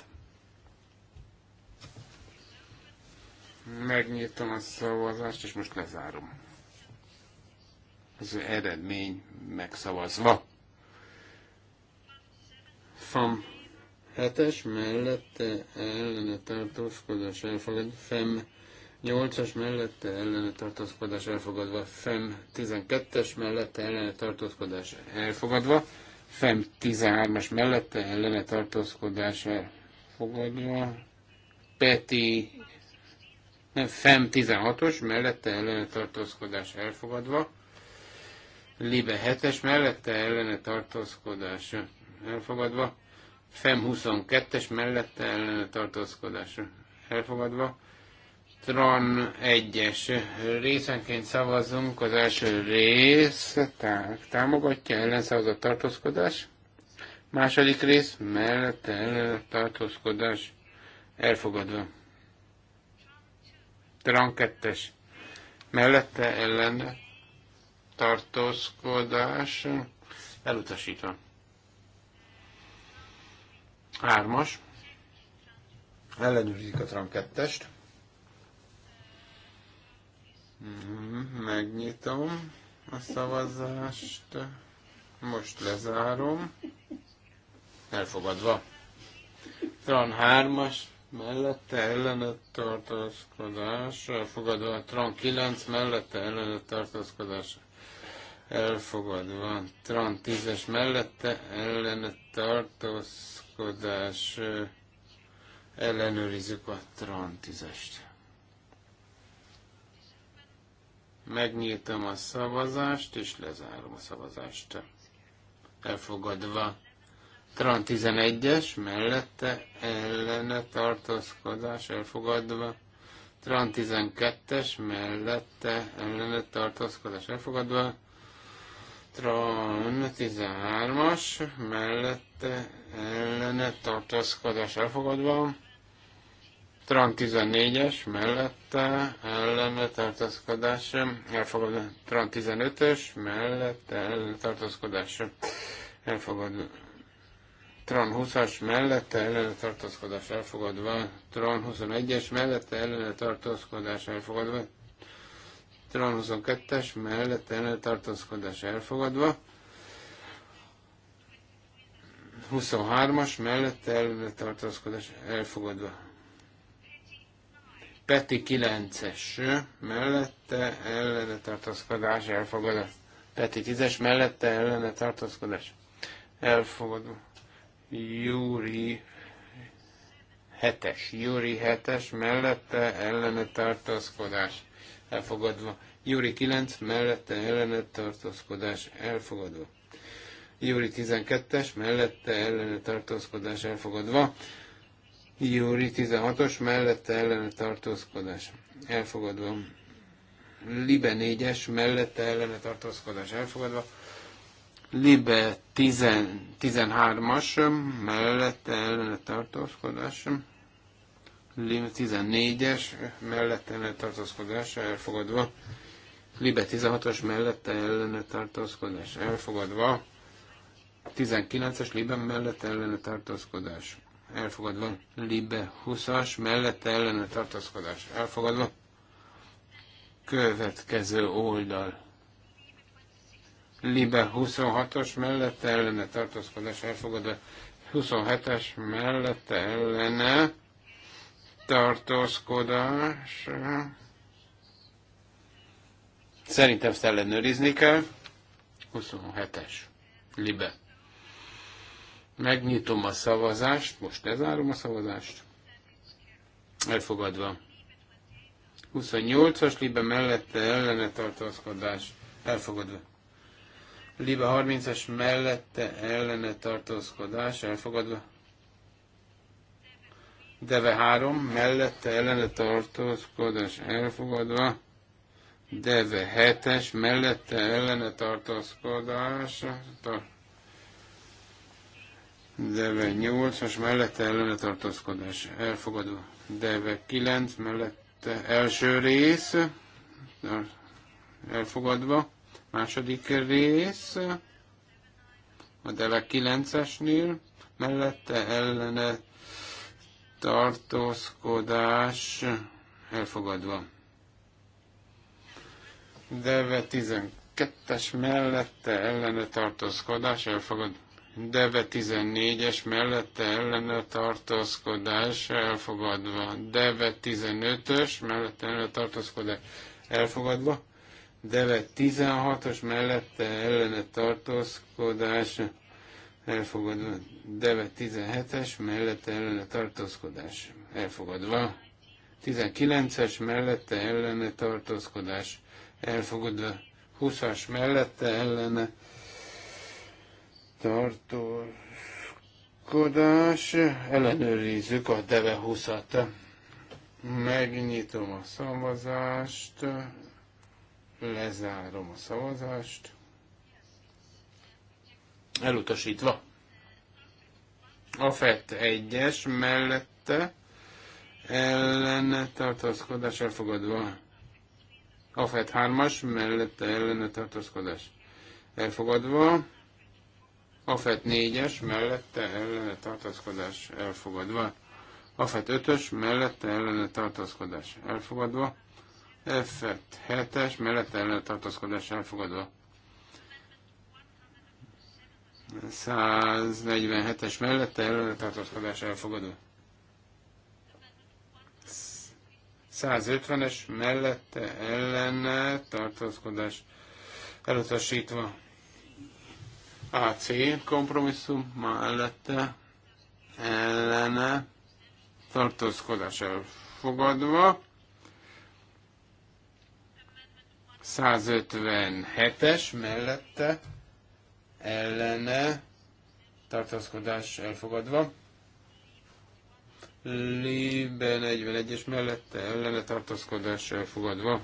Megnyitom a szavazást, és most lezárom. Az eredmény megszavazva. From 7-es mellette ellene tartózkodás elfogadva, FEM 8-as mellette ellene tartózkodás elfogadva, FEM 12-es mellette ellene tartózkodás elfogadva, FEM 13-as mellette ellene tartózkodás elfogadva, PETI nem, FEM 16-os mellette ellene tartózkodás elfogadva, LIBE 7-es mellette ellene tartózkodás elfogadva, FEM 22-es mellette ellene tartózkodásra elfogadva. Tran 1-es részenként szavazunk, az első rész támogatja ellenszavazat tartózkodás, második rész mellette ellene tartózkodás elfogadva. Tran 2-es mellette ellene tartózkodás elutasítva. 3-as. Ellenőrzik a Tram 2-est. Mhm, megnyitom a szavazást. Most lezárom. Elfogadva. Tran 3-as, mellette ellenet tartózkodás, elfogadva. Tran 9, mellette ellenet tartózkodás, elfogadva. Trant 10 mellette ellene tartózkodás ellenőrizzük a Trant 10 Megnyitom a szavazást, és lezárom a szavazást. Elfogadva. Trant 11-es, mellette ellene tartózkodás elfogadva. Trant 12-es, mellette ellene tartózkodás elfogadva. Tran 13-as, mellette ellene tartózkodás elfogadva. Tran 14-es, mellette ellene tartózkodás elfogadva. Tran 15-ös, mellette ellene tartózkodás elfogadva. Tran 20-as mellette ellene tartózkodás elfogadva, Tran 21-es mellette ellene tartózkodás elfogadva, talán 22-es mellett ellentartózkodás elfogadva. 23-as mellett ellentartózkodás elfogadva. Peti 9-es mellette ellene tartózkodás elfogadva. Peti 10-es mellette ellene tartózkodás elfogadva. Júri 7-es. Júri 7-es mellette ellene tartózkodás elfogadva. Júri 9 mellette ellenet tartózkodás elfogadva. Júri 12-es mellette ellene tartózkodás elfogadva. Júri 16-os mellette ellene tartózkodás elfogadva. Libe 4-es mellette ellene tartózkodás elfogadva. Libe 13-as mellette ellene tartózkodás Lim 14-es mellette ellene tartózkodás elfogadva. Libe 16-os mellette ellene tartózkodás elfogadva. 19-es Libe mellette ellene tartózkodás elfogadva. Libe 20-as mellette ellene tartózkodás elfogadva. Következő oldal. Libe 26-os mellette ellene tartózkodás elfogadva. 27-es mellette ellene tartózkodás. Szerintem ezt ellenőrizni kell. 27-es. Libe. Megnyitom a szavazást, most lezárom a szavazást. Elfogadva. 28-as libe mellette ellene tartózkodás. Elfogadva. Libe 30-as mellette ellene tartózkodás. Elfogadva. Deve 3 mellette ellene tartózkodás elfogadva. Deve 7-es mellette ellene tartózkodás. Deve 8-as mellette ellene tartózkodás elfogadva. Deve 9 mellette első rész elfogadva. Második rész a Deve 9-esnél mellette ellene tartózkodás elfogadva. Deve 12-es mellette ellene tartózkodás elfogad. Deve 14-es mellette ellene tartózkodás elfogadva. Deve 15-ös mellette ellene tartózkodás elfogadva. Deve 16-os mellette ellene tartózkodás elfogadva. Deve 17-es, mellette ellene tartózkodás elfogadva. 19-es, mellette ellene tartózkodás elfogadva. 20-as, mellette ellene tartózkodás. Ellenőrizzük a Deve 20-at. Megnyitom a szavazást, lezárom a szavazást. Elutasítva. A FET 1-es mellette ellene tartózkodás elfogadva. A FET 3-as mellette ellene tartózkodás elfogadva. A FET 4-es mellette ellene tartózkodás elfogadva. A FET 5-ös mellette ellene tartózkodás elfogadva. FET 7 es mellette ellene tartózkodás elfogadva. 147-es mellette előre tartózkodás elfogadó. 150-es mellette ellene tartózkodás elutasítva. AC kompromisszum mellette ellene tartózkodás elfogadva. 157-es mellette ellene tartózkodás elfogadva. Libe 41-es mellette ellene tartózkodás elfogadva.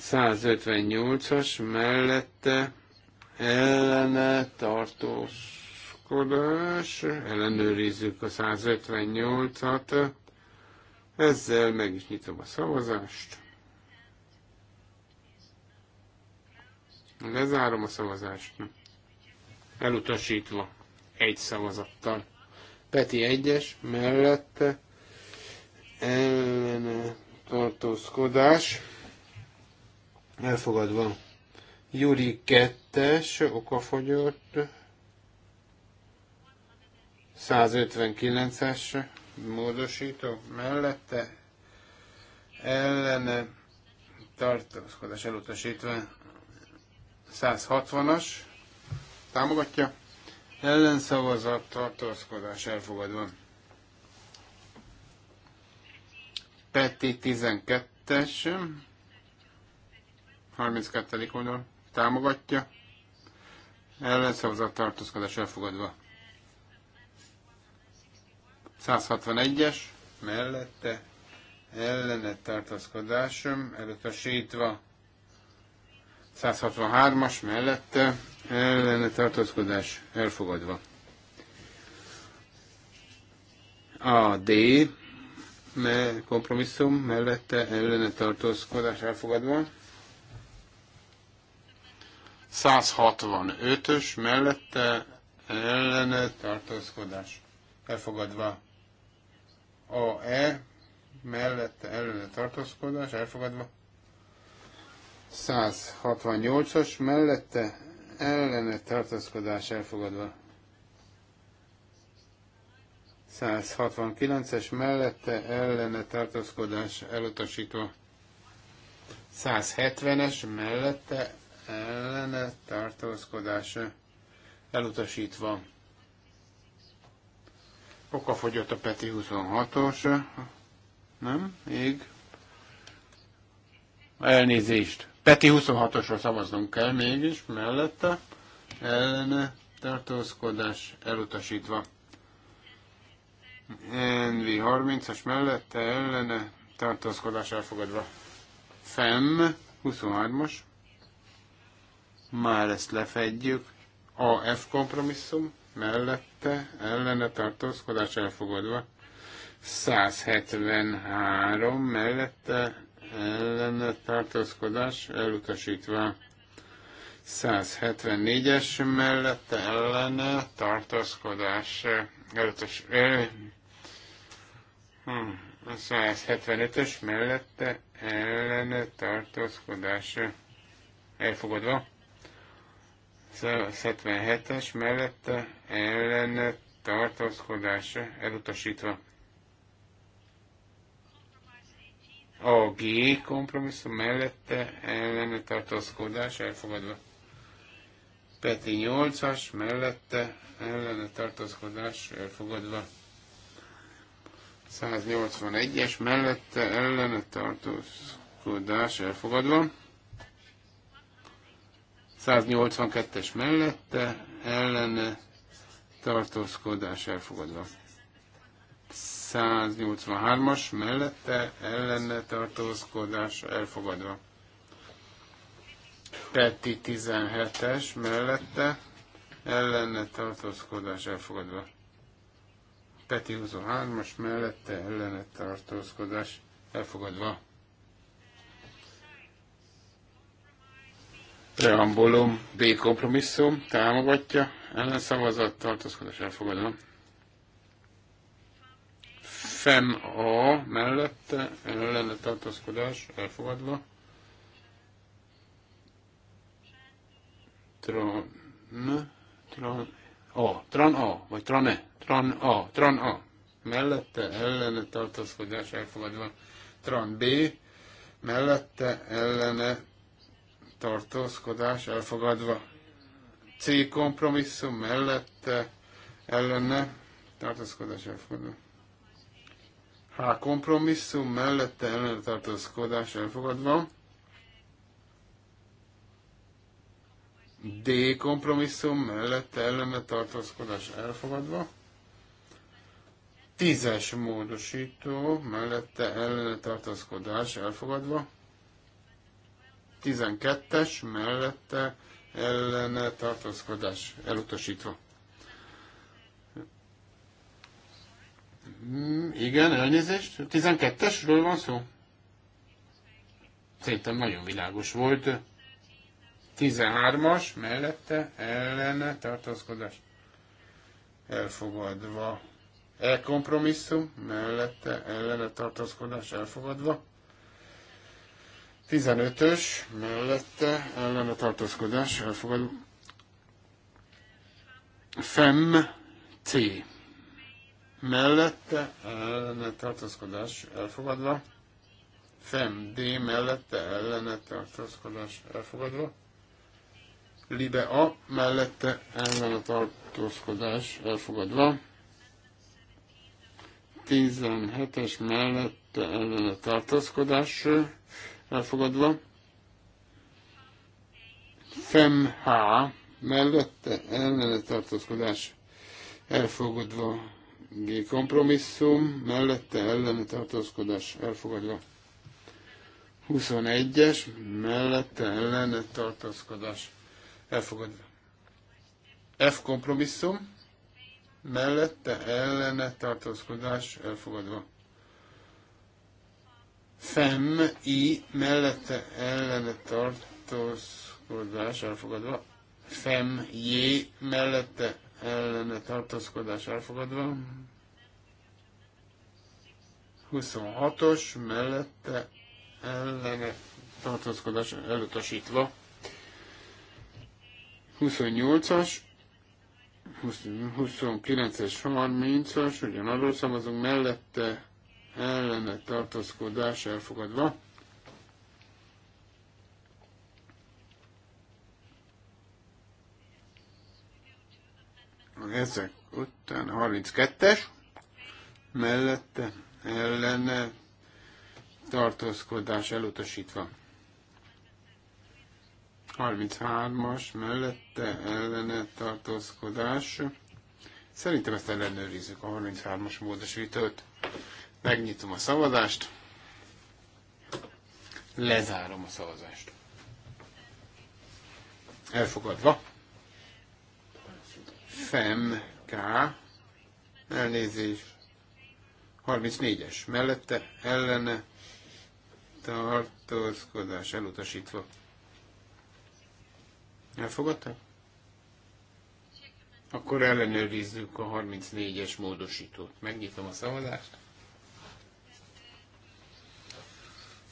158-as mellette ellene tartózkodás, ellenőrizzük a 158-at, ezzel meg is nyitom a szavazást. Lezárom a szavazást. Elutasítva. Egy szavazattal. Peti egyes, mellette ellene tartózkodás. Elfogadva. Juri kettes, okafogyott. 159-es módosító mellette ellene tartózkodás elutasítva 160-as támogatja, ellenszavazat, tartózkodás elfogadva. Peti 12-es, 32. oldal támogatja, ellenszavazat, tartózkodás elfogadva. 161-es, mellette ellenet tartózkodás, elutasítva 163-as mellette ellene tartózkodás elfogadva. A D me kompromisszum mellette ellene tartózkodás elfogadva. 165-ös mellette ellene tartózkodás elfogadva. A E mellette ellene tartózkodás elfogadva. 168-as mellette ellene tartózkodás elfogadva. 169-es mellette ellene tartózkodás elutasítva. 170-es mellette ellene tartózkodás elutasítva. Oka fogyott a Peti 26-os, nem? Ég. Elnézést. Peti 26 osra szavaznunk kell mégis, mellette ellene tartózkodás elutasítva. NV 30-as mellette ellene tartózkodás elfogadva. FEM 23-as. Már ezt lefedjük. AF kompromisszum mellette ellene tartózkodás elfogadva. 173 mellette ellene tartózkodás elutasítva. 174-es mellette ellene tartózkodás elutas, ö, 175-ös hm, mellette ellene tartózkodás elfogadva. 177-es mellette ellene tartózkodás elutasítva. A G kompromisszum mellette ellene tartózkodás elfogadva. Peti 8-as mellette ellene tartózkodás elfogadva. 181-es mellette ellene tartózkodás elfogadva. 182-es mellette ellene tartózkodás elfogadva. 183-as mellette ellene tartózkodás elfogadva. Peti 17-es mellette ellene tartózkodás elfogadva. Peti 23-as mellette ellene tartózkodás elfogadva. Preambulum B kompromisszum támogatja, ellenszavazat tartózkodás elfogadva. FEM A mellette ellene tartózkodás elfogadva. Tran, tran, a, tran A, vagy tran E, tran A, tran A. Mellette ellene tartózkodás elfogadva. Tran B, mellette ellene tartózkodás elfogadva. C kompromisszum mellette ellene tartózkodás elfogadva. H kompromisszum mellette ellentartózkodás elfogadva. D kompromisszum mellette ellentartózkodás elfogadva. Tízes módosító mellette ellentartózkodás elfogadva. Tizenkettes mellette ellene tartózkodás elutasítva. Mm, igen, elnézést. 12-esről van szó? Szerintem nagyon világos volt. 13-as mellette ellene tartózkodás elfogadva. Elkompromisszum mellette ellene tartózkodás elfogadva. 15-ös mellette ellene tartózkodás elfogadva. FEM C mellette ellene tartózkodás elfogadva, fem D mellette ellene tartózkodás elfogadva, libe A mellette ellene tartózkodás elfogadva, 17-es mellette ellene tartózkodás elfogadva, fem H mellette ellene tartózkodás elfogadva, G kompromisszum, mellette ellene tartózkodás elfogadva. 21-es, mellette ellene tartózkodás elfogadva. F kompromisszum, mellette ellene tartózkodás elfogadva. Fem, I, mellette ellene tartózkodás elfogadva. Fem, J, mellette ellene tartózkodás elfogadva. 26-os mellette ellene tartózkodás elutasítva. 28-as, 29-es, 30-as, ugyanarról szavazunk, mellette ellene tartózkodás elfogadva. ezek után 32-es, mellette ellene tartózkodás elutasítva. 33-as mellette ellene tartózkodás. Szerintem ezt ellenőrizzük a 33-as módosítót. Megnyitom a szavazást. Lezárom a szavazást. Elfogadva. FMK, elnézés, 34-es, mellette ellene tartózkodás elutasítva. Elfogadta? Akkor ellenőrizzük a 34-es módosítót. Megnyitom a szavazást.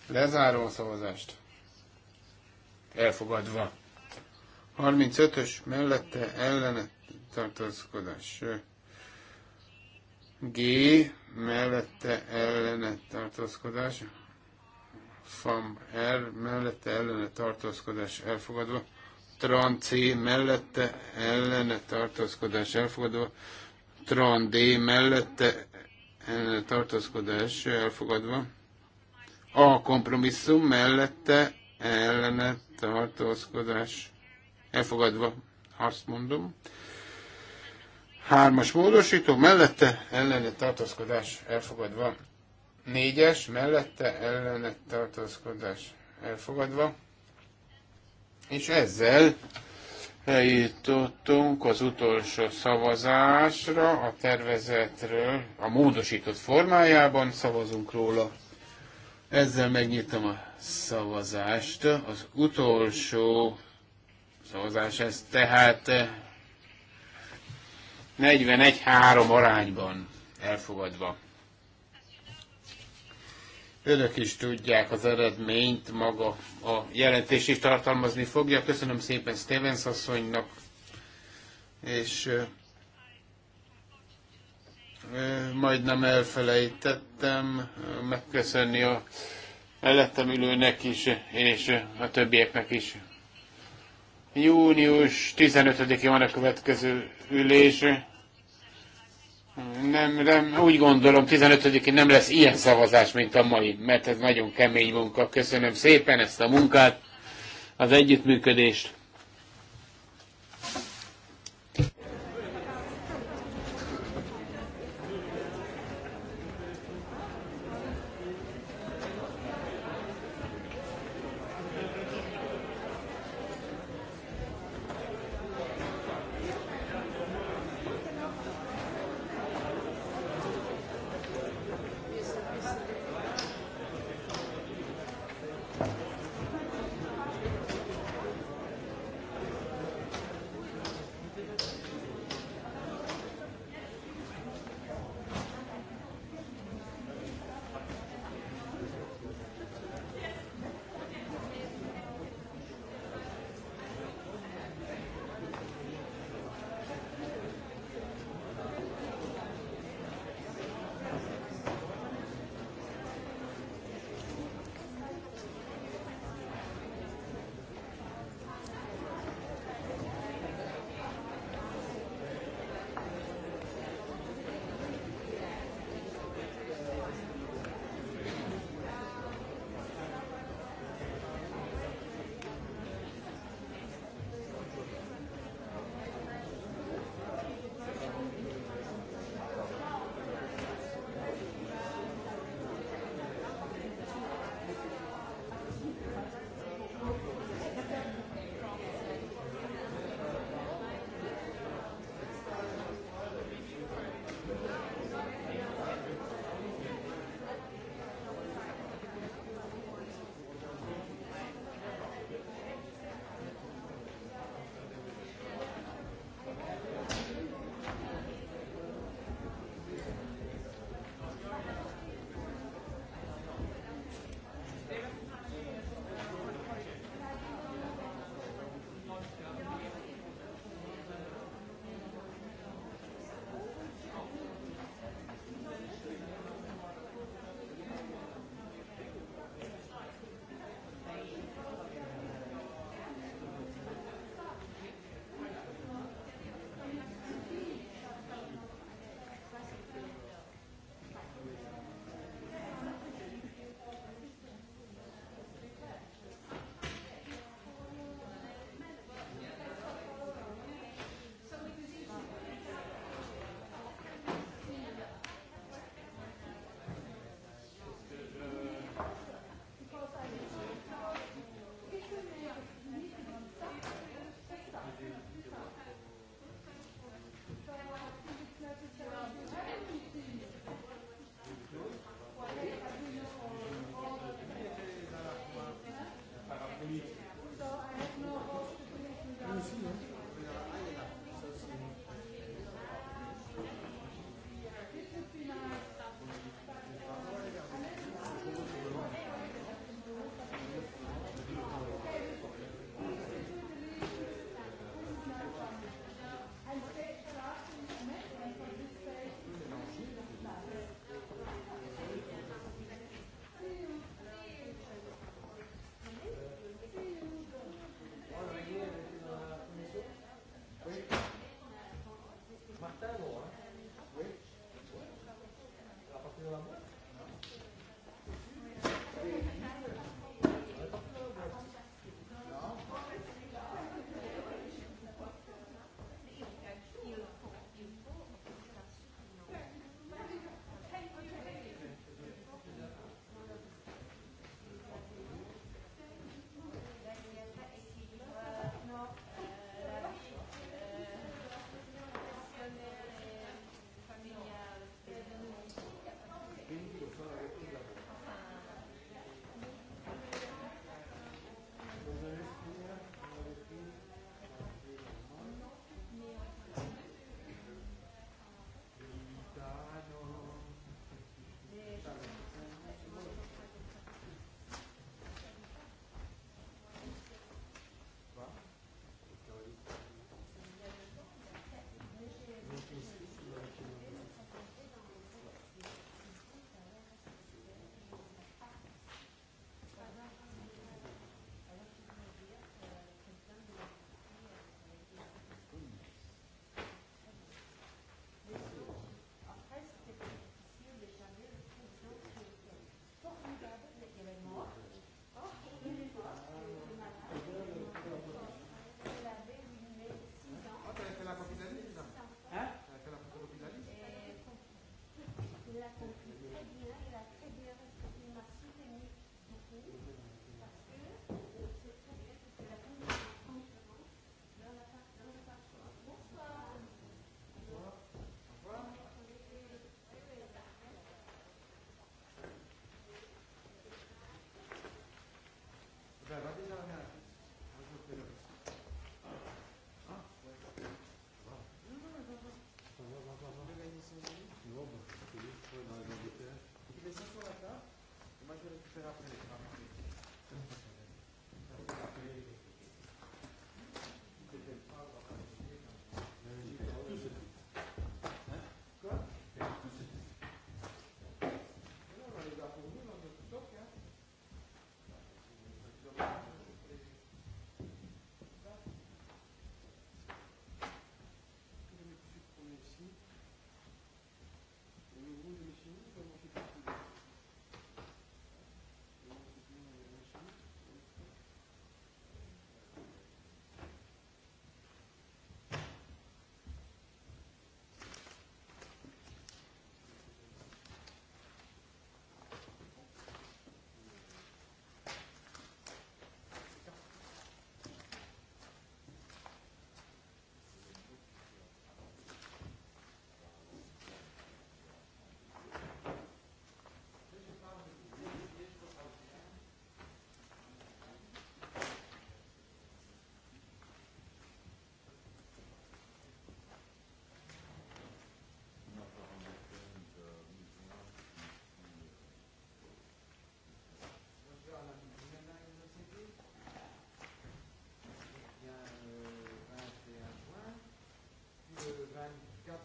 Lezárom a szavazást. Elfogadva. 35-ös mellette ellene tartózkodás. G mellette ellene tartózkodás. FAM R mellette ellene tartózkodás elfogadva. Tran C mellette ellene tartózkodás elfogadva. Tran D mellette ellene tartózkodás elfogadva. A kompromisszum mellette ellene tartózkodás elfogadva, azt mondom. Hármas módosító mellette ellene tartózkodás elfogadva. Négyes mellette ellene tartózkodás elfogadva. És ezzel eljutottunk az utolsó szavazásra a tervezetről, a módosított formájában szavazunk róla. Ezzel megnyitom a szavazást. Az utolsó szavazás ez tehát 41-3 arányban elfogadva. Önök is tudják az eredményt, maga a jelentés is tartalmazni fogja. Köszönöm szépen Stevens asszonynak, és majdnem elfelejtettem megköszönni a mellettem ülőnek is, és a többieknek is Június 15-én van a következő ülés. Nem, nem, úgy gondolom, 15-én nem lesz ilyen szavazás, mint a mai, mert ez nagyon kemény munka. Köszönöm szépen ezt a munkát, az együttműködést.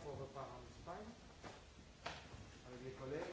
on repart en Espagne avec les collègues.